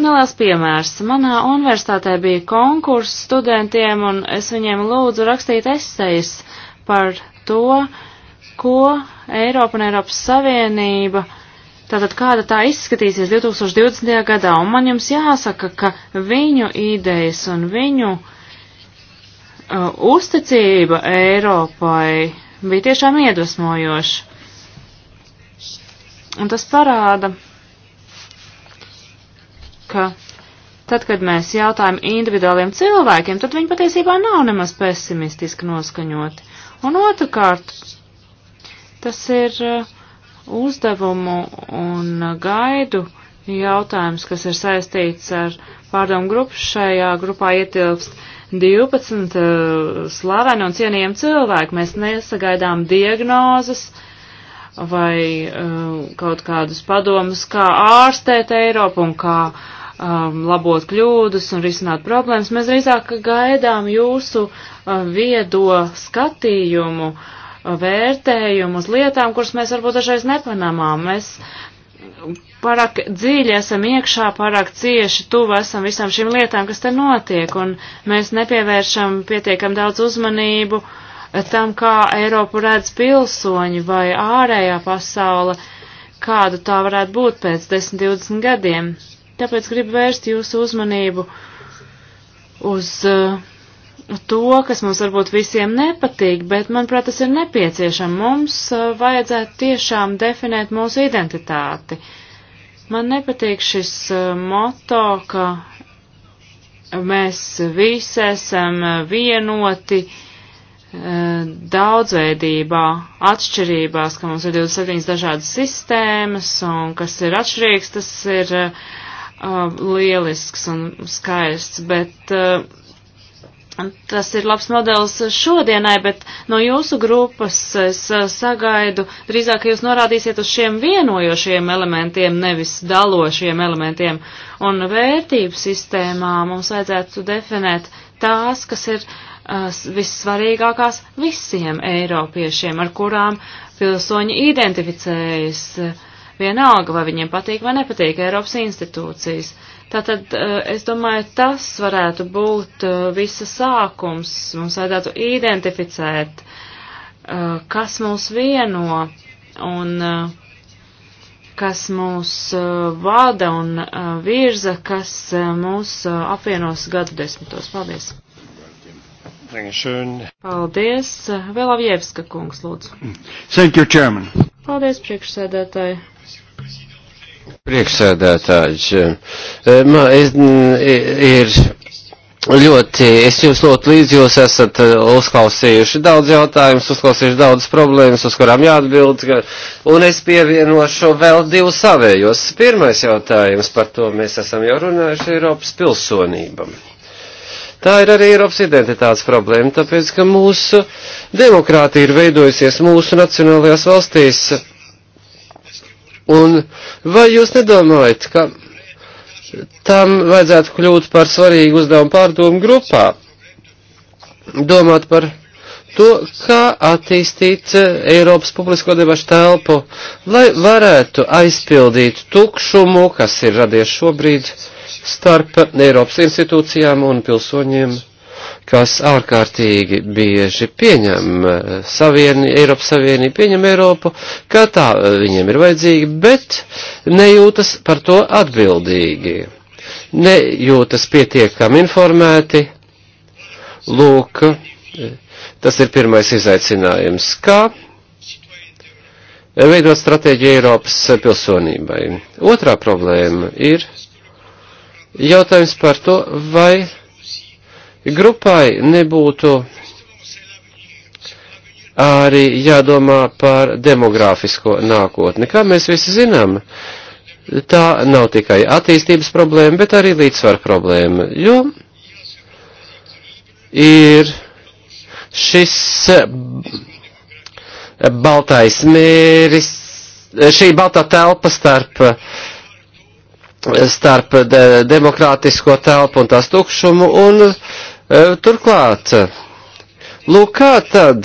Neliels piemērs. Manā universitātē bija konkurss studentiem, un es viņiem lūdzu rakstīt esejas par to, ko Eiropa un Eiropas Savienība Tātad kāda tā izskatīsies 2020. gadā, un man jums jāsaka, ka viņu idejas un viņu uh, uh, uzticība Eiropai bija tiešām iedvesmojoša. Un tas parāda, ka tad, kad mēs jautājam individuāliem cilvēkiem, tad viņi patiesībā nav nemaz pesimistiski noskaņoti. Un otrkārt, tas ir uh, uzdevumu un uh, gaidu jautājums, kas ir saistīts ar pārdomu grupu. Šajā grupā ietilpst 12 uh, eh, slaveni un cienījami cilvēki. Mēs nesagaidām diagnozes vai uh, kaut kādus padomus, kā ārstēt Eiropu un kā um, labot kļūdas un risināt problēmas. Mēs drīzāk gaidām jūsu uh, viedo skatījumu vērtējumu uz lietām, kuras mēs varbūt dažreiz nepanamām. Mēs pārāk dziļi esam iekšā, pārāk cieši tuvu esam visām šīm lietām, kas te notiek, un mēs nepievēršam pietiekam daudz uzmanību tam, kā Eiropu redz pilsoņi vai ārējā pasaule, kādu tā varētu būt pēc 10-20 gadiem. Tāpēc gribu vērst jūsu uzmanību uz uh, to, kas mums varbūt visiem nepatīk, bet, manuprāt, tas ir nepieciešams. Mums uh, vajadzētu tiešām definēt mūsu identitāti. Man nepatīk šis uh, moto, ka mēs visi esam uh, vienoti daudzveidībā, atšķirībās, ka mums ir 27 dažādas sistēmas un kas ir atšķirīgs, tas ir uh, lielisks un skaists, bet uh, Tas ir labs modelis šodienai, bet no jūsu grupas es eh, sagaidu drīzāk, ka jūs norādīsiet uz šiem vienojošiem elementiem, nevis dalošiem elementiem. Un vērtību sistēmā mums vajadzētu definēt tās, kas ir uh, vissvarīgākās visiem eiropiešiem, ar kurām pilsoņi identificējas. Uh, vienalga, vai viņiem patīk vai nepatīk Eiropas institūcijas. Tātad eh, es domāju, tas varētu būt eh, visa sākums. Mums vajadzētu identificēt, eh, kas mūs vieno un kas mūs vada un virza, kas mūs apvienos gadu desmitos. Paldies! Paldies, Vēlavievska kungs, lūdzu. Thank you, Chairman. Paldies, priekšsēdētāji. Priekšsēdētājs, eh, ir ļoti, es jums ļoti līdzi, jūs esat eh, uzklausījuši daudz jautājumus, uzklausījuši daudz problēmas, uz kurām jāatbild, un es pievienošu vēl divus savējos. Pirmais jautājums, par to mēs esam jau runājuši, Eiropas pilsonībam. Tā ir arī Eiropas identitātes problēma, tāpēc, ka mūsu demokrātija ir veidojusies mūsu nacionālajās valstīs Un vai jūs nedomājat, ka tam vajadzētu kļūt par svarīgu uzdevumu pārdomu grupā? Domāt par to, kā attīstīt eh, Eiropas publisko debašu telpu, lai varētu aizpildīt tukšumu, kas ir radies šobrīd starp Eiropas institūcijām un pilsoņiem kas ārkārtīgi bieži pieņem eh, savieni, Eiropas Savienību, pieņem Eiropu, kā tā eh, viņiem ir vajadzīga, bet nejūtas par to atbildīgi, nejūtas pietiekami informēti. Lūk, eh, tas ir pirmais izaicinājums, kā veidot stratēģiju Eiropas pilsonībai. Otrā problēma ir jautājums par to, vai grupai nebūtu arī jādomā par demogrāfisko nākotni. Kā mēs visi zinām, tā nav tikai attīstības problēma, bet arī līdzsvar problēma, jo ir šis eh, baltais mēris, eh, šī baltā telpa starp uh, starp de demokrātisko telpu un tās tukšumu, un e, turklāt, lūk, kā tad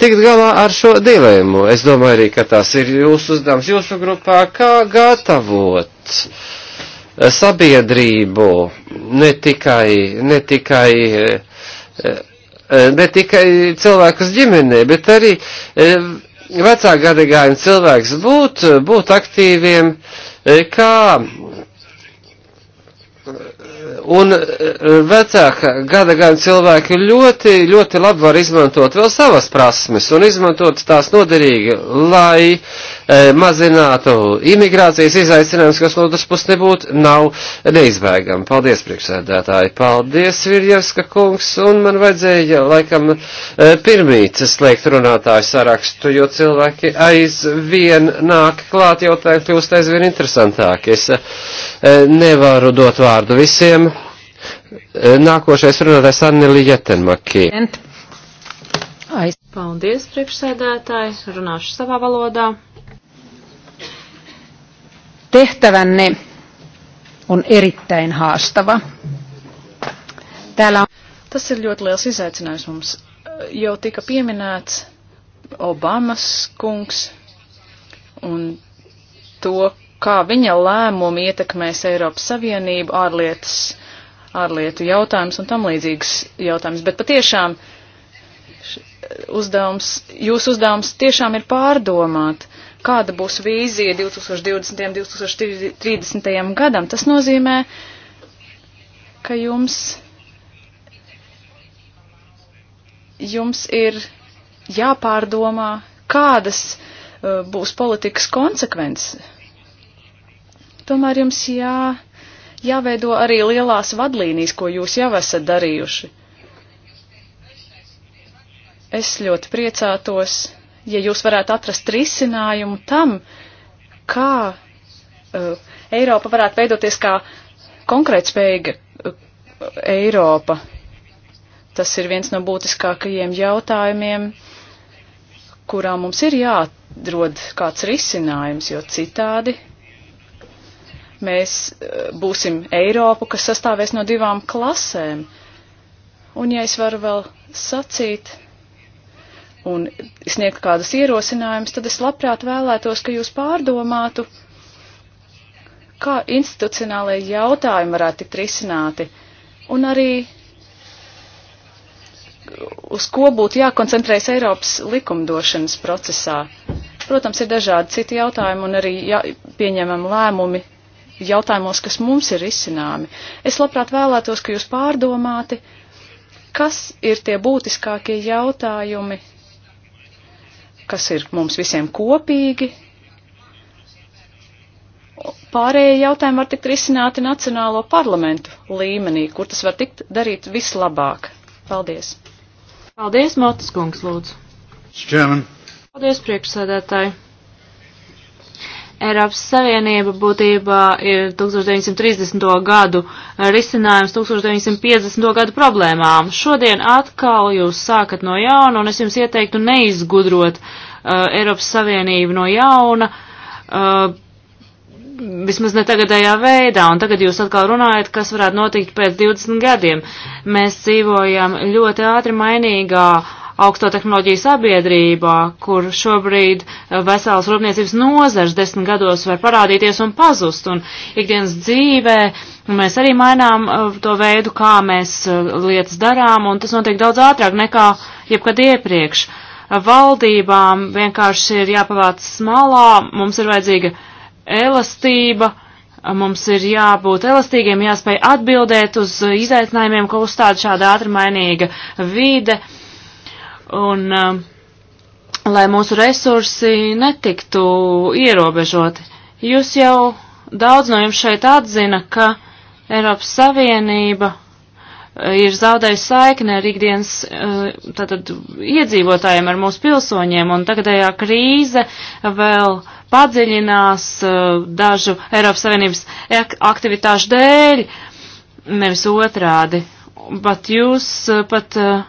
tikt galā ar šo dilēmu? Es domāju arī, ka tās ir jūsu uzdevums jūsu grupā, kā gatavot sabiedrību ne tikai, ne tikai e, e ne tikai cilvēkus ģimenē, bet arī e, vecā gadagājuma cilvēks būt, būt aktīviem, e, kā Un e, vecāka gada gan cilvēki ļoti, ļoti labi var izmantot vēl savas prasmes un izmantot tās noderīgi, lai Eh, mazinātu imigrācijas izaicinājums, kas no otras puses nebūtu, nav neizbēgami. Paldies, priekšsēdētāji. Paldies, Virjevska kungs, un man vajadzēja laikam eh, pirmīt slēgt runātāju sarakstu, jo cilvēki aizvien nāk klāt, jautājumi kļūst aizvien interesantāki. Es eh, nevaru dot vārdu visiem. Nākošais runātājs Anneli Jetenmaki. Paldies, priekšsēdētāji. Runāšu savā valodā. Tehtävänne on erittäin haastava. Täällä on... Tas ir ļoti liels izaicinājums mums. Jau tika pieminēts Obamas kungs un to, kā viņa lēmumi ietekmēs Eiropas Savienību, ārlietas, ārlietu jautājums un tam līdzīgs jautājums. Bet patiešām uzdevums, jūsu uzdevums tiešām ir pārdomāt kāda būs vīzija 2020. un 2030. gadam. Tas nozīmē, ka jums, jums ir jāpārdomā, kādas uh, būs politikas konsekvences. Tomēr jums jā, jāveido arī lielās vadlīnijas, ko jūs jau esat darījuši. Es ļoti priecātos, ja jūs varētu atrast risinājumu tam, kā uh, Eiropa varētu veidoties kā konkrētspējīga uh, Eiropa. Tas ir viens no būtiskākajiem jautājumiem, kurā mums ir jāatrod kāds risinājums, jo citādi mēs uh, būsim Eiropu, kas sastāvēs no divām klasēm. Un, ja es varu vēl sacīt, un sniegtu kādas ierosinājumus, tad es labprāt vēlētos, ka jūs pārdomātu, kā institucionālajie jautājumi varētu tikt risināti, un arī uz ko būtu jākoncentrējas Eiropas likumdošanas procesā. Protams, ir dažādi citi jautājumi un arī jā, pieņemam lēmumi jautājumos, kas mums ir izcināmi. Es labprāt vēlētos, ka jūs pārdomāti, kas ir tie būtiskākie jautājumi, kas ir mums visiem kopīgi. Pārējie jautājumi var tikt risināti nacionālo parlamentu līmenī, kur tas var tikt darīt vislabāk. Paldies! Paldies, Motas kungs, lūdzu! Chairman. Paldies, priekšsēdētāji! Eiropas Savienība būtībā ir 1930. gadu risinājums 1950. gadu problēmām. Šodien atkal jūs sākat no jauna, un es jums ieteiktu neizgudrot uh, Eiropas Savienību no jauna, uh, vismaz ne tagadējā veidā, un tagad jūs atkal runājat, kas varētu notikt pēc 20 gadiem. Mēs dzīvojam ļoti ātri mainīgā uh, augsto tehnoloģiju sabiedrībā, kur šobrīd eh, vesels rūpniecības nozars desmit gados var parādīties un pazust, un ikdienas dzīvē mēs arī mainām eh, to veidu, kā mēs eh, lietas darām, un tas notiek daudz ātrāk nekā jebkad iepriekš. Valdībām vienkārši ir jāpavāc smalā, mums ir vajadzīga elastība, mums ir jābūt elastīgiem, jāspēj atbildēt uz izaicinājumiem, ko uzstāda šāda ātri mainīga vide. Uh, un um, lai mūsu resursi netiktu ierobežoti. Jūs jau daudz no jums šeit atzina, ka Eiropas Savienība eh, ir zaudējusi saikni ar ikdienas eh, tātad, iedzīvotājiem, ar mūsu pilsoņiem, un tagadējā krīze vēl padziļinās dažu Eiropas Savienības aktivitāšu dēļ, nevis otrādi. Bet jūs pat uh,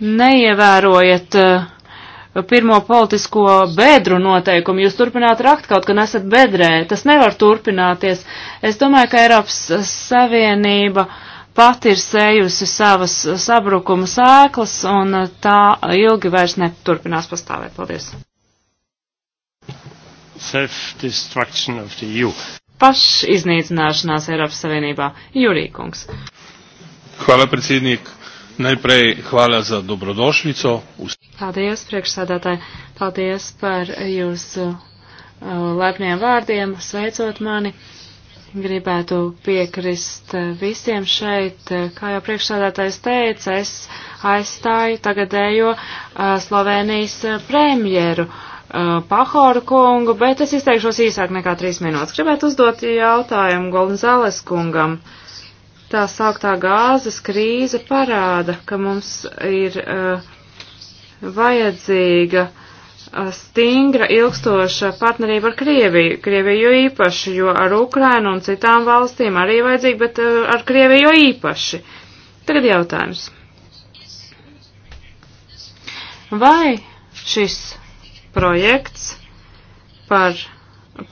neievērojat uh, pirmo politisko bedru noteikumu. Jūs turpināt rakt kaut, ka nesat bedrē. Tas nevar turpināties. Es domāju, ka Eiropas Savienība pati ir sējusi savas sabrukuma sēklas un tā ilgi vairs neturpinās pastāvēt. Paldies. Self-destruction of the EU. Pašiznīcināšanās Eiropas Savienībā. Jurīkungs. Hvala, predsjednik. Najprej hvala za dobrodošlico. Paldies, priekšsādātāji. Paldies par jūsu uh, laipniem vārdiem, sveicot mani. Gribētu piekrist uh, visiem šeit. Uh, kā jau priekšsādātājs teica, es aizstāju tagadējo Slovenijas premjeru Pahoru kungu, bet es izteikšos īsāk nekā trīs minūtes. Gribētu uzdot jautājumu Golden Zales kungam. Uh, tā sauktā gāzes krīze parāda, ka mums ir uh, vajadzīga uh, stingra, ilgstoša partnerība ar Krieviju. Krieviju jo īpaši, jo ar Ukrainu un citām valstīm arī vajadzīga, bet uh, ar Krieviju jo īpaši. Tagad jautājums. Vai šis projekts par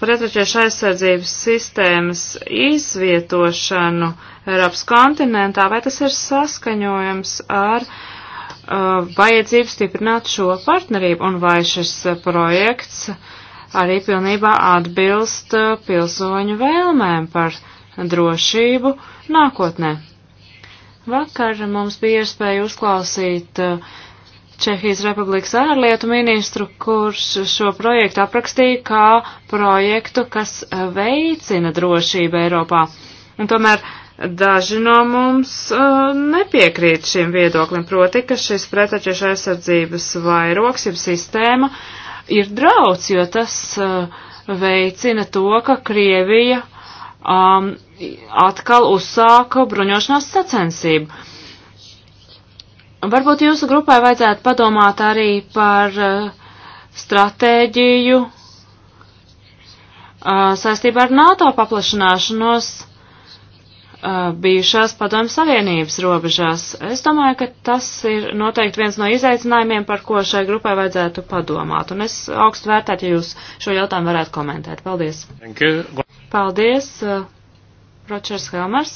pretraķiešu aizsardzības sistēmas izvietošanu uh, Eiropas kontinentā, vai tas ir saskaņojams ar uh, vajadzību stiprināt šo partnerību un vai šis uh, projekts arī pilnībā atbilst uh, pilsoņu vēlmēm par drošību nākotnē. Vakar mums bija iespēja uzklausīt uh, Čehijas Republikas ārlietu ministru, kurš šo projektu aprakstīja kā projektu, kas uh, veicina drošību Eiropā. Un tomēr Daži no mums uh, nepiekrīt šim viedoklim, proti, ka šis pretačiešu aizsardzības vairoks, jeb sistēma, ir drauds, jo tas uh, veicina to, ka Krievija um, atkal uzsāka bruņošanās sacensību. Varbūt jūsu grupai vajadzētu padomāt arī par uh, stratēģiju uh, saistībā ar NATO paplašanāšanos bijušās padomjas Savienības robežās. Es domāju, ka tas ir noteikti viens no izaicinājumiem, par ko šai grupai vajadzētu padomāt. Un es augstu vērtētu, ja jūs šo jautājumu varētu komentēt. Paldies. Paldies, Ročers Helmers.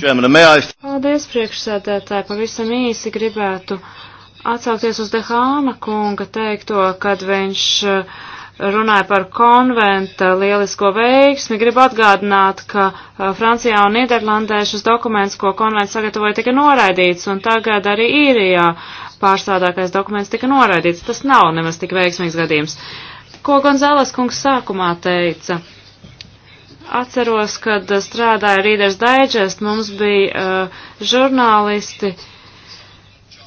Paldies, priekšsēdētāji. Pavisam īsi gribētu atsaukties uz Dehāna kunga teikto, kad viņš uh, runāja par konventa lielisko veiksmi, gribu atgādināt, ka uh, Francijā un Niderlandē šis dokuments, ko konvents sagatavoja, tika noraidīts, un tagad arī īrijā pārstādākais dokuments tika noraidīts. Tas nav nemaz tik veiksmīgs gadījums. Ko Gonzāles kungs sākumā teica? Atceros, kad strādāja Readers Digest, mums bija uh, žurnālisti, uh,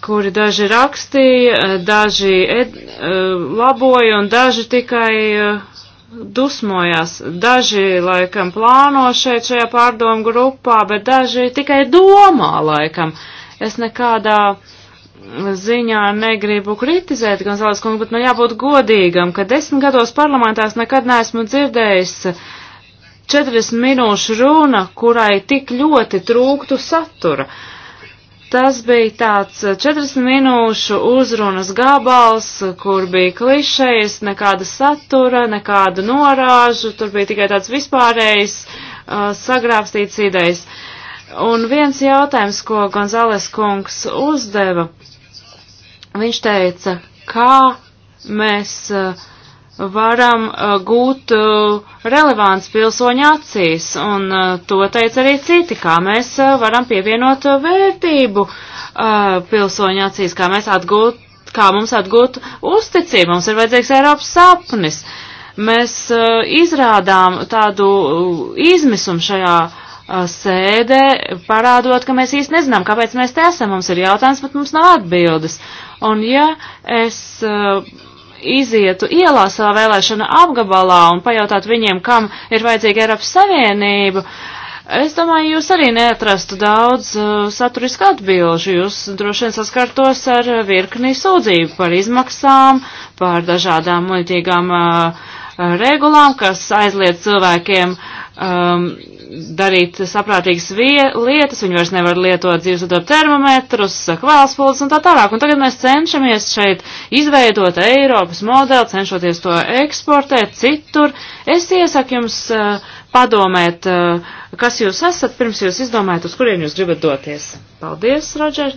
kuri daži rakstīja, eh, daži ed, eh, laboja un daži tikai eh, dusmojās. Daži laikam plāno šeit šajā pārdomu grupā, bet daži tikai domā laikam. Es nekādā ziņā negribu kritizēt Gonzāles kungu, bet man nu jābūt godīgam, ka desmit gados parlamentās nekad neesmu dzirdējis 40 minūšu runa, kurai tik ļoti trūktu satura. Uh, Tas bija tāds 40 eh, minūšu uzrunas gabals, kur bija klišejas, nekāda satura, nekādu norāžu, tur bija tikai tāds vispārējs uh, eh, sagrāvstīts idejas. Un viens jautājums, ko Gonzales kungs uzdeva, viņš teica, kā mēs uh, varam uh, gūt uh, relevants pilsoņu acīs, un uh, to teica arī citi, kā mēs uh, varam pievienot uh, vērtību uh, pilsoņu acīs, kā mēs atgūt, kā mums atgūt uzticību, mums ir vajadzīgs Eiropas sapnis. Mēs uh, izrādām tādu uh, izmisumu šajā uh, sēdē, parādot, ka mēs īsti nezinām, kāpēc mēs te esam, mums ir jautājums, bet mums nav atbildes. Un ja es uh, izietu ielā savā vēlēšana apgabalā un pajautāt viņiem, kam ir vajadzīga Eiropas Savienība, es domāju, jūs arī neatrastu daudz uh, saturisku atbilžu. Jūs droši vien saskartos ar virkni sūdzību par izmaksām, par dažādām muļķīgām uh, Eh, regulām, kas aizliedz cilvēkiem um, darīt saprātīgas lietas, viņi vairs nevar lietot dzīvesvadot termometrus, kvēlspuldes un tā tālāk. Un tagad mēs cenšamies šeit izveidot Eiropas modeli, cenšoties to eksportēt citur. Es iesaku jums uh, padomēt, uh, kas jūs esat, pirms jūs izdomājat, uz kurien jūs gribat doties. Paldies, Rodžer!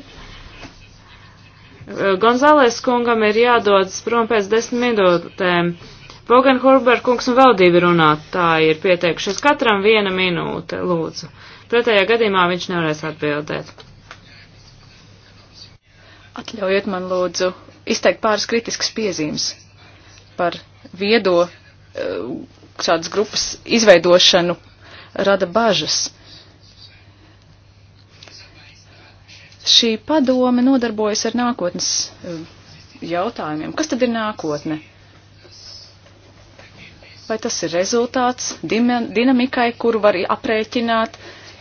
Gonzālēs kungam ir jādodas prom pēc desmit minūtēm. Bogan Horber kungs un valdība runātāji ir pieteikušies katram viena minūte, lūdzu. Pretējā gadījumā viņš nevarēs atbildēt. Atļaujiet man lūdzu izteikt pāris kritiskas piezīmes par viedo eh, šādas grupas izveidošanu rada bažas. Šī padome nodarbojas ar nākotnes eh, jautājumiem. Kas tad ir nākotne? vai tas ir rezultāts dinamikai, kuru var aprēķināt,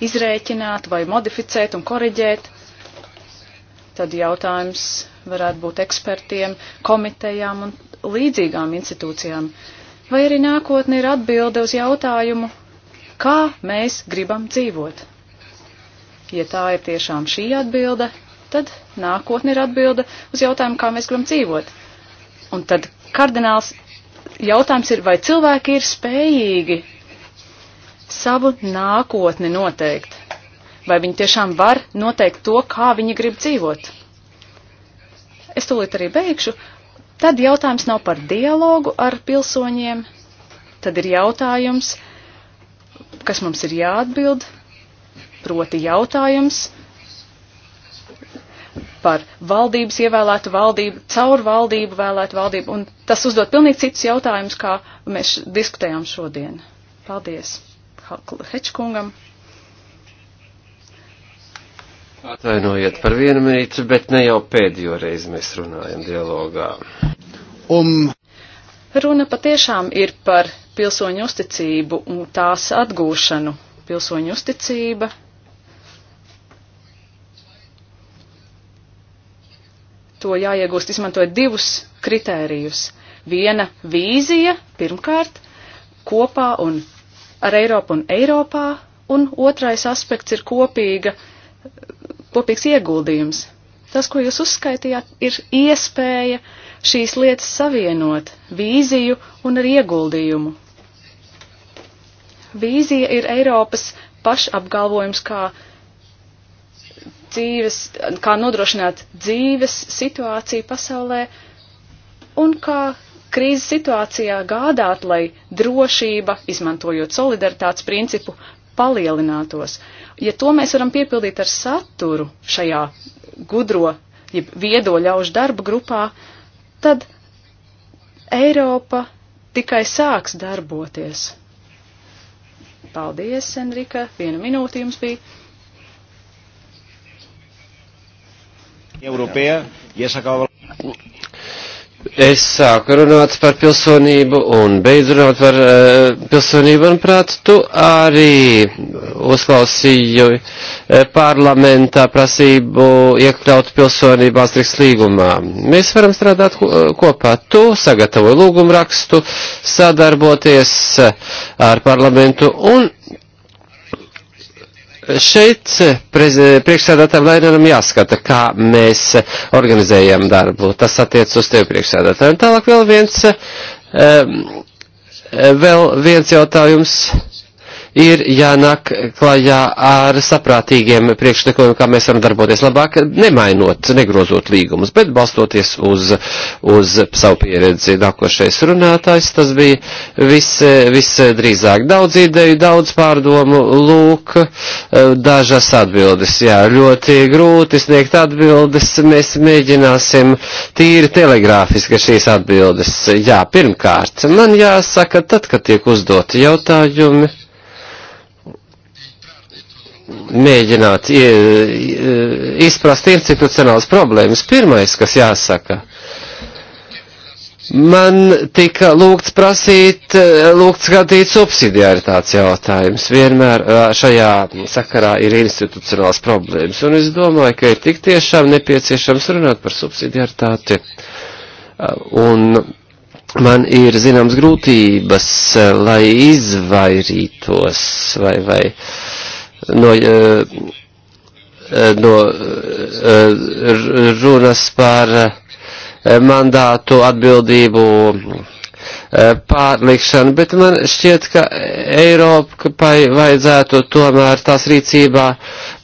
izrēķināt vai modificēt un koriģēt. Tad jautājums varētu būt ekspertiem, komitejām un līdzīgām institūcijām. Vai arī nākotne ir atbilde uz jautājumu, kā mēs gribam dzīvot? Ja tā ir tiešām šī atbilde, tad nākotne ir atbilde uz jautājumu, kā mēs gribam dzīvot. Un tad kardināls jautājums ir, vai cilvēki ir spējīgi savu nākotni noteikt? Vai viņi tiešām var noteikt to, kā viņi grib dzīvot? Es tūlīt arī beigšu. Tad jautājums nav par dialogu ar pilsoņiem, tad ir jautājums, kas mums ir jāatbild, proti jautājums, par valdības ievēlētu valdību, caur valdību vēlētu valdību, un tas uzdot pilnīgi citus jautājumus, kā mēs diskutējām šodien. Paldies Hečkungam. Atvainojiet par vienu minūti, bet ne jau pēdējo reizi mēs runājam dialogā. Um. Runa patiešām ir par pilsoņu uzticību un tās atgūšanu. Pilsoņu uzticība to jāiegūst izmantojot divus kritērijus. Viena vīzija pirmkārt kopā un ar Eiropu un Eiropā, un otrais aspekts ir kopīga, kopīgs ieguldījums. Tas, ko jūs uzskaitījāt, ir iespēja šīs lietas savienot vīziju un ar ieguldījumu. Vīzija ir Eiropas pašapgalvojums kā dzīves, kā nodrošināt dzīves situāciju pasaulē un kā krīzes situācijā gādāt, lai drošība, izmantojot solidaritātes principu, palielinātos. Ja to mēs varam piepildīt ar saturu šajā gudro, jeb ja viedo ļaužu darba grupā, tad Eiropa tikai sāks darboties. Paldies, Enrika, viena minūte jums bija. Europea, ja sakau... Es sāku runāt par pilsonību un beidzu runāt par uh, pilsonību, manuprāt, tu arī uzklausīju uh, parlamentā prasību iekļaut pilsonību Astriks līgumā. Mēs varam strādāt ko, eh, kopā. Tu sagatavoji lūgumu rakstu, sadarboties uh, ar parlamentu un Šeit eh, eh, priekšsēdētājiem Lēninam jāskata, kā mēs eh, organizējam darbu. Tas attiec uz tevi priekšsēdētājiem. Tālāk vēl viens, vēl viens jautājums ir jānāk klajā ar saprātīgiem priekšlikumiem, kā mēs varam darboties labāk, nemainot, negrozot līgumus, bet balstoties uz, uz savu pieredzi. Nākošais runātājs, tas bija viss, visdrīzāk daudz ideju, daudz pārdomu, lūk, dažas atbildes. Jā, ļoti grūti sniegt atbildes, mēs mēģināsim tīri telegrāfiski šīs atbildes. Jā, pirmkārt, man jāsaka, tad, kad tiek uzdoti jautājumi, mēģināt izprast institucionālas problēmas. Pirmais, kas jāsaka, man tika lūgts prasīt, lūgts skatīt subsidiaritātes jautājums. Vienmēr šajā sakarā ir institucionālas problēmas, un es domāju, ka ir tik tiešām nepieciešams runāt par subsidiaritāti. Un man ir zināms grūtības, lai izvairītos vai, vai uh, no, e, e, no e, runas par mandātu atbildību pārlikšanu, bet man šķiet, ka Eiropai vajadzētu tomēr tās rīcībā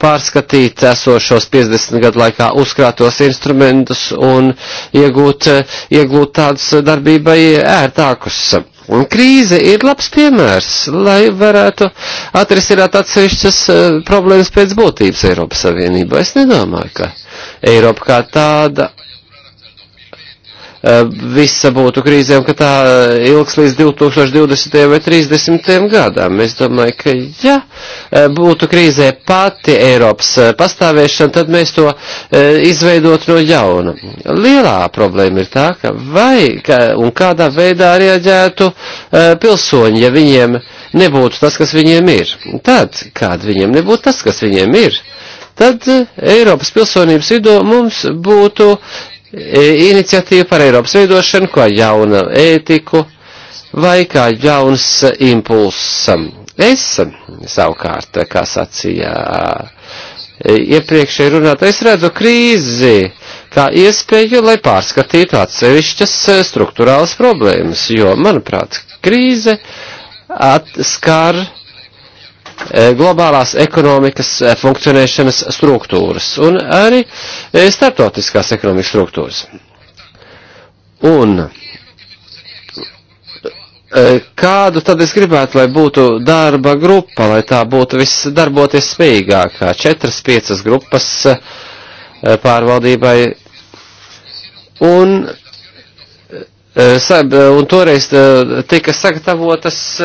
pārskatīt esošos 50 gadu laikā uzkrātos instrumentus un iegūt, iegūt tādus darbībai ērtākus Un krīze ir labs piemērs, lai varētu atrisināt atsevišķas eh, problēmas pēc būtības Eiropas Savienībā. Es nedomāju, ka Eiropa kā tāda Eh, visa būtu krīzē un ka tā eh, ilgs līdz 2020. vai 30. gadam. Es domāju, ka ja eh, būtu krīzē pati Eiropas pastāvēšana, tad mēs to izveidot no jauna. Lielā problēma ir tā, ka vai ka, un kādā veidā reaģētu pilsoņi, ja viņiem nebūtu tas, kas viņiem ir. Tad, kad viņiem nebūtu tas, kas viņiem ir, tad Eiropas pilsonības vidū mums būtu E, iniciatīva par Eiropas veidošanu, kā jauna ētiku vai kā jauns impulsam. Es savukārt, kā sacīja e, iepriekšēji runāt, es redzu krīzi kā iespēju, lai pārskatītu atsevišķas e, struktūrālas problēmas, jo, manuprāt, krīze atskar Eh, globālās ekonomikas eh, funkcionēšanas struktūras un arī eh, starptautiskās ekonomikas struktūras. Un Kādu tad es gribētu, lai būtu darba grupa, lai tā būtu viss darboties spējīgākā? Četras, piecas grupas pārvaldībai. Un Eh, eh, un toreiz eh, tika sagatavotas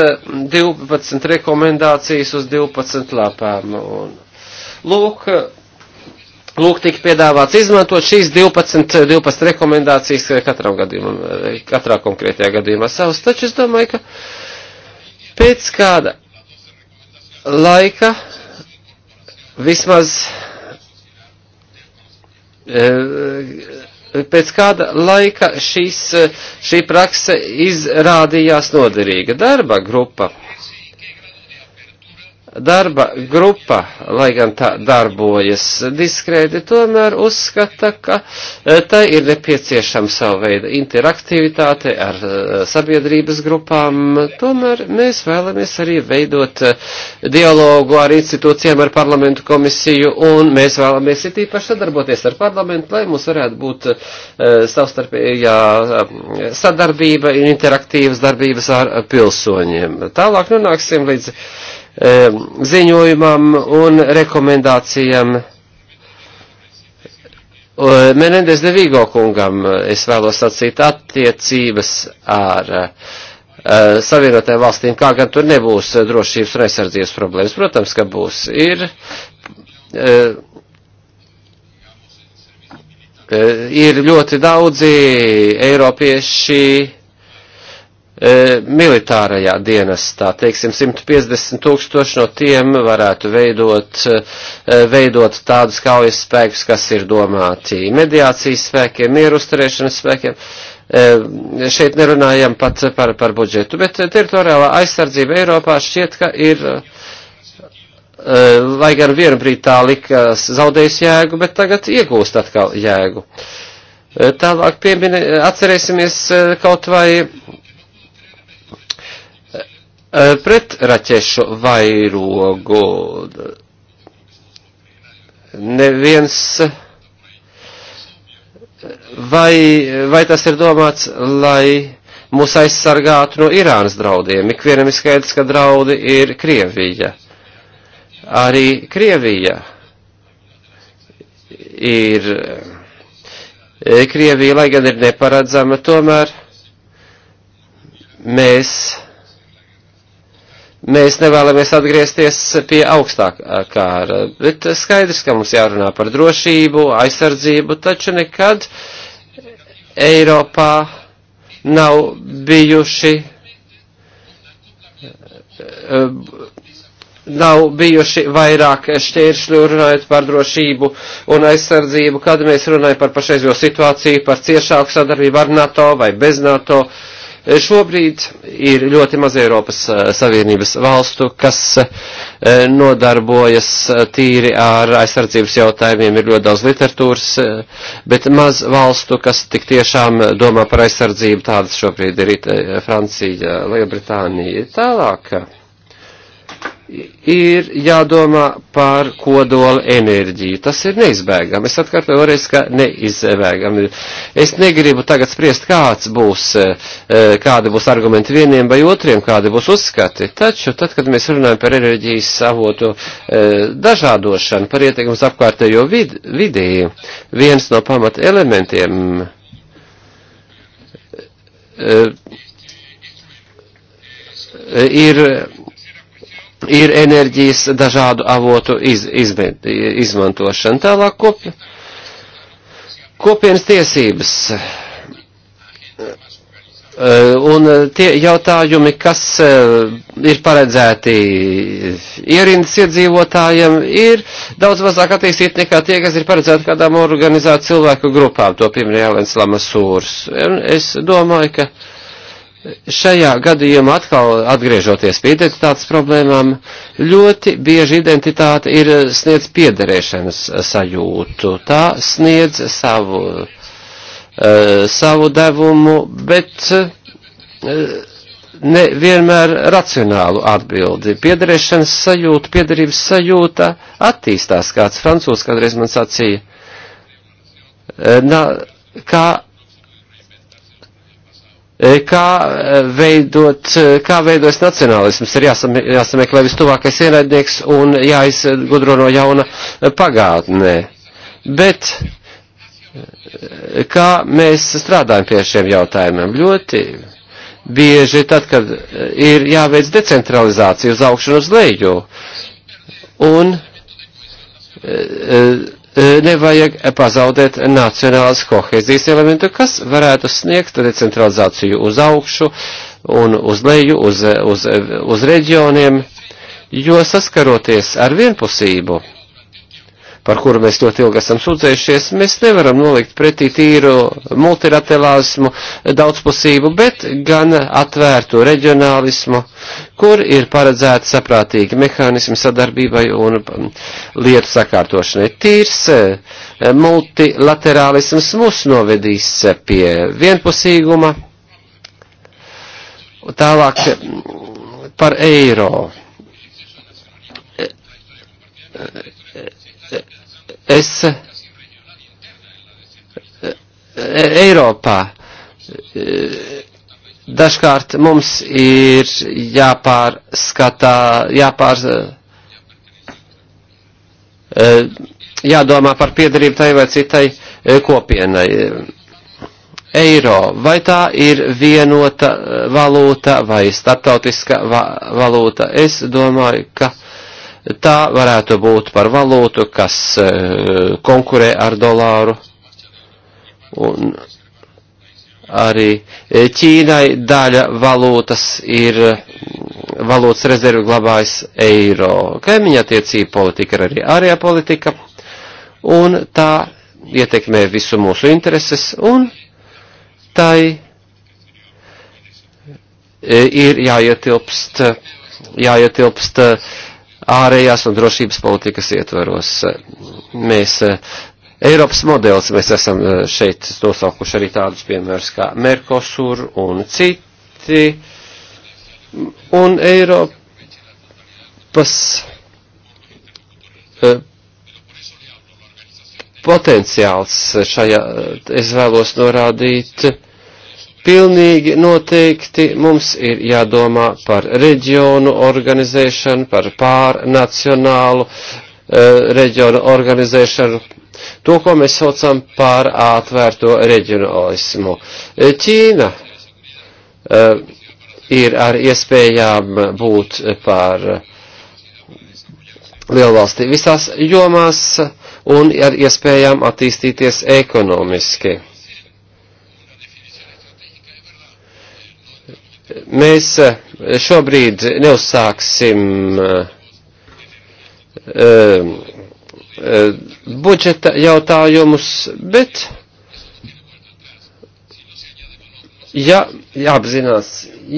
12 rekomendācijas uz 12 lapām. Un, lūk, lūk, tika piedāvāts izmantot šīs 12, 12 rekomendācijas katram gadījumam, katrā konkrētajā gadījumā savas. Taču es domāju, ka pēc kāda laika vismaz. E, pēc kāda laika šīs, šī prakse izrādījās noderīga. Darba grupa Darba grupa, lai gan tā darbojas diskrēti, tomēr uzskata, ka e, tai ir nepieciešama savu veidu interaktivitāte ar e, sabiedrības grupām. Tomēr mēs vēlamies arī veidot e, dialogu ar institūcijām, ar parlamentu komisiju, un mēs vēlamies it īpaši sadarboties ar parlamentu, lai mums varētu būt savstarpējā sadarbība un interaktīvas darbības ar pilsoņiem. Tālāk nonāksim līdz Eh, ziņojumam un rekomendācijām. Eh, Menendez de Vigo kungam eh, es vēlos sacīt attiecības ar savienotēm valstīm, kā gan tur nebūs drošības un aizsardzības problēmas. Protams, ka būs. Ir, ir ļoti daudzi eiropieši E, militārajā dienestā. Teiksim, 150 tūkstoši no tiem varētu veidot, e, veidot tādus kaujas spēkus, kas ir domāti mediācijas spēkiem, mieru uzturēšanas spēkiem. E, šeit nerunājam pat par, par budžetu, bet teritoriālā aizsardzība Eiropā šķiet, ka ir, lai gan vienbrīd tā likās zaudējis jēgu, bet tagad iegūst atkal jēgu. Tālāk piemini, atcerēsimies kaut vai Uh, pret raķešu vairogu. Neviens. Vai, vai tas ir domāts, lai mūs aizsargātu no Irānas draudiem? Ikvienam ir skaidrs, ka draudi ir Krievija. Arī Krievija ir. Krievija, lai gan ir neparedzama, tomēr mēs Mēs nevēlamies atgriezties pie augstākā kāra, bet skaidrs, ka mums jārunā par drošību, aizsardzību, taču nekad Eiropā nav bijuši nav bijuši vairāk šķēršļu runājot par drošību un aizsardzību, kad mēs runājam par pašreizo situāciju, par ciešāku sadarbību ar NATO vai bez NATO. Uh, Šobrīd ir ļoti maz Eiropas eh, Savienības valstu, kas eh, nodarbojas eh, tīri ar aizsardzības jautājumiem, ir ļoti daudz literatūras, bet maz valstu, kas tik tiešām domā par aizsardzību, tādas šobrīd ir Francija, Lielbritānija, tālāk ir jādomā par kodola enerģiju. Tas ir neizbēgami. Es atkārtoju vēlreiz, ka neizbēgami. Es negribu tagad spriest, kāds būs, e, kādi būs argumenti vieniem vai otriem, kādi būs uzskati. Taču, tad, kad mēs runājam par enerģijas avotu e, dažādošanu, par ietekmes apkārtējo vid vidī, viens no pamata elementiem e, ir ir enerģijas dažādu avotu iz, izme, izmantošana. Tālāk kop, kopienas tiesības eh, un tie jautājumi, kas eh, ir paredzēti ierindas iedzīvotājiem, ir daudz mazāk attīstīti nekā tie, kas ir paredzēti kādām organizētu cilvēku grupām, to pieminēja Jālens Lamasūrs. Un es domāju, ka šajā gadījumā atkal atgriežoties pie identitātes problēmām, ļoti bieži identitāte ir sniedz piederēšanas sajūtu. Tā sniedz savu, eh, savu devumu, bet eh, ne vienmēr racionālu atbildi. Piederēšanas sajūta, piederības sajūta attīstās, kāds francūs kādreiz man sacīja. Eh, Na, kā Eh, kā eh, veidot, eh, kā veidojas nacionālisms, ir jāsame, jāsameklē vistuvākais ienaidnieks un jāizgudro no jauna pagātnē. Bet kā mēs strādājam pie šiem jautājumiem? Ļoti bieži tad, kad ir jāveic decentralizācija uz augšu un uz leju, un E, nevajag pazaudēt nacionālas kohēzijas elementu, kas varētu sniegt decentralizāciju uz augšu un uz leju, uz, uz, uz reģioniem, jo saskaroties ar vienpusību par kuru mēs ļoti ilgi esam sūdzējušies, mēs nevaram nolikt pretī tīru multilaterālismu, daudzpusību, bet gan atvērtu reģionālismu, kur ir paredzēti saprātīgi mehānismi sadarbībai un lietu sakārtošanai. Tīrs eh, multilaterālisms mūs novedīs eh, pie vienpusīguma. Tālāk par eiro es eh, eh, Eiropā eh, dažkārt mums ir jāpārskatā, jāpār, jādomā par piedarību tai vai citai kopienai. Eiro, vai tā ir vienota valūta vai starptautiska va valūta? Es domāju, ka tā varētu būt par valūtu, kas e, konkurē ar dolāru. Un arī Ķīnai daļa valūtas ir valūtas rezervi glabājas eiro. Kaimiņa attiecība politika ir arī ārējā politika, un tā ietekmē visu mūsu intereses, un tai e, ir jāietilpst, jāietilpst uh, ārējās un drošības politikas ietvaros. Mēs eh, Eiropas modelis, mēs esam eh, šeit nosaukuši arī tādus piemērus kā Merkosur un citi, un Eiropas eh, potenciāls šajā, es vēlos norādīt, Pilnīgi noteikti mums ir jādomā par reģionu organizēšanu, par pārnacionālu uh, reģionu organizēšanu, to, ko mēs saucam par atvērto reģionalismu. Eh, Ķīna uh, ir ar iespējām būt par lielvalstī visās jomās un ar iespējām attīstīties ekonomiski. Mēs eh, šobrīd neuzsāksim eh, eh, budžeta jautājumus, bet ja jāapzinās,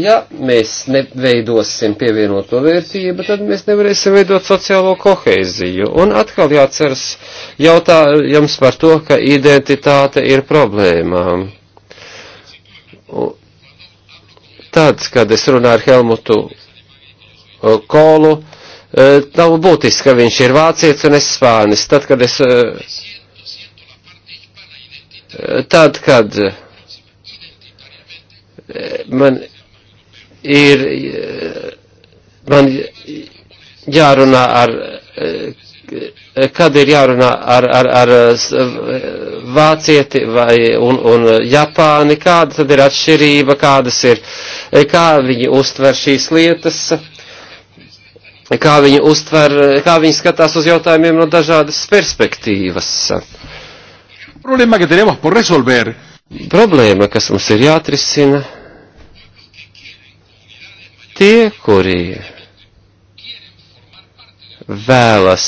ja mēs neveidosim pievienoto vērtību, tad mēs nevarēsim veidot sociālo koheiziju. Un atkal jāceras jautājums par to, ka identitāte ir problēmām. Un, Tad, kad es runāju ar Helmutu uh, Kolu, uh, nav būtiski, ka viņš ir vācietis un es spānis. Tad, kad es. Uh, tad, kad man ir. Man jārunā ar kad ir jārunā ar, ar, ar vācieti vai, un, un Japāni, kāda tad ir atšķirība, kādas ir, kā viņi uztver šīs lietas, kā viņi uztver, kā viņi skatās uz jautājumiem no dažādas perspektīvas. Problēma, ka tenemos por resolver. Problēma, kas mums ir jāatrisina, tie, kuri vēlas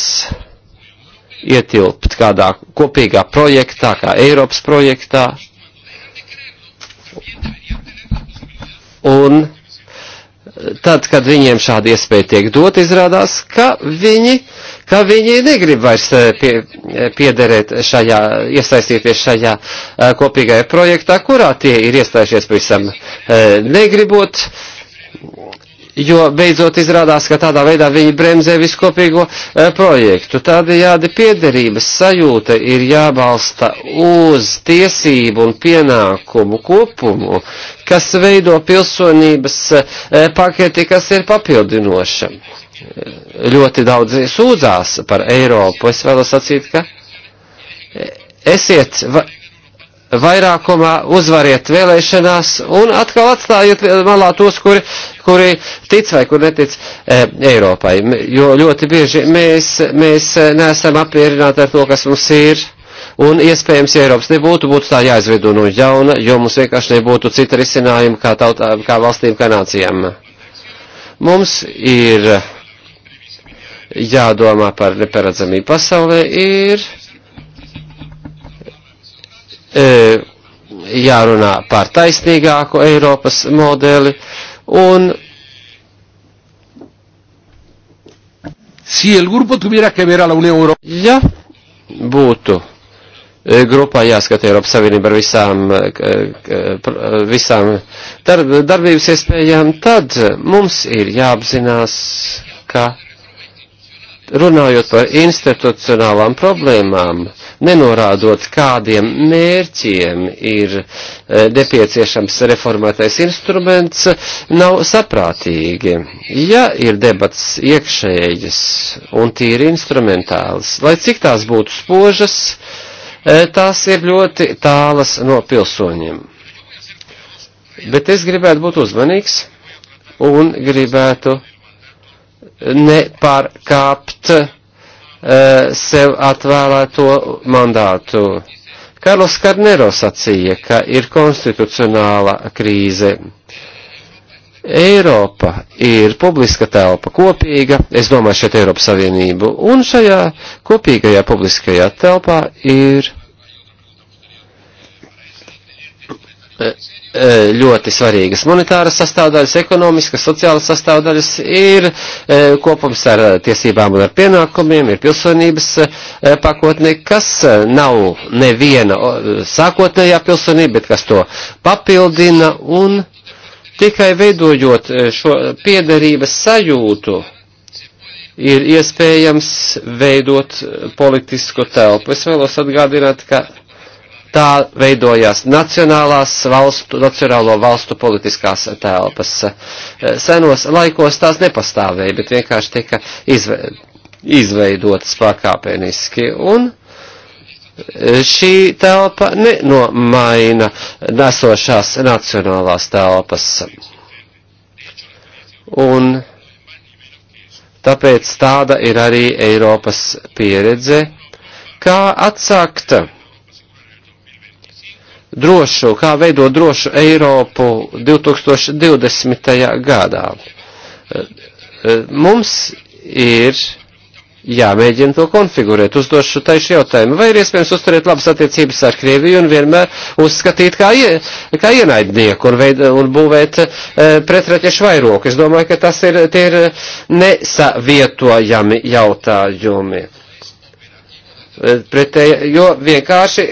ietilpt kādā kopīgā projektā, kā Eiropas projektā. Un tad, kad viņiem šāda iespēja tiek dot, izrādās, ka viņi, ka viņi negrib vairs eh, pie, eh, piederēt šajā, iesaistīties šajā eh, kopīgajā projektā, kurā tie ir iestājušies pavisam negribot jo beidzot izrādās, ka tādā veidā viņi bremzē viskopīgo e, projektu. Tādējādi piederības sajūta ir jābalsta uz tiesību un pienākumu kopumu, kas veido pilsonības e, paketi, kas ir papildinoša. Ļoti daudz sūdzās par Eiropu. Es vēlos sacīt, ka eh, esiet vairākumā, uzvariet vēlēšanās un atkal atstājiet malā tos, kuri, kuri tic vai kur netic e, Eiropai. Jo ļoti bieži mēs, mēs neesam apmierināti ar to, kas mums ir. Un iespējams, ja Eiropas nebūtu, būtu tā jāizveido no jauna, jo mums vienkārši nebūtu cita risinājuma kā, tautā, kā valstīm, kā nācijām. Mums ir jādomā par neparedzamību pasaulē, ir E, jārunā par taisnīgāku Eiropas modeli un Si el grupo tuviera que ver a la Unión Europea. Ja būtu e, grupā jāskata Eiropas Savienība ar visām, e, visām darb, darbības iespējām, tad mums ir jāapzinās, ka runājot par institucionālām problēmām, nenorādot, kādiem mērķiem ir e, nepieciešams reformētais instruments, nav saprātīgi. Ja ir debats iekšējas un tīri instrumentāls, lai cik tās būtu spožas, e, tās ir ļoti tālas no pilsoņiem. Bet es gribētu būt uzmanīgs un gribētu nepārkāpt uh, eh, sev atvēlēto mandātu. Karlos Karnero sacīja, ka ir konstitucionāla krīze. Eiropa ir publiska telpa kopīga, es domāju šeit Eiropas Savienību, un šajā kopīgajā publiskajā telpā ir. Uh, E, ļoti svarīgas monetāras sastāvdaļas, ekonomiskas, sociālas sastāvdaļas, ir e, kopums ar e, tiesībām un ar pienākumiem, ir pilsonības pakotne, kas nav neviena sākotnējā pilsonība, bet kas to papildina un tikai veidojot šo piederības sajūtu ir iespējams veidot politisku telpu. Es vēlos atgādināt, ka tā veidojās nacionālās valstu, nacionālo valstu politiskās telpas. Eh, senos laikos tās nepastāvēja, bet vienkārši tika izve, izveidotas pakāpeniski. Un eh, šī telpa nenomaina nesošās nacionālās telpas. Un tāpēc tāda ir arī Eiropas pieredze, kā atsākta drošu, kā veidot drošu Eiropu 2020. gadā. Eh, eh, mums ir jāmēģina to konfigurēt. Uzdošu taišu jautājumu, vai ir iespējams uzturēt labas attiecības ar Krieviju un vienmēr uzskatīt kā, ie, kā ienaidnieku un, veid, un būvēt e, pretraķešu vairoku. Es domāju, ka tas ir, tie ir nesavietojami jautājumi. Pretēji, jo vienkārši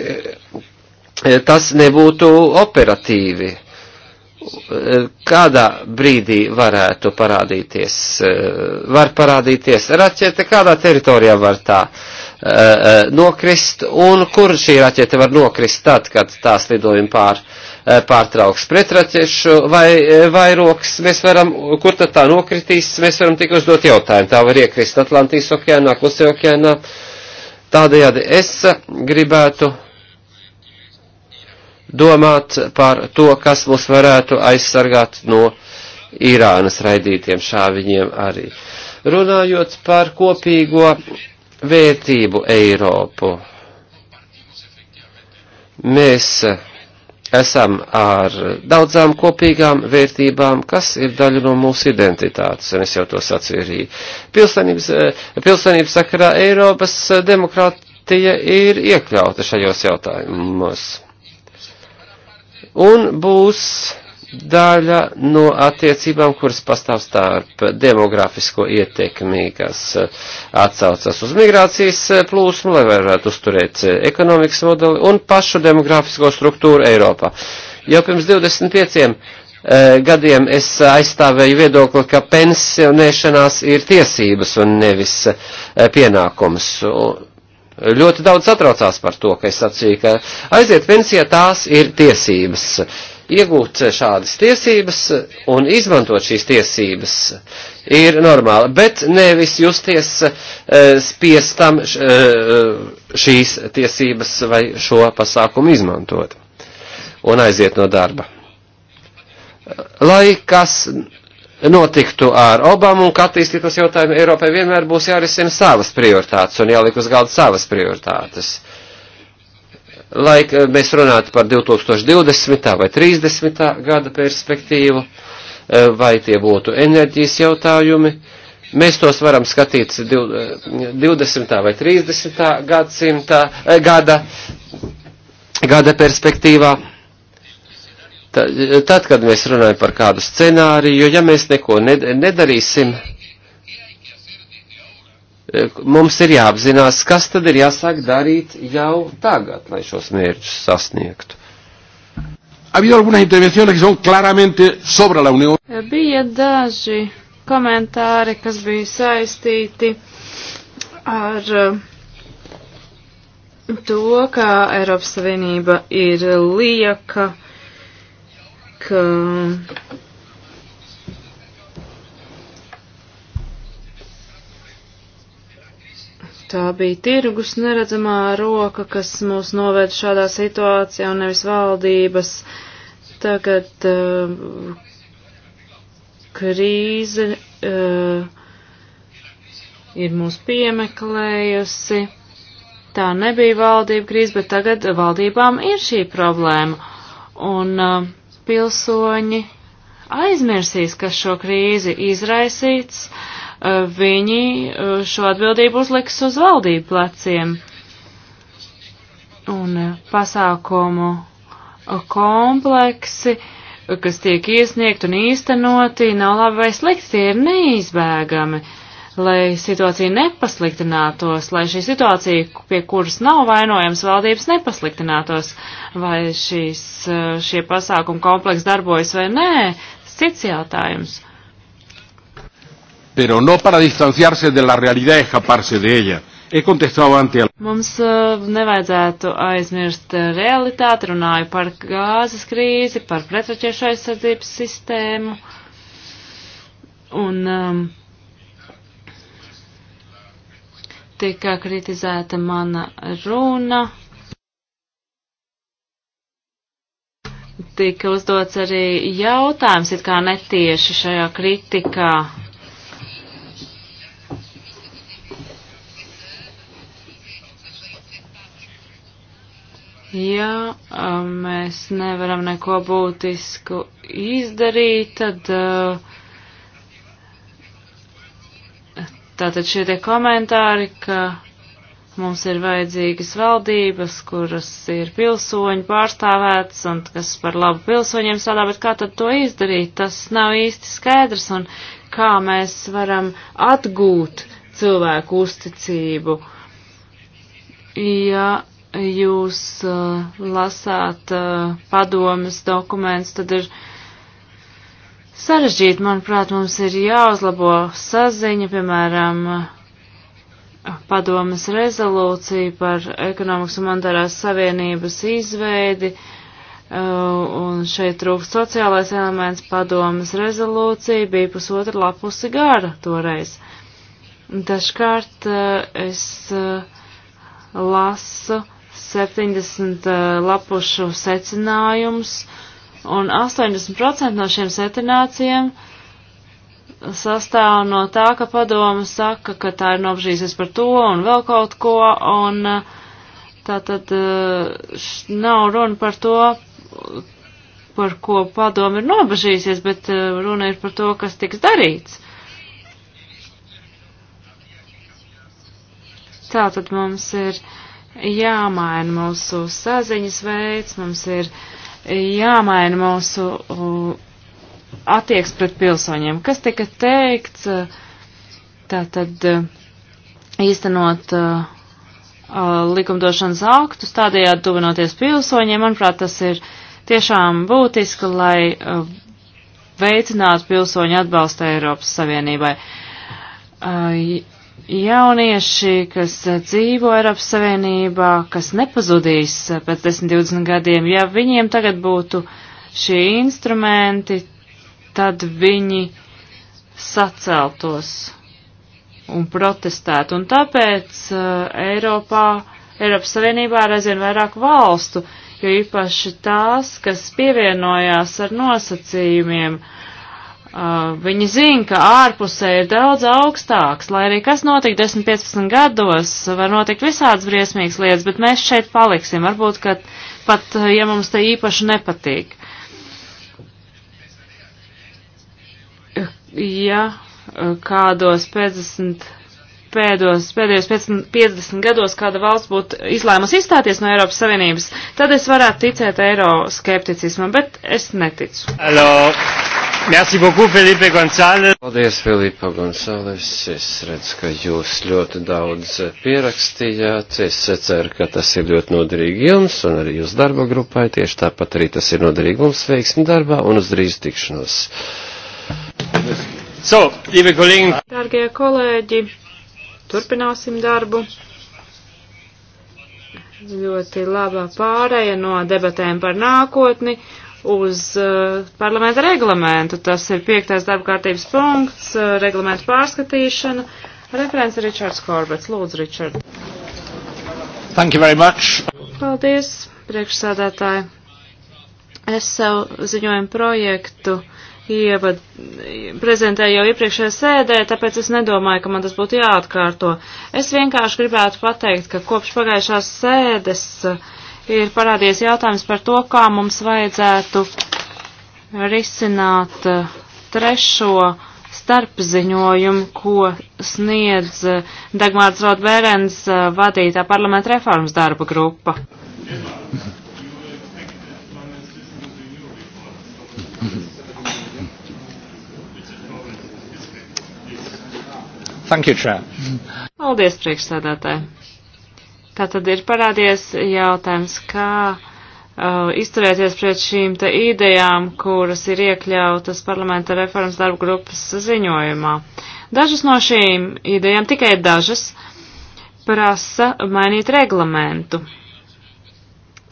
E, tas nebūtu operatīvi. E, kādā brīdī varētu parādīties, e, var parādīties raķete, kādā teritorijā var tā nokrist un kur šī raķete var nokrist tad, kad tās lidojumi pār, pārtrauks pretraķešu vai vairoks, mēs varam, kur tad tā nokritīs, mēs varam tik uzdot jautājumu, tā var iekrist Atlantijas okeānā, Klusē okeānā. Tādējādi es gribētu domāt par to, kas mūs varētu aizsargāt no Irānas raidītiem šāviņiem arī. Runājot par kopīgo vērtību Eiropu, mēs esam ar daudzām kopīgām vērtībām, kas ir daļa no mūsu identitātes, un es jau to sacīju arī. Pilsonības, eh, pilsonības sakarā Eiropas demokrātija ir iekļauta šajos jautājumos un būs daļa no attiecībām, kuras pastāv starp demografisko ietekmi, kas atsaucas uz migrācijas plūsmu, lai varētu uzturēt ekonomikas modeli un pašu demografisko struktūru Eiropā. Jau pirms 25 eh, gadiem es aizstāvēju viedokli, ka pensionēšanās ir tiesības un nevis eh, pienākums. Un, ļoti daudz satraucās par to, ka es sacīju, ka aiziet pensijā tās ir tiesības. Iegūt šādas tiesības un izmantot šīs tiesības ir normāli, bet nevis justies uh, spiestam š, uh, šīs tiesības vai šo pasākumu izmantot un aiziet no darba. Lai kas notiktu ar Obamu un ka attīstības jautājumi Eiropai vienmēr būs jārisina savas prioritātes un jāliek uz galda savas prioritātes. Lai eh, mēs runātu par 2020. vai 30. gada perspektīvu, eh, vai tie būtu enerģijas jautājumi, mēs tos varam skatīt 20. Eh, vai 30. gadsimta gada, gada perspektīvā tad, kad mēs runājam par kādu scenāriju, ja mēs neko nedarīsim, mums ir jāapzinās, kas tad ir jāsāk darīt jau tagad, lai šos mērķus sasniegtu. Bija daži komentāri, kas bija saistīti ar uh, to, ka Eiropas Savienība ir lieka ka tā bija tirgus neredzamā roka, kas mūs noved šādā situācijā un nevis valdības. Tagad uh, krīze uh, ir mūs piemeklējusi. Tā nebija valdība krīze, bet tagad valdībām ir šī problēma. Un uh, pilsoņi aizmirsīs, kas šo krīzi izraisīts, e, viņi e, šo atbildību uzliks uz valdību pleciem. Un e, pasākumu kompleksi, kas tiek iesniegt un īstenoti, nav labi vai slikti, tie ir neizbēgami. Uh, lai situācija nepasliktinātos, lai šī situācija, pie kuras nav vainojams valdības, nepasliktinātos, vai šīs, eh, šie pasākumi kompleks darbojas vai nē, cits jautājums. Pero no para distanciarse de la realidad escaparse de ella. He contestado ante al... Mums uh, nevajadzētu aizmirst eh, realitāti, runāju par gāzes krīzi, par pretraķiešu aizsardzības sistēmu. Un um, tika kritizēta mana runa. Tika uzdots arī jautājums, it kā netieši šajā kritikā. Ja um, mēs nevaram neko būtisku izdarīt, tad uh, Tātad šie tie komentāri, ka mums ir vajadzīgas valdības, kuras ir pilsoņu pārstāvētas un kas par labu pilsoņiem strādā, bet kā tad to izdarīt, tas nav īsti skaidrs un kā mēs varam atgūt cilvēku uzticību. Ja jūs uh, lasāt uh, padomas dokumentus, tad ir sarežģīti. Manuprāt, mums ir jāuzlabo saziņa, piemēram, padomas rezolūcija par ekonomikas un monetārās savienības izveidi, uh, un šeit trūkst sociālais elements padomas rezolūcija, bija pusotra lapusi gara toreiz. Dažkārt uh, es uh, lasu 70 lapušu secinājumus, un 80% no šiem setrinācijiem sastāv no tā, ka padoma saka, ka tā ir nobrīzies par to un vēl kaut ko, un uh, tā tad uh, nav runa par to, par ko padoma ir nobežījusies, bet uh, runa ir par to, kas tiks darīts. Tātad mums ir jāmaina mūsu saziņas veids, mums ir uh, jāmaina mūsu uh, attieks pret pilsoņiem. Kas tika teikts, uh, tātad uh, īstenot likumdošanas aktus, tādējādi tuvinoties pilsoņiem, manuprāt, tas ir tiešām būtiski, lai veicinātu pilsoņu atbalstu Eiropas Savienībai. Uh, Jaunieši, kas dzīvo Eiropas Savienībā, kas nepazudīs pēc 10-20 gadiem, ja viņiem tagad būtu šie instrumenti, tad viņi saceltos un protestētu. Un tāpēc uh, Eiropā, Eiropas Savienībā ir aizvien vairāk valstu, jo īpaši tās, kas pievienojās ar nosacījumiem, uh, Uh, viņi zina, ka ārpusē ir daudz augstāks, lai arī kas notika 10-15 gados, var notikt visādas briesmīgas lietas, bet mēs šeit paliksim, varbūt, ka pat, uh, ja mums te īpaši nepatīk. Ja uh, kādos 50, pēdos, pēdējos 50, 50 gados kāda valsts būtu izlēmusi izstāties no Eiropas Savienības, tad es varētu ticēt eiro skepticismam, bet es neticu. Hello. Merci beaucoup, Felipe González. Paldies, Filipa Gonzāles. Es redzu, ka jūs ļoti daudz pierakstījāt. Es ceru, ka tas ir ļoti noderīgi jums un arī jūsu darba grupai. Tieši tāpat arī tas ir noderīgi mums veiksmi darbā un uz drīz tikšanos. So, liebe Kollegen. Dargie kolēģi, turpināsim darbu. Ļoti labā pārēja no debatēm par nākotni uz uh, parlamenta reglamentu. Tas ir piektais darba kārtības punkts, uh, eh, reglamentu pārskatīšana. Referents ir Ričards Korbets. Lūdzu, Ričard. Thank you very much. Paldies, priekšsādātāji. Es sev ziņojumu projektu ievad, prezentēju jau iepriekšējā sēdē, tāpēc es nedomāju, ka man tas būtu jāatkārto. Es vienkārši gribētu pateikt, ka kopš pagājušās sēdes uh, ir parādies jautājums par to, kā mums vajadzētu risināt eh, trešo starpziņojumu, ko sniedz eh, Dagmārs Rotbērens eh, vadītā parlamenta reformas darba grupa. Thank you, Chair. Paldies, priekšsēdētāji. Tā tad ir parādies jautājums, kā uh, izturēties pret šīm te idejām, kuras ir iekļautas parlamenta reformas darba grupas ziņojumā. Dažas no šīm idejām, tikai dažas, prasa mainīt reglamentu.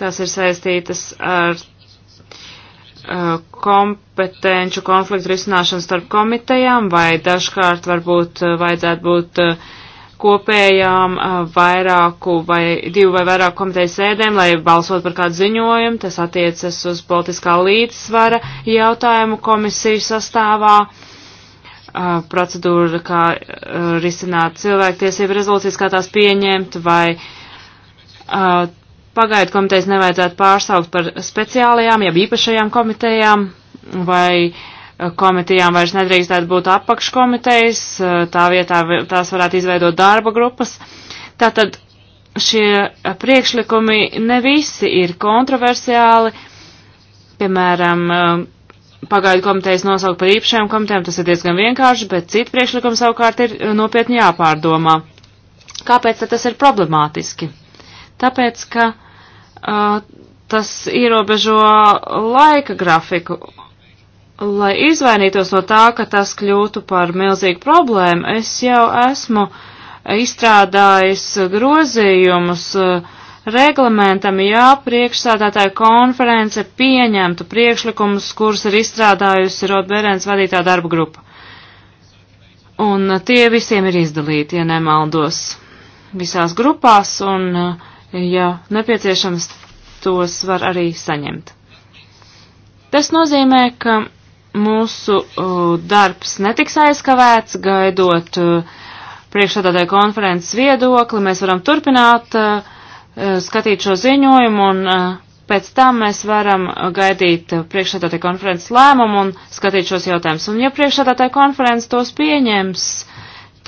Tās ir saistītas ar uh, kompetenču konfliktu risināšanu starp komitejām, vai dažkārt varbūt uh, vajadzētu būt uh, kopējām vairāku vai divu vai vairāku komiteju sēdēm, lai balsot par kādu ziņojumu. Tas attiecas uz politiskā līdzsvara jautājumu komisiju sastāvā. Procedūra, kā risināt cilvēktiesību rezolūcijas, kā tās pieņemt, vai pagaidu komitejas nevajadzētu pārsaukt par speciālajām, jeb īpašajām komitejām, vai uh, komitejām vairs nedrīkstētu būt apakškomitejas, tā vietā tās varētu izveidot darba grupas. Tātad šie priekšlikumi ne visi ir kontroversiāli, piemēram, pagaidu komitejas nosaukt par īpašajām komitejām, tas ir diezgan vienkārši, bet citu priekšlikumu savukārt ir nopietni jāpārdomā. Kāpēc tas ir problemātiski? Tāpēc, ka uh, tas ierobežo laika grafiku lai izvainītos no tā, ka tas kļūtu par milzīgu problēmu, es jau esmu izstrādājis grozījumus eh, reglamentam, ja priekšsādātāja konference pieņemtu priekšlikumus, kurus ir izstrādājusi Rotbērens vadītā darba grupa. Un eh, tie visiem ir izdalīti, ja nemaldos, visās grupās, un, eh, ja nepieciešams, tos var arī saņemt. Tas nozīmē, ka mūsu uh, darbs netiks aizkavēts, gaidot uh, priekšsādātāju konferences viedokli, mēs varam turpināt uh, uh skatīt šo ziņojumu un uh, pēc tam mēs varam gaidīt uh, priekšsādātāju konferences lēmumu un skatīt šos jautājumus. Un ja priekšsādātāju konferences tos pieņems,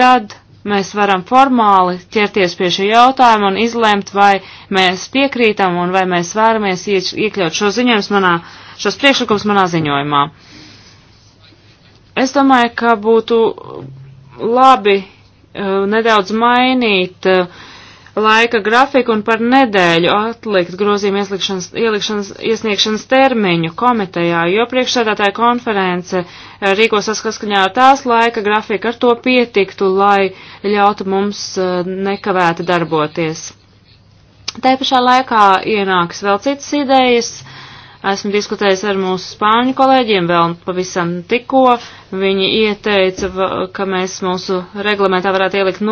tad mēs varam formāli ķerties pie šī jautājuma un izlēmt, vai mēs piekrītam un vai mēs vēlamies iekļaut šo ziņojumus manā, šos priekšlikumus manā ziņojumā. Es domāju, ka būtu labi uh, nedaudz mainīt uh, laika grafiku un par nedēļu atlikt grozījuma ielikšanas iesniegšanas termiņu komitejā, jo priekšsēdātāja konference eh, rīkos saskaņā ar tās laika grafiku, ar to pietiktu, lai ļautu mums nekavēti darboties. Tā pašā laikā ienāks vēl citas idejas, Esmu diskutējis ar mūsu spāņu kolēģiem vēl pavisam tikko. Viņi ieteica, ka mēs mūsu reglamentā varētu ielikt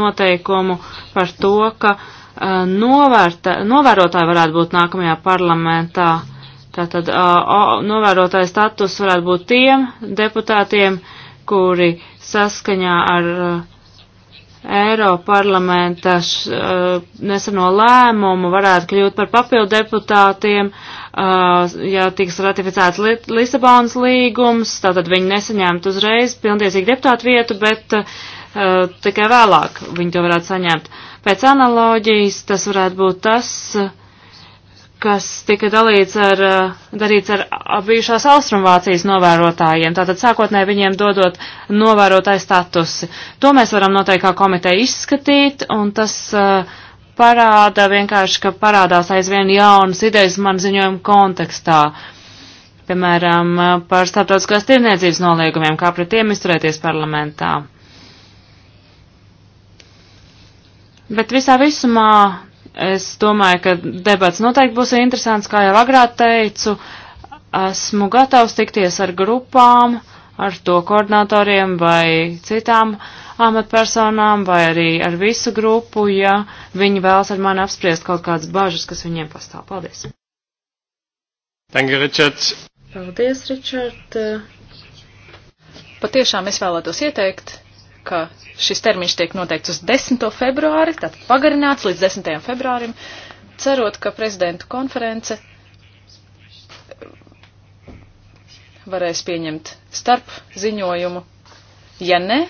noteikumu par to, ka novērta, novērotāji varētu būt nākamajā parlamentā. Tātad novērotāja status varētu būt tiem deputātiem, kuri saskaņā ar uh, Eiroparlamenta uh, neseno lēmumu varētu kļūt par papildu deputātiem, uh, ja tiks ratificēts li Lisabonas līgums, tātad viņi nesaņemtu uzreiz pilntiesīgu deputātu vietu, bet uh, tikai vēlāk viņi to varētu saņemt. Pēc analoģijas tas varētu būt tas, uh, kas tika dalīts ar, darīts ar bijušās Austrumvācijas novērotājiem, tātad sākotnē viņiem dodot novērotāju statusi. To mēs varam noteikti kā komiteja izskatīt, un tas uh, parāda vienkārši, ka parādās aizvien jaunas idejas man ziņojuma kontekstā. Piemēram, par starptautiskās tirniecības noliegumiem, kā pret tiem izturēties parlamentā. Bet visā visumā Es domāju, ka debats noteikti būs interesants, kā jau agrāk teicu. Esmu gatavs tikties ar grupām, ar to koordinatoriem vai citām amatpersonām, vai arī ar visu grupu, ja viņi vēlas ar mani apspriest kaut kādas bažas, kas viņiem pastāv. Paldies! Danke, Richards! Paldies, Richard! Patiešām es vēlētos ieteikt ka šis termiņš tiek noteikts uz 10. februāri, tad pagarināts līdz 10. februārim, cerot, ka prezidentu konference varēs pieņemt starp ziņojumu. Ja ne,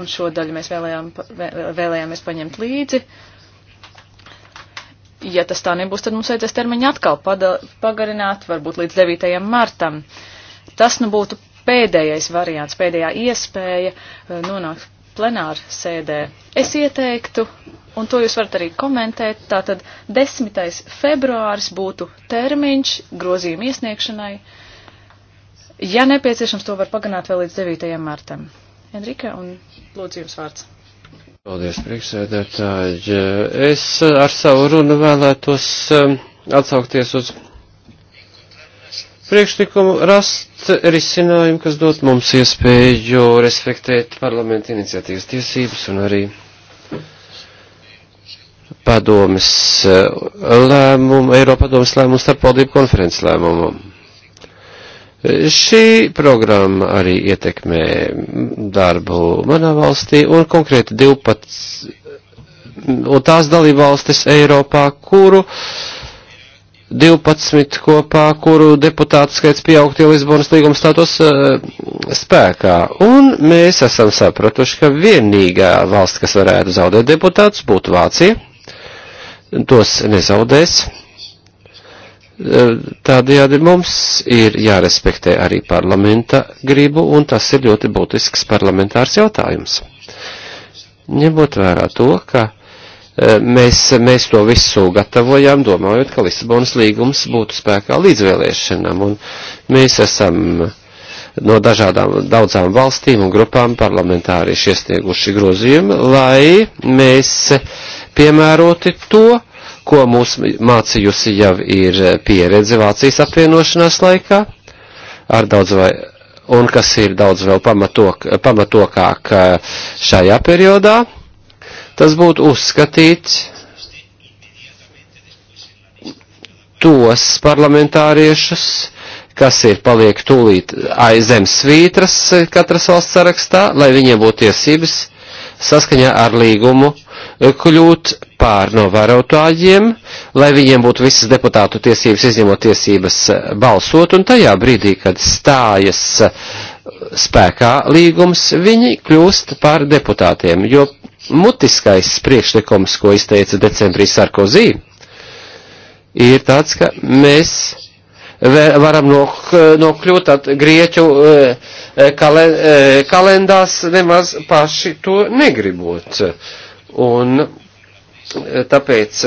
un šo daļu mēs vēlējām, vēlējāmies paņemt līdzi, ja tas tā nebūs, tad mums vajadzēs termiņu atkal pagal, pagarināt, varbūt līdz 9. martam. Tas nu būtu pēdējais variants, pēdējā iespēja eh, nonākt plenāru sēdē. Es ieteiktu, un to jūs varat arī komentēt, tātad 10. februāris būtu termiņš grozījuma iesniegšanai. Ja nepieciešams, to var pagarināt vēl līdz 9. martam. Enrika, un lūdzu jums vārds. Paldies, priekšsēdētāji. Es ar savu runu vēlētos um, atsaukties uz priekšlikumu rast risinājumu, kas dot mums iespēju respektēt parlamenta iniciatīvas tiesības un arī padomis eh, lēmumu, Eiropadomis lēmumu starpvaldību konferences lēmumu. Šī programma arī ietekmē darbu manā valstī un konkrēti 12 un tās dalībvalstis Eiropā, kuru uh, 12 kopā, kuru deputātu skaits pieaug tie Lisbonas līguma status uh, spēkā. Un mēs esam sapratuši, ka vienīgā valsts, kas varētu zaudēt deputātus, būtu Vācija. Tos nezaudēs. Eh, tādējādi mums ir jārespektē arī parlamenta gribu, un tas ir ļoti būtisks parlamentārs jautājums. Ņemot vērā to, ka Eh, mēs, mēs to visu gatavojām, domājot, ka Lisabonas līgums būtu spēkā līdz vēlēšanām, un mēs esam no dažādām daudzām valstīm un grupām parlamentārieši iesnieguši grozījumu, lai mēs piemēroti to, ko mūs mācījusi jau ir pieredze Vācijas apvienošanās laikā, ar daudz vai, un kas ir daudz vēl pamatok, pamatokāk eh, šajā periodā tas būtu uzskatīts tos parlamentāriešus, kas ir paliek tūlīt aiz zem svītras katras valsts sarakstā, lai viņiem būtu tiesības saskaņā ar līgumu kļūt pār novērotājiem, lai viņiem būtu visas deputātu tiesības, izņemot tiesības balsot, un tajā brīdī, kad stājas spēkā līgums, viņi kļūst par deputātiem, jo mutiskais priekšlikums, ko izteica decembrī Sarkozī, ir tāds, ka mēs varam nokļūt grieķu e, e, kalen, e, kalendās nemaz paši to negribot. Un tāpēc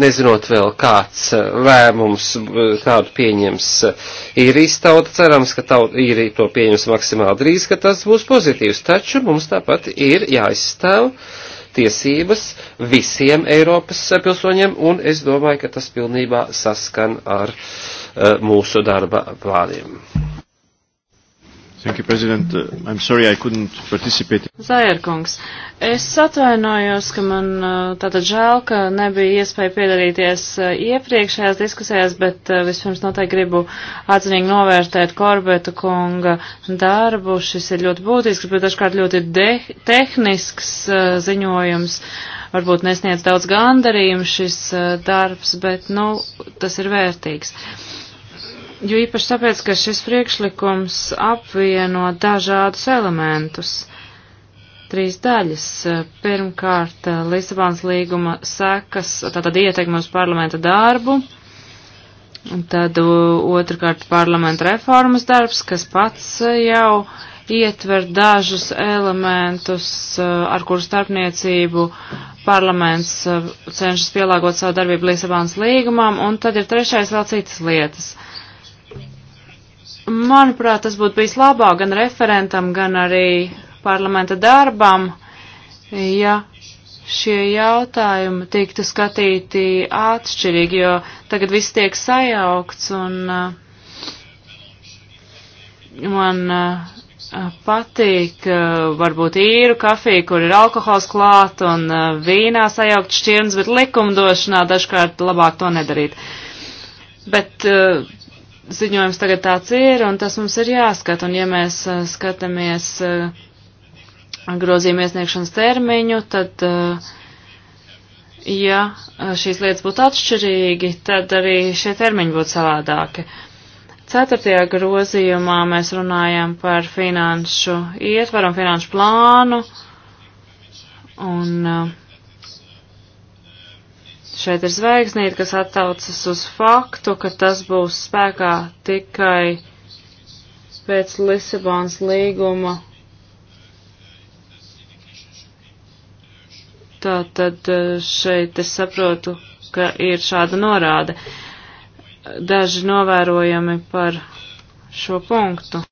nezinot vēl kāds eh, lēmums, eh, kādu pieņems eh, īrijas tauta, cerams, ka tauta īrija to pieņems maksimāli drīz, ka tas būs pozitīvs, taču mums tāpat ir jāizstāv tiesības visiem Eiropas pilsoņiem, un es domāju, ka tas pilnībā saskan ar uh, mūsu darba plāniem. Thank you, President. Uh, I'm sorry I couldn't participate. Zairkungs, es atvainojos, ka man uh, tātad žēl, ka nebija iespēja piedalīties uh, iepriekšējās diskusijās, bet vispirms noteikti gribu atzinīgi novērtēt Korbetu kunga darbu. Šis ir ļoti būtisks, bet dažkārt ļoti tehnisks ziņojums. Varbūt nesniedz daudz gandarījumu šis darbs, bet, nu, tas ir vērtīgs jo īpaši tāpēc, ka šis priekšlikums apvieno dažādus elementus. Trīs daļas. Pirmkārt, Lisabons līguma sekas, tātad ietekme uz parlamenta darbu, un tad uh, otrkārt parlamenta reformas darbs, kas pats uh, jau ietver dažus elementus, uh, ar kuru starpniecību parlaments cenšas pielāgot savu darbību Lisabonas līgumam, un tad ir trešais vēl citas lietas. Manuprāt, tas būtu bijis labāk gan referentam, gan arī parlamenta darbam, ja šie jautājumi tiktu skatīti atšķirīgi, jo tagad viss tiek sajaukts un uh, man uh, patīk uh, varbūt īru kafiju, kur ir alkohols klāt un vīnā sajaukt šķirnes, bet likumdošanā dažkārt labāk to nedarīt. Bet uh, ziņojums tagad tāds ir, un tas mums ir jāskata. Un ja mēs uh, skatāmies uh, grozījuma iesniegšanas termiņu, tad, uh, ja uh, šīs lietas būtu atšķirīgi, tad arī šie termiņi būtu savādāki. Ceturtajā grozījumā mēs runājam par finanšu ietvaru un finanšu plānu. Un, uh, Šeit ir zvaigznīte, kas attaucas uz faktu, ka tas būs spēkā tikai pēc Lisabonas līguma. Tātad eh, šeit es saprotu, ka ir šāda norāde. Daži novērojami par šo punktu.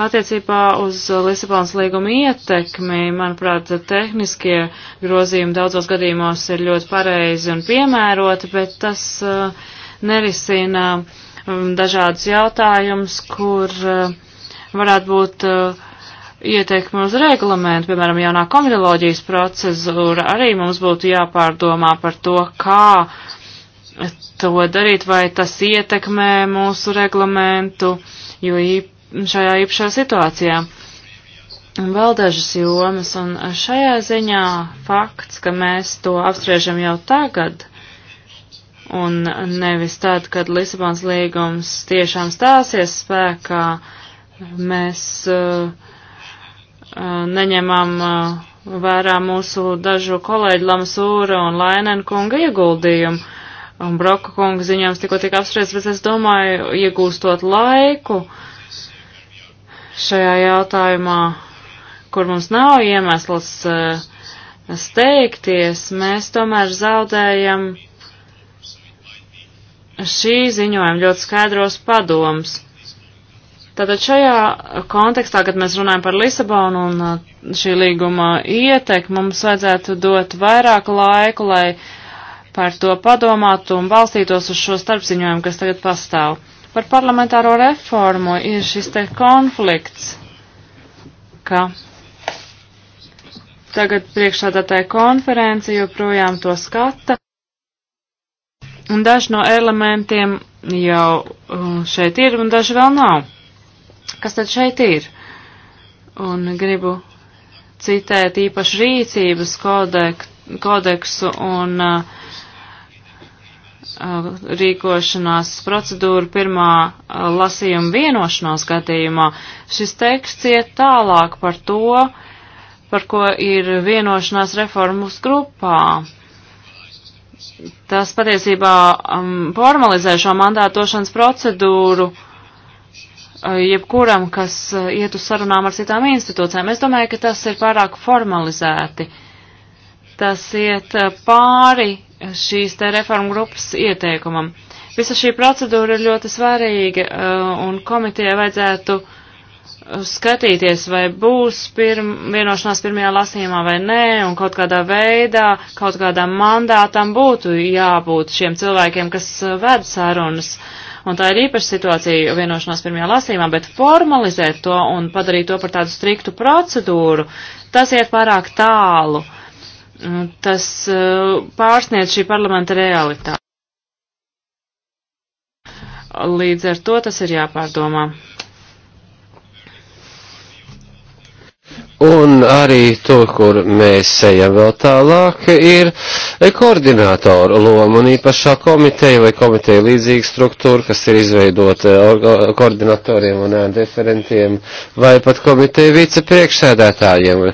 Attiecībā uz Lisabonas līguma ietekmi, manuprāt, tehniskie grozījumi daudzos gadījumos ir ļoti pareizi un piemēroti, bet tas uh, nerisina um, dažādus jautājumus, kur uh, varētu būt uh, ieteikumi uz reglamentu, piemēram, jaunā komitoloģijas procedūra, arī mums būtu jāpārdomā par to, kā to darīt, vai tas ietekmē mūsu reglamentu, jo īpaši šajā īpašā situācijā. Un vēl dažas jomas, un šajā ziņā fakts, ka mēs to apspriežam jau tagad, un nevis tad, kad Lisabons līgums tiešām stāsies spēkā, mēs uh, uh neņemam uh, vērā mūsu dažu kolēģu Lamsūra un Lainen kunga ieguldījumu. Un Broka kunga ziņojums tikko tika apspriests, bet es domāju, iegūstot laiku, uh, šajā jautājumā, kur mums nav iemesls uh, steigties, mēs tomēr zaudējam šī ziņojuma ļoti skaidros padomus. Tātad šajā kontekstā, kad mēs runājam par Lisabonu un eh, šī līguma ietekmi, mums vajadzētu dot vairāk laiku, lai par to padomātu un balstītos uz šo starpziņojumu, kas tagad pastāv. Par parlamentāro reformu ir šis te konflikts, ka tagad priekšādātāja konference joprojām to skata. Un daži no elementiem jau uh, šeit ir, un daži vēl nav. Kas tad šeit ir? Un gribu citēt īpaši rīcības kodektu kodeksu un uh, Uh, rīkošanās procedūru pirmā uh, lasījuma vienošanās gadījumā. Šis teksts iet tālāk par to, par ko ir vienošanās reformas grupā. Tas patiesībā um, formalizē šo mandātošanas procedūru uh, jebkuram, kas iet uz sarunām ar citām institūcijām. Es domāju, ka tas ir pārāk formalizēti. Tas iet pāri šīs te reformu grupas ieteikumam. Visa šī procedūra ir ļoti svarīga, uh, un komitē vajadzētu uh, skatīties, vai būs pirm, vienošanās pirmajā lasījumā vai nē, un kaut kādā veidā, kaut kādam mandātam būtu jābūt šiem cilvēkiem, kas uh, ved sarunas. Un tā ir īpaša situācija vienošanās pirmajā lasījumā, bet formalizēt to un padarīt to par tādu striktu procedūru, tas iet pārāk tālu. Uh, Tas eh, pārsniedz šī parlamenta realitāti. Līdz ar to tas ir jāpārdomā. Un arī tur, kur mēs ejam vēl tālāk, ir koordinātoru loma un īpašā komiteja vai komiteja līdzīga struktūra, kas ir izveidota eh, koordinatoriem un referentiem vai pat komiteja vicepriekšsēdētājiem,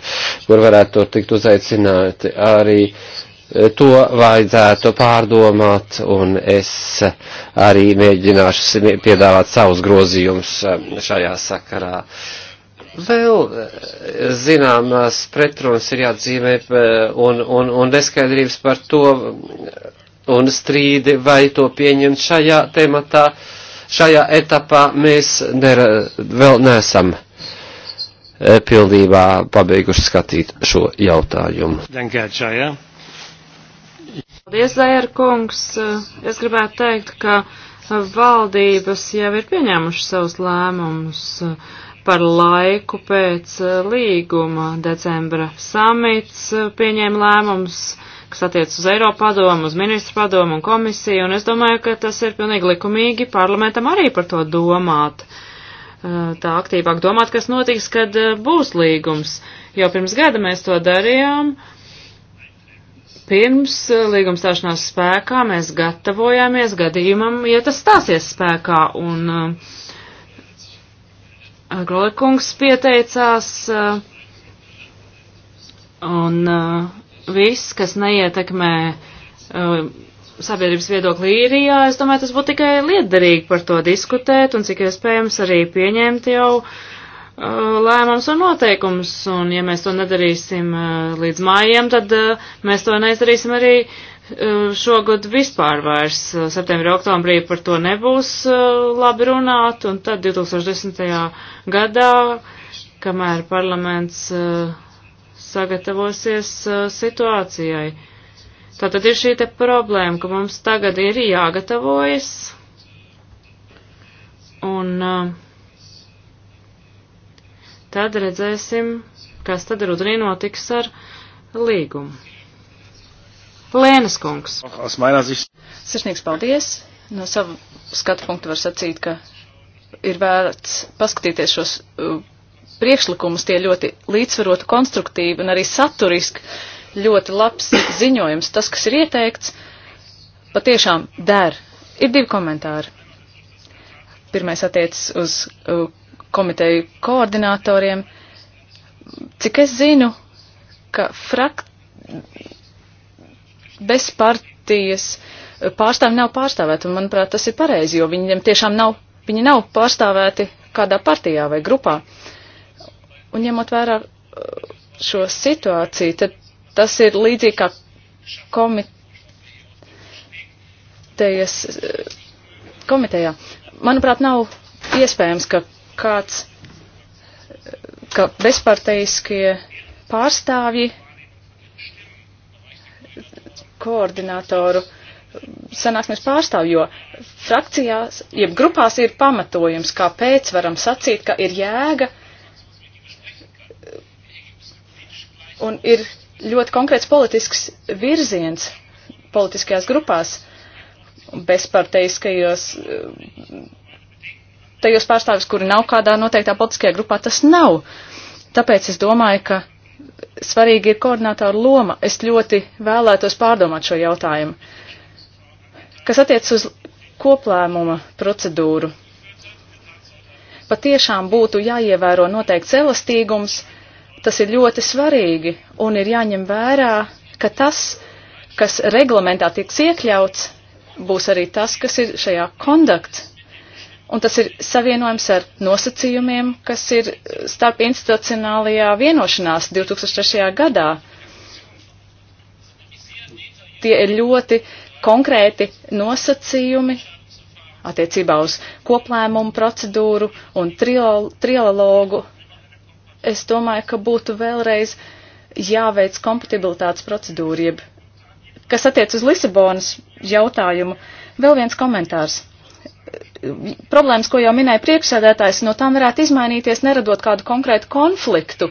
kur varētu tikt uzaicināti arī eh, to vajadzētu pārdomāt, un es arī mēģināšu piedāvāt savus grozījumus eh, šajā sakarā. Vēl eh, zināmas pretrunas ir jāatzīmē eh, un, un, un neskaidrības par to un strīdi, vai to pieņemt šajā tematā, šajā etapā mēs nera, vēl nesam eh, pilnībā pabeiguši skatīt šo jautājumu. Paldies, Zajer kungs. Es gribētu teikt, ka valdības jau ir pieņēmuši savus lēmumus. Uh, par laiku pēc eh, līguma. Decembra samits eh, pieņēma lēmums, kas attiec uz Eiropadomu, uz ministru padomu un komisiju, un es domāju, ka tas ir pilnīgi likumīgi parlamentam arī par to domāt. Eh, tā aktīvāk domāt, kas notiks, kad būs līgums. Jau pirms gada mēs to darījām. Pirms līguma stāšanās spēkā mēs gatavojāmies gadījumam, ja tas stāsies spēkā. Un, uh, Glorkungs pieteicās, uh, un uh, viss, kas neietekmē uh, sabiedrības viedokli īrijā, es domāju, tas būtu tikai liederīgi par to diskutēt, un cik iespējams arī pieņemt jau lēmums un noteikums, un ja mēs to nedarīsim līdz mājiem, tad mēs to neizdarīsim arī uh, Eh, šogad vispār vairs eh, septembrī, oktobrī par to nebūs eh, labi runāt, un tad 2010. gadā, kamēr parlaments sagatavosies situācijai. Tātad ir šī te problēma, ka mums tagad ir jāgatavojas, un tad redzēsim, kas tad rudenī notiks ar līgumu. Lēnas kungs. Sirsnīgs paldies. No savu skatu punktu var sacīt, ka ir vērts paskatīties šos uh, priekšlikumus. Tie ļoti līdzsvaroti, konstruktīvi un arī saturiski ļoti labs ziņojums. Tas, kas ir ieteikts, patiešām der. Ir divi komentāri. Pirmais attiecas uz uh, komiteju koordinatoriem. Cik es zinu, ka frak bez partijas pārstāvi nav pārstāvēti, un manuprāt, tas ir pareizi, jo viņiem tiešām nav, viņi nav pārstāvēti kādā partijā vai grupā. Un ņemot vērā uh, šo situāciju, tad tas ir līdzīgi kā komitejas, uh, komitejā. Manuprāt, nav iespējams, ka kāds, uh, ka bezparteiskie pārstāvji koordinatoru sanāksmes pārstāvju, jo frakcijās, jeb grupās ir pamatojums, kāpēc varam sacīt, ka ir jēga un ir ļoti konkrēts politisks virziens politiskajās grupās bezparteiskajos. Tajos pārstāvis, kuri nav kādā noteiktā politiskajā grupā, tas nav. Tāpēc es domāju, ka svarīgi ir koordinātāra loma. Es ļoti vēlētos pārdomāt šo jautājumu. Kas attiec uz koplēmuma procedūru, patiešām būtu jāievēro noteikts elastīgums, tas ir ļoti svarīgi un ir jāņem vērā, ka tas, kas reglamentā tiks iekļauts, būs arī tas, kas ir šajā kondukt Un tas ir savienojums ar nosacījumiem, kas ir starp institucionālajā vienošanās 2003. gadā. Tie ir ļoti konkrēti nosacījumi attiecībā uz koplēmumu procedūru un trialogu. Es domāju, ka būtu vēlreiz jāveic kompatibilitātes procedūra, jeb kas attiec uz Lisabonas jautājumu. Vēl viens komentārs problēmas, ko jau minēja priekšsēdētājs, no tām varētu izmainīties, neradot kādu konkrētu konfliktu.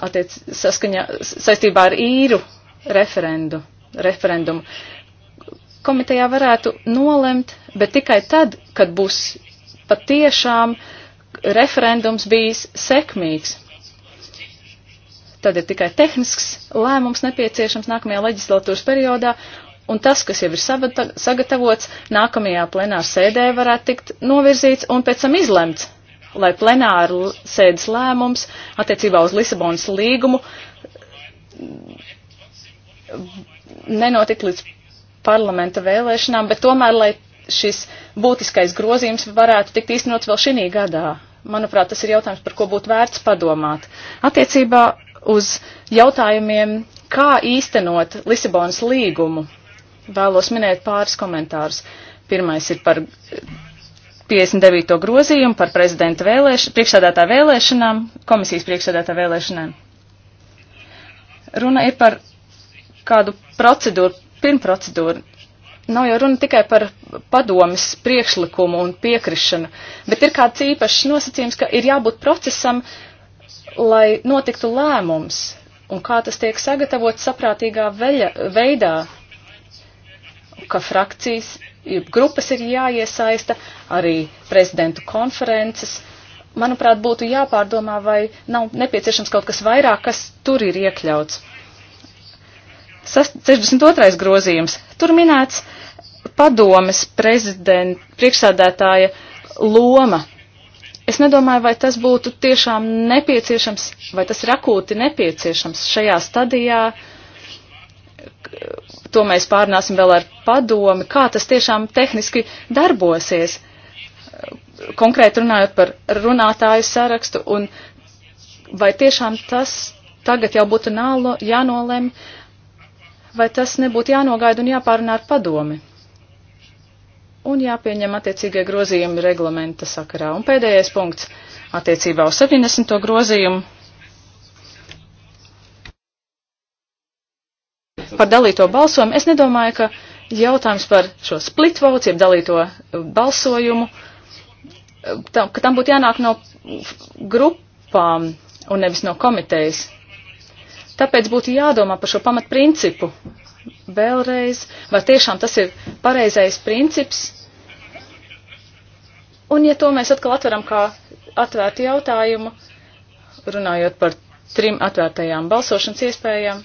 Attiec, saskaņā, saistībā ar īru referendu, referendumu. Komitejā varētu nolemt, bet tikai tad, kad būs patiešām referendums bijis sekmīgs. Tad ir tikai tehnisks lēmums nepieciešams nākamajā leģislatūras periodā, un tas, kas jau ir sagatavots, nākamajā plenāra sēdē varētu tikt novirzīts un pēc tam izlemts, lai plenāra sēdes lēmums attiecībā uz Lisabonas līgumu nenotikt līdz parlamenta vēlēšanām, bet tomēr, lai šis būtiskais grozījums varētu tikt īstenots vēl šī gadā. Manuprāt, tas ir jautājums, par ko būtu vērts padomāt. Attiecībā uz jautājumiem, kā īstenot Lisabonas līgumu vēlos minēt pāris komentārus. Pirmais ir par 59. grozījumu par prezidenta vēlēš priekšsādātā vēlēšanām, komisijas priekšsādātā vēlēšanām. Runa ir par kādu procedūru, pirmprocedūru. Nav jau runa tikai par padomis priekšlikumu un piekrišanu, bet ir kāds īpašs nosacījums, ka ir jābūt procesam, lai notiktu lēmums un kā tas tiek sagatavots saprātīgā veļa, veidā, ka frakcijas grupas ir jāiesaista, arī prezidentu konferences. Manuprāt, būtu jāpārdomā, vai nav nepieciešams kaut kas vairāk, kas tur ir iekļauts. Sas 62. grozījums. Tur minēts padomes prezidenta priekšsādētāja loma. Es nedomāju, vai tas būtu tiešām nepieciešams, vai tas ir akūti nepieciešams šajā stadijā uh, to mēs pārnāsim vēl ar padomi, kā tas tiešām tehniski darbosies, konkrēti runājot par runātāju sarakstu, un vai tiešām tas tagad jau būtu nālo, jānolem, vai tas nebūtu jānogaida un jāpārunā ar padomi. Un jāpieņem attiecīgie grozījumi reglamenta sakarā. Un pēdējais punkts attiecībā uz 70. grozījumu par dalīto balsojumu, es nedomāju, ka jautājums par šo split votes, jeb dalīto uh, balsojumu, uh, tam, ka tam būtu jānāk no grupām un nevis no komitejas. Tāpēc būtu jādomā par šo pamatprincipu vēlreiz, vai tiešām tas ir pareizais princips. Un ja to mēs atkal atveram kā atvērtu jautājumu, runājot par trim atvērtajām balsošanas iespējām,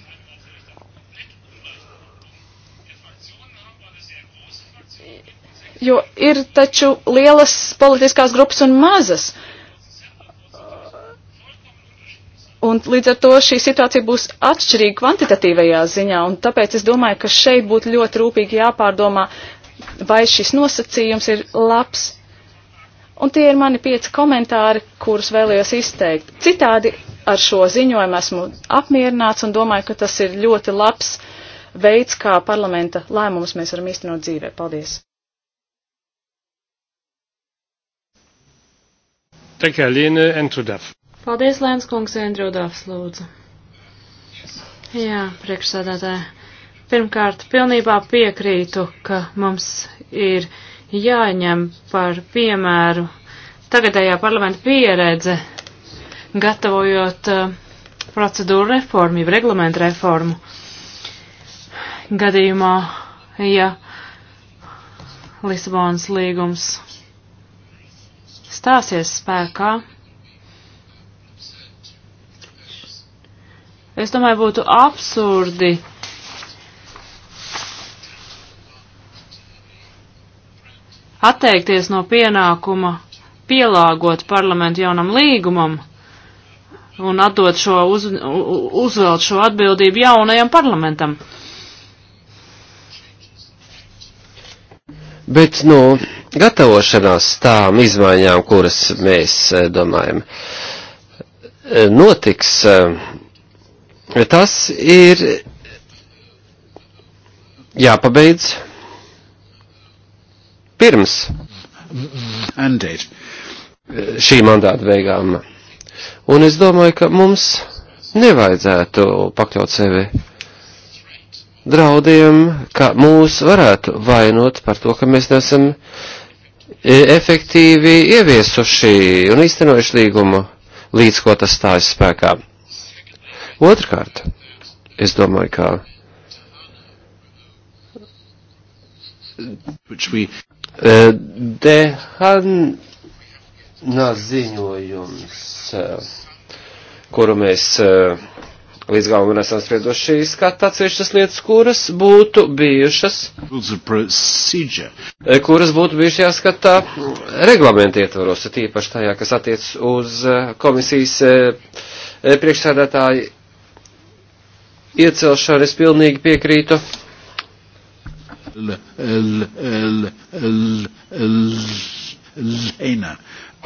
jo ir taču lielas politiskās grupas un mazas. Un līdz ar to šī situācija būs atšķirīga kvantitatīvajā ziņā, un tāpēc es domāju, ka šeit būtu ļoti rūpīgi jāpārdomā, vai šis nosacījums ir labs. Un tie ir mani pieci komentāri, kurus vēlējos izteikt. Citādi ar šo ziņojumu esmu apmierināts un domāju, ka tas ir ļoti labs veids, kā parlamenta lēmumus mēs varam īstenot dzīvē. Paldies! Tikai Liene Entrudaf. Paldies, Lēns kungs, Entrudafs, lūdzu. Jā, priekšsēdētāji. Pirmkārt, pilnībā piekrītu, ka mums ir jāņem par piemēru tagadējā parlamenta pieredze, gatavojot uh, procedūru reformu, jau reglamentu reformu. Gadījumā, ja Lisabonas līgums stāsies spēkā. Es domāju, būtu absurdi atteikties no pienākuma pielāgot parlamentu jaunam līgumam un atdot šo uz, uzvelt šo atbildību jaunajam parlamentam. Bet no nu, gatavošanās tām izmaiņām, kuras mēs eh, domājam, eh, notiks, eh, tas ir jāpabeidz pirms Mandate. šī mandāta beigām. Un es domāju, ka mums nevajadzētu pakļaut sevi draudiem, ka mūs varētu vainot par to, ka mēs nesam efektīvi ieviesuši un īstenojuši līgumu, līdz ko tas stājas spēkā. Otrkārt, es domāju, ka e, Dehanna ziņojums, e, kuru mēs e, līdz galam nesaspriedoši skat atsevišķas lietas, kuras būtu bijušas, kuras būtu bijušas jāskatā reglamenta ietvaros, tīpaši tajā, kas attiec uz komisijas priekšsēdētāju iecelšanu, es pilnīgi piekrītu.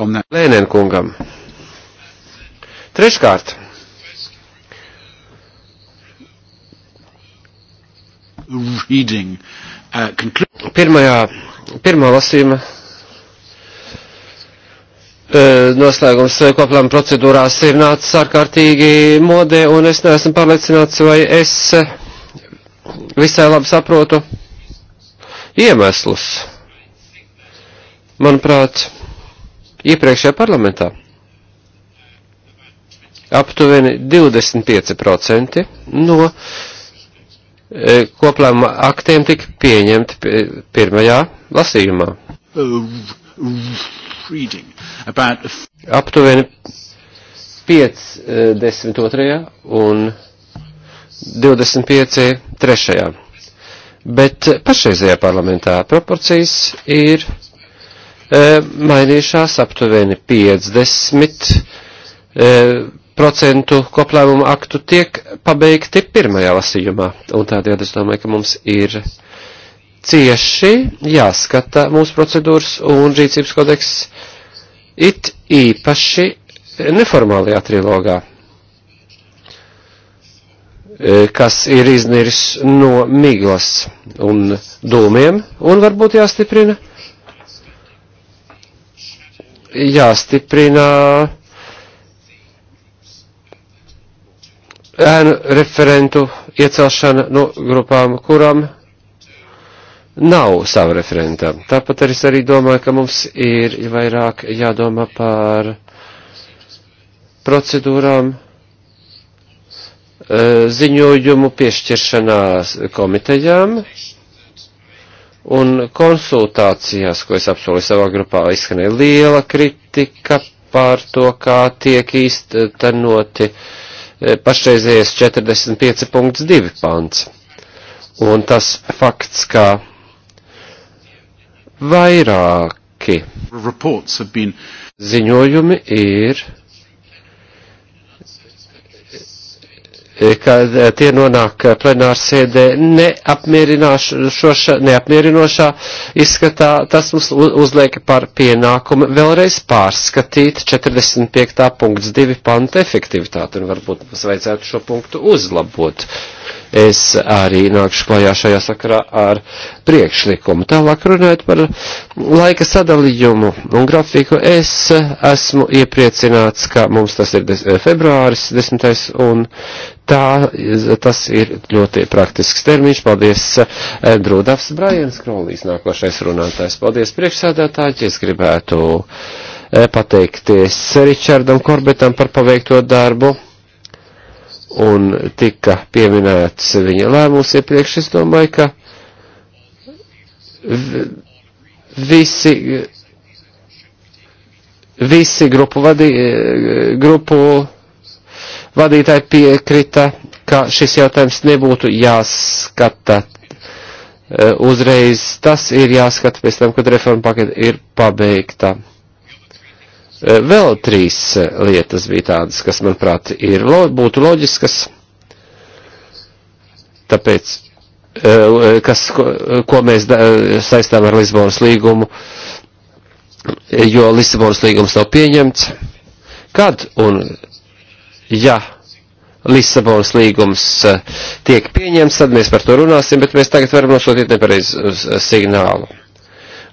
Lēnēn kungam. Treškārt. reading uh, concludes. Pirmajā, pirmā lasījuma uh, noslēgums uh, koplēm procedūrās ir nācis ārkārtīgi modē, un es neesmu pārliecināts, vai es uh, visai labi saprotu iemeslus. Manuprāt, iepriekšējā parlamentā aptuveni 25% no E, koplēma aktiem tika pieņemti pirmajā lasījumā. Uh, About... Aptuveni 52. E, un 25. trešajā. Bet pašreizajā parlamentā proporcijas ir e, mainījušās aptuveni 50 e, procentu koplēmumu aktu tiek pabeigti pirmajā lasījumā. Un tādēļ es domāju, ka mums ir cieši jāskata mūsu procedūras un rīcības kodeks it īpaši neformālajā trilogā, e, kas ir izniris no miglas un dūmiem un varbūt jāstiprina. Jāstiprina ēnu referentu iecelšana no grupām, kuram nav sava referenta. Tāpat arī es arī domāju, ka mums ir vairāk jādomā par procedūrām e, ziņojumu piešķiršanā komitejām un konsultācijās, ko es apsolu savā grupā, izskanēja liela kritika par to, kā tiek īstenoti uh, Eh, pašreizējais 45.2 pants. Un tas fakts, ka vairāki ziņojumi ir kad eh, tie nonāk eh, plenārsēdē neapmierinošā izskatā, tas mums uzliek par pienākumu vēlreiz pārskatīt 45. punkts 2 panta efektivitāti, un varbūt mums vajadzētu šo punktu uzlabot. Uh, es arī nākšu klajā šajā sakarā ar priekšlikumu. Tālāk runājot par laika sadalījumu un grafiku, es esmu iepriecināts, ka mums tas ir des, februāris 10. un tā, tas ir ļoti praktisks termiņš. Paldies, Drūdavs Brajans Krolīs, nākošais runātājs. Paldies, priekšsēdētāji, es gribētu eh, pateikties Ričardam Korbetam par paveikto darbu un tika pieminēts viņa lēmums iepriekš, es domāju, ka visi, visi grupu, vadī, grupu vadītāji piekrita, ka šis jautājums nebūtu jāskata e, uzreiz. Tas ir jāskata pēc tam, kad reforma paketa ir pabeigta. Eh, vēl trīs eh, lietas bija tādas, kas, manuprāt, ir, lo, būtu loģiskas, tāpēc, eh, kas, ko, ko mēs da, saistām ar Lisbonas līgumu, jo Lisabonas līgums nav pieņemts. Kad un ja Lisabonas līgums tiek pieņemts, tad mēs par to runāsim, bet mēs tagad varam nosūtīt nepareizu signālu.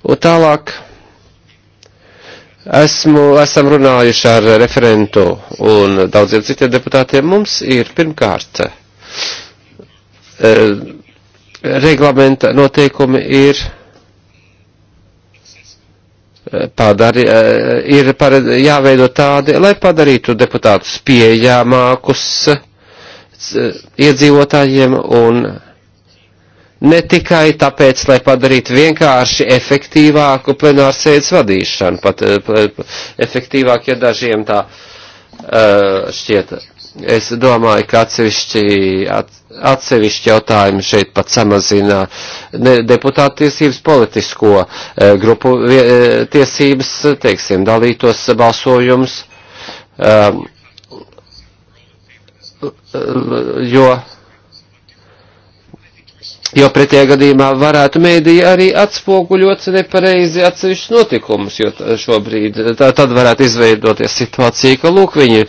Un tālāk Esmu, esam runājuši ar referentu un daudziem citiem deputātiem. Mums ir pirmkārt e, reglamenta noteikumi ir e, padari, e, ir pared, jāveido tādi, lai padarītu deputātus pieejamākus iedzīvotājiem un ne tikai tāpēc, lai padarītu vienkārši efektīvāku plenārsēdes vadīšanu, pat eh, efektīvāk, ja dažiem tā eh, šķiet. Es domāju, ka atsevišķi, atsevišķi jautājumi šeit pat samazina deputātu tiesības, politisko eh, grupu tiesības, teiksim, dalītos balsojums, jo jo pretējā gadījumā varētu mēdīja arī atspoguļot nepareizi atsevišķus notikumus, jo šobrīd tā, tad varētu izveidoties situācija, ka lūk, viņi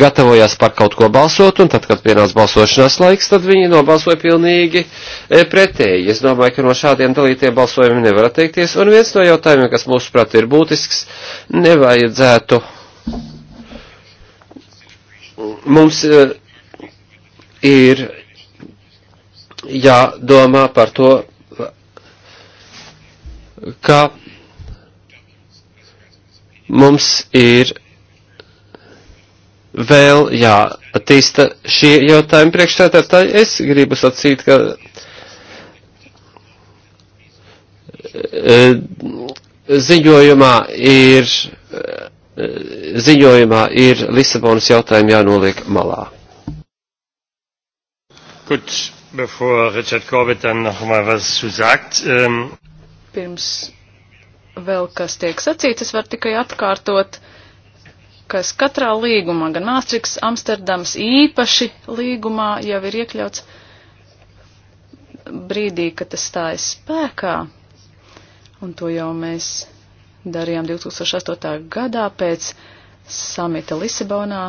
gatavojās par kaut ko balsot, un tad, kad pienāca balsošanās laiks, tad viņi nobalsoja pilnīgi e, pretēji. Es domāju, ka no šādiem dalītiem balsojumiem nevar atteikties, un viens no jautājumiem, kas mūsuprāt ir būtisks, nevajadzētu mums e, ir jādomā par to, ka mums ir vēl jāattīsta šie jautājumi priekšsētātāji. Es gribu sacīt, ka e, ziņojumā ir, e, ziņojumā ir Lisabonas jautājumi jānoliek malā. Good. Bevor Richard Corbett dann noch mal was zu sagt. Ähm. Pirms vēl kas tiek sacīts, es varu tikai atkārtot, kas katrā līgumā, gan Āstriks, Amsterdams īpaši līgumā jau ir iekļauts brīdī, kad tas stājas spēkā, un to jau mēs darījām 2008. gadā pēc samita Lisabonā,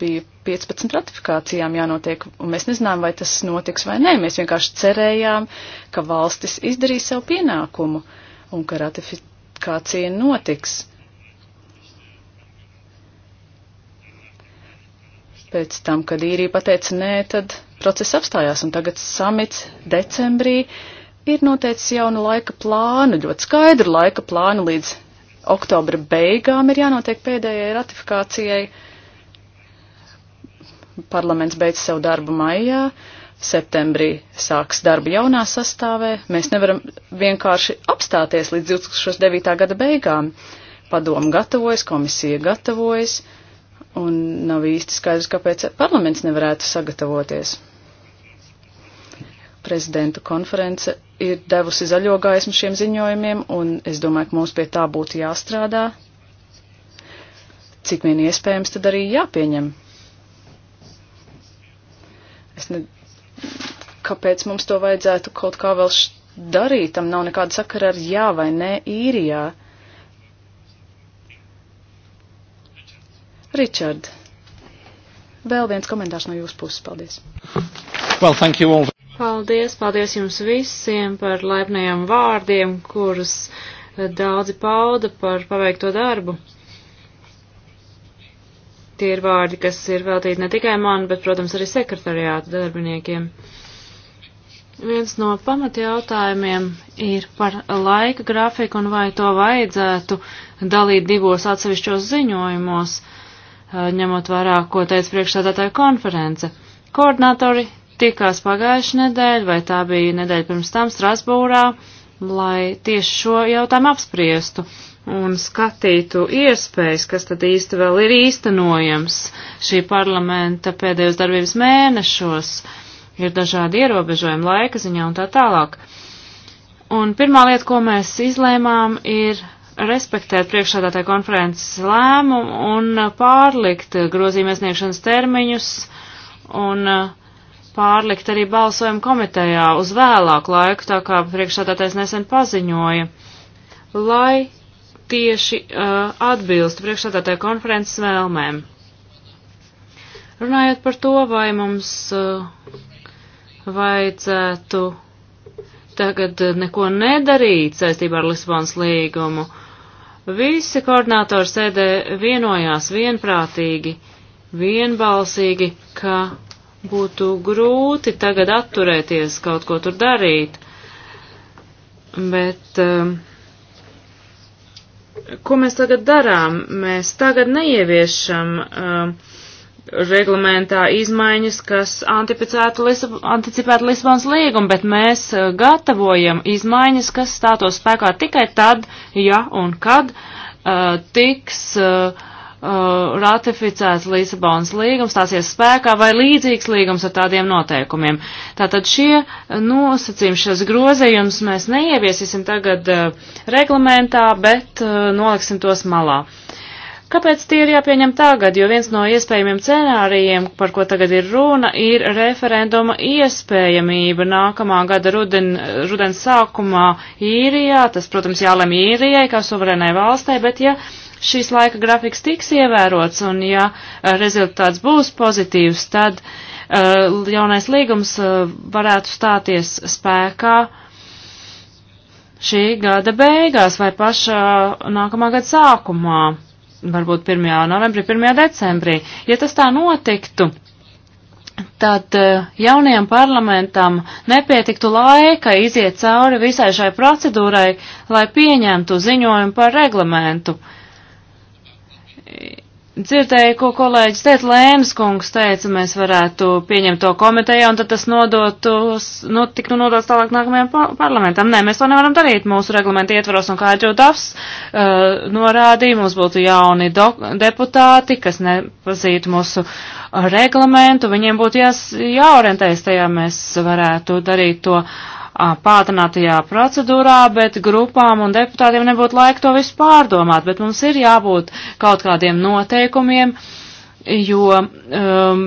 bija 15 ratifikācijām jānotiek, un mēs nezinām, vai tas notiks vai nē. Mēs vienkārši cerējām, ka valstis izdarīs savu pienākumu un ka ratifikācija notiks. Pēc tam, kad īrija pateica nē, tad process apstājās, un tagad samits decembrī ir noteicis jaunu laika plānu, ļoti skaidru laika plānu līdz oktobra beigām ir jānotiek pēdējai ratifikācijai. Uh, Parlaments beidz savu darbu maijā, septembrī sāks darbu jaunā sastāvē. Mēs nevaram vienkārši apstāties līdz 2009. gada beigām. Padomu gatavojas, komisija gatavojas, un nav īsti skaidrs, kāpēc parlaments nevarētu sagatavoties. Prezidentu konference ir devusi zaļo gaismu šiem ziņojumiem, un es domāju, ka mums pie tā būtu jāstrādā, cik vien iespējams, tad arī jāpieņem. Es ne... Kāpēc mums to vajadzētu kaut kā vēl darīt? Tam nav nekāda sakara ar jā vai nē īrijā. Richard, vēl viens komentārs no jūsu puses. Paldies. Well, thank you all. Paldies, paldies jums visiem par laipnajiem vārdiem, kurus eh, daudzi pauda par paveikto darbu. Tie ir vārdi, kas ir veltīti ne tikai man, bet, protams, arī sekretariāta darbiniekiem. Viens no pamatjautājumiem ir par laika grafiku un vai to vajadzētu dalīt divos atsevišķos ziņojumos, eh, ņemot vērā, ko teica priekšstādātāja konference. Koordinatori tikās pagājuši nedēļa, vai tā bija nedēļa pirms tam Strasbūrā, lai tieši šo jautājumu apspriestu un skatītu iespējas, kas tad īsti vēl ir īstenojams šī parlamenta pēdējos darbības mēnešos, ir dažādi ierobežojumi laika ziņā un tā tālāk. Un pirmā lieta, ko mēs izlēmām, ir respektēt priekšādātāju konferences lēmumu un pārlikt grozīmiesniegšanas termiņus un pārlikt arī balsojumu komitejā uz vēlāku laiku, tā kā priekšādātais nesen paziņoja, lai tieši uh, atbilstu priekšstādātāju konferences vēlmēm. Runājot par to, vai mums uh, vajadzētu tagad neko nedarīt saistībā ar Lisbonas līgumu, visi koordinātori sēdē vienojās vienprātīgi, vienbalsīgi, ka būtu grūti tagad atturēties kaut ko tur darīt. Bet uh, ko mēs tagad darām? Mēs tagad neieviešam uh, reglamentā izmaiņas, kas anticipētu, Lisab anticipētu Lisbonas līgumu, bet mēs uh, gatavojam izmaiņas, kas stātos spēkā tikai tad, ja un kad uh, tiks uh, uh, ratificēts Lisabonas līgums, stāsies spēkā vai līdzīgs līgums ar tādiem noteikumiem. Tātad šie nosacījumi, šis grozījums mēs neieviesīsim tagad uh, reglamentā, bet uh, noliksim tos malā. Kāpēc tie ir jāpieņem tagad? Jo viens no iespējamiem scenārijiem, par ko tagad ir runa, ir referenduma iespējamība nākamā gada ruden, rudens sākumā īrijā. Tas, protams, jālem īrijai kā suverēnai valstei, bet ja uh, šīs laika grafiks tiks ievērots, un ja eh, rezultāts būs pozitīvs, tad uh, jaunais līgums uh, varētu stāties spēkā šī gada beigās vai pašā nākamā gada sākumā, varbūt 1. novembrī, 1. decembrī. Ja tas tā notiktu, tad jaunajam parlamentam nepietiktu laika iziet cauri visai šai procedūrai, lai pieņemtu ziņojumu par reglamentu. Uh, dzirdēju, ko kolēģis teica, Lēmas kungs teica, mēs varētu pieņemt to komitejā, un tad tas nodotu, nu, tiktu nu nodots tālāk nākamajam par parlamentam. Nē, mēs to nevaram darīt mūsu reglamenta ietvaros, un kā Džudafs uh, norādīja, mums būtu jauni deputāti, kas nepazītu mūsu reglamentu, viņiem būtu jās, jāorientējas tajā, mēs varētu darīt to. Uh, pātrinātajā procedūrā, bet grupām un deputātiem nebūtu laika to visu pārdomāt, bet mums ir jābūt kaut kādiem noteikumiem, jo um,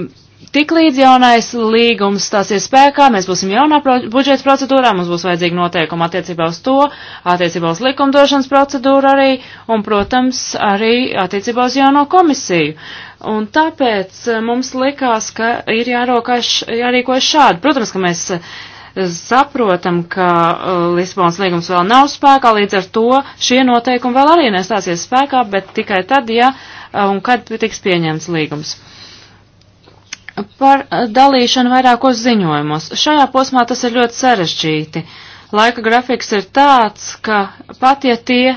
tik līdz jaunais līgums stāsies spēkā, mēs būsim jaunā pro budžeta procedūrā, mums būs vajadzīgi noteikumi attiecībā uz to, attiecībā uz likumdošanas procedūru arī, un, protams, arī attiecībā uz jauno komisiju. Un tāpēc uh, mums likās, ka ir jārīkojas šādi. Protams, ka mēs Saprotam, ka uh, Lisbonas līgums vēl nav spēkā, līdz ar to šie noteikumi vēl arī nestāsies spēkā, bet tikai tad, ja uh, un kad tiks pieņemts līgums par uh, dalīšanu vairākos ziņojumos. Šajā posmā tas ir ļoti sarežģīti. Laika grafiks ir tāds, ka pat ja tie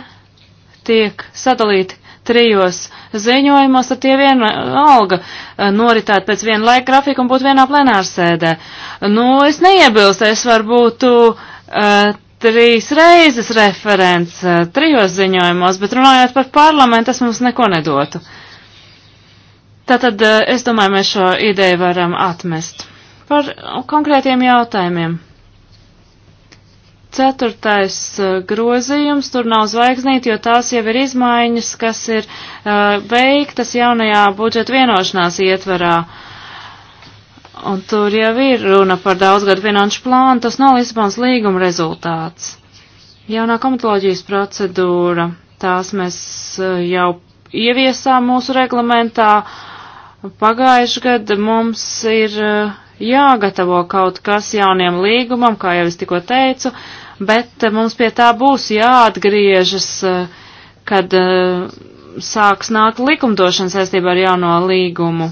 tiek sadalīti trijos ziņojumos, tad tie viena alga e, noritētu pēc viena laika grafika un būtu vienā plenārsēdē. Nu, es neiebilstu, es varbūt uh, e, trīs reizes referents uh, trijos ziņojumos, bet runājot par parlamentu, tas mums neko nedotu. Tātad uh, es domāju, mēs šo ideju varam atmest. Par konkrētiem jautājumiem. Ceturtais uh, grozījums, tur nav zvaigznīti, jo tās jau ir izmaiņas, kas ir uh, veiktas jaunajā budžeta vienošanās ietvarā. Un tur jau ir runa par daudzgadu finanšu plānu, tas nav Lisabons līguma rezultāts. Jaunā komitoloģijas procedūra, tās mēs uh, jau ieviesām mūsu reglamentā. Pagājuši gadu mums ir jāgatavo kaut kas jauniem līgumam, kā jau es tikko teicu, bet eh, mums pie tā būs jāatgriežas, eh, kad eh, sāks nākt likumdošana saistībā ar jauno līgumu.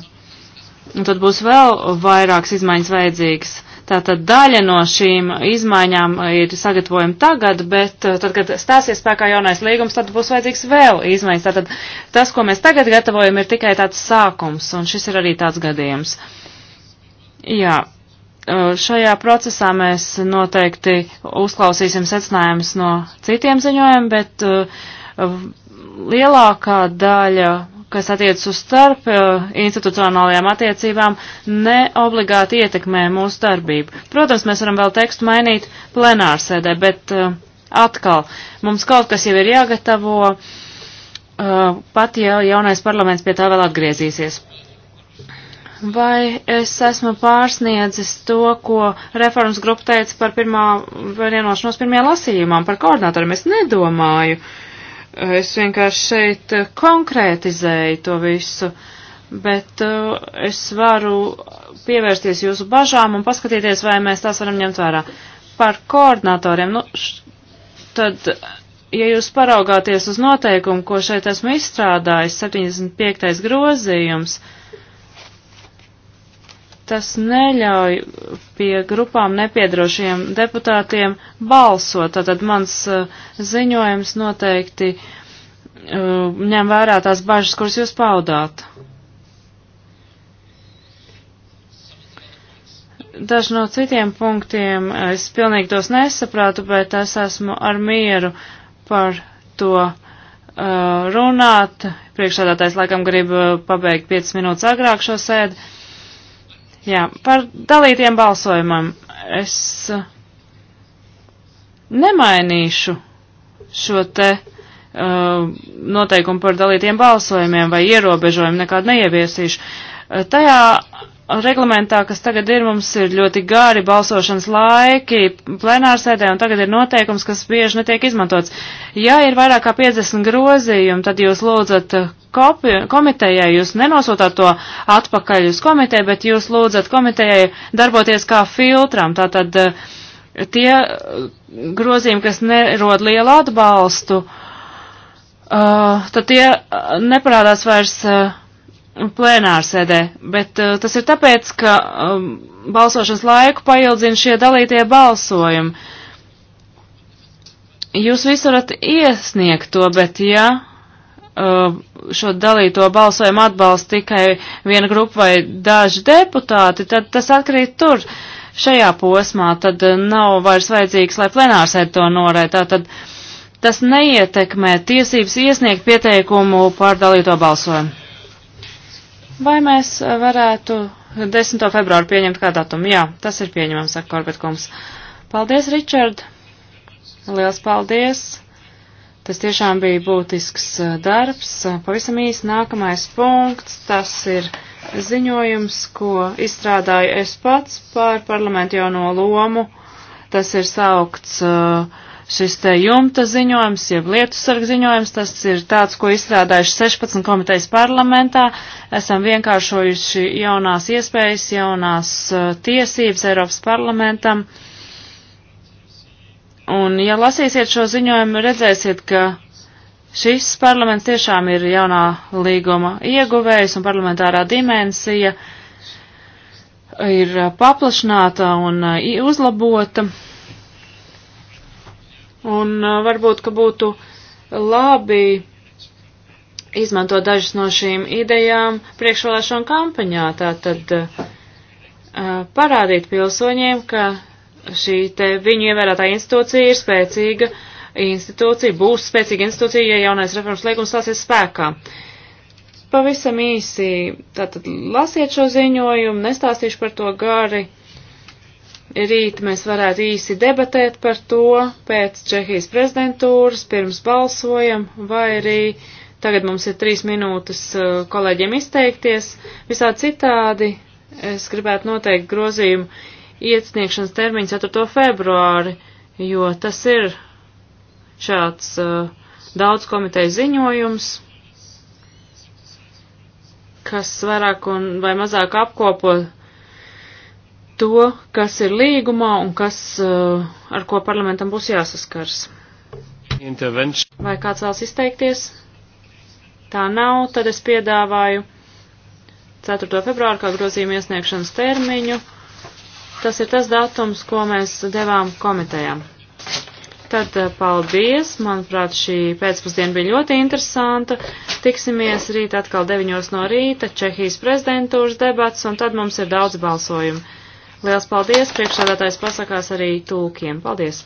Un tad būs vēl vairākas izmaiņas vajadzīgas. Tātad daļa no šīm izmaiņām ir sagatavojama tagad, bet tad, kad stāsies spēkā jaunais līgums, tad būs vajadzīgs vēl izmaiņas. Tātad tas, ko mēs tagad gatavojam, ir tikai tāds sākums, un šis ir arī tāds gadījums. Jā, Eh, šajā procesā mēs noteikti uzklausīsim secinājumus no citiem ziņojumiem, bet eh, lielākā daļa, kas attiec uz starp eh, institucionālajām attiecībām, neobligāti ietekmē mūsu darbību. Protams, mēs varam vēl tekstu mainīt plenārsēdē, bet atkal mums kaut kas jau ir jāgatavo, pat ja jaunais parlaments pie tā vēl atgriezīsies. Vai es esmu pārsniedzis to, ko reformas grupa teica par pirmā vienošanos pirmajā lasījumā, par koordinatoriem? Es nedomāju. Es vienkārši šeit konkrētizēju to visu, bet uh, es varu pievērsties jūsu bažām un paskatīties, vai mēs tās varam ņemt vērā. Par koordinatoriem, nu, š, tad, ja jūs paraugāties uz noteikumu, ko šeit esmu izstrādājis, 75. grozījums, uh, tas neļauj pie grupām nepiedrošiem deputātiem balsot. Tātad mans uh, ziņojums noteikti uh, ņem vērā tās bažas, kuras jūs paudāt. Daži no citiem punktiem eh, es pilnīgi tos nesaprātu, bet es esmu ar mieru par to uh, runāt. Priekšādātais laikam grib pabeigt 5 minūtes agrāk šo sēdi Jā, par dalītiem balsojumam es eh, nemainīšu šo te uh, noteikumu par dalītiem balsojumiem vai ierobežojumu nekādu neieviesīšu. Uh, tajā reglamentā, kas tagad ir, mums ir ļoti gari balsošanas laiki plenārsēdē, un tagad ir noteikums, kas bieži netiek izmantots. Ja ir vairāk kā 50 grozījumi, tad jūs lūdzat kopi, komitejai, jūs nenosūtāt to atpakaļ uz komiteju, bet jūs lūdzat komitejai darboties kā filtram. Tātad eh, tie eh, grozījumi, kas nerod lielu atbalstu, eh, tad tie neparādās vairs plēnārsēdē, bet uh, tas ir tāpēc, ka um, balsošanas laiku paildzina šie dalītie balsojumi. Jūs visu varat iesniegt to, bet ja uh, šo dalīto balsojumu atbalsta tikai viena grupa vai daži deputāti, tad tas atkrīt tur. Šajā posmā tad uh, nav vairs vajadzīgs, lai plenārsēd to norē. Tātad tas neietekmē tiesības iesniegt pieteikumu par dalīto balsojumu. Vai mēs eh, varētu 10. februāru pieņemt kā datumu? Jā, tas ir pieņemams, saka Korbet kungs. Paldies, Ričard! Liels paldies! Tas tiešām bija būtisks eh, darbs. Pavisam īsi nākamais punkts, tas ir ziņojums, ko izstrādāju es pats par parlamentu jauno lomu. Tas ir saukts uh, Šis te jumta ziņojums, jeb lietusarga ziņojums, tas ir tāds, ko izstrādājuši 16 komitejas parlamentā. Esam vienkāršojuši jaunās iespējas, jaunās uh, tiesības Eiropas parlamentam. Un, ja lasīsiet šo ziņojumu, redzēsiet, ka šis parlaments tiešām ir jaunā līguma ieguvējs un parlamentārā dimensija ir eh, paplašināta un eh, uzlabota Un varbūt, ka būtu labi izmantot dažas no šīm idejām priekšvēlēšana kampaņā, tātad parādīt pilsoņiem, ka šī te viņu ievērētā institūcija ir spēcīga institūcija, būs spēcīga institūcija, ja jaunais reformas liekums stāsies spēkā. Pavisam īsi, tātad lasiet šo ziņojumu, nestāstīšu par to gari. Rīt mēs varētu īsi debatēt par to pēc Čehijas prezidentūras, pirms balsojam, vai arī tagad mums ir trīs minūtes uh, kolēģiem izteikties. Visā citādi es gribētu noteikt grozījumu iesniegšanas termiņu 4. februāri, jo tas ir šāds uh, daudz komiteja ziņojums, kas vairāk un vai mazāk apkopo to, kas ir līgumā un kas, eh, ar ko parlamentam būs jāsaskars. Vai kāds vēlas izteikties? Tā nav, tad es piedāvāju 4. februāru kā grozījumu iesniegšanas termiņu. Tas ir tas datums, ko mēs devām komitejām. Tad eh, paldies, manuprāt, šī pēcpusdiena bija ļoti interesanta. Tiksimies rīt atkal 9 no rīta, Čehijas prezidentūras debats, un tad mums ir daudz balsojumu. Liels paldies! Priekšsādātājs pasakās arī tūkiem. Paldies!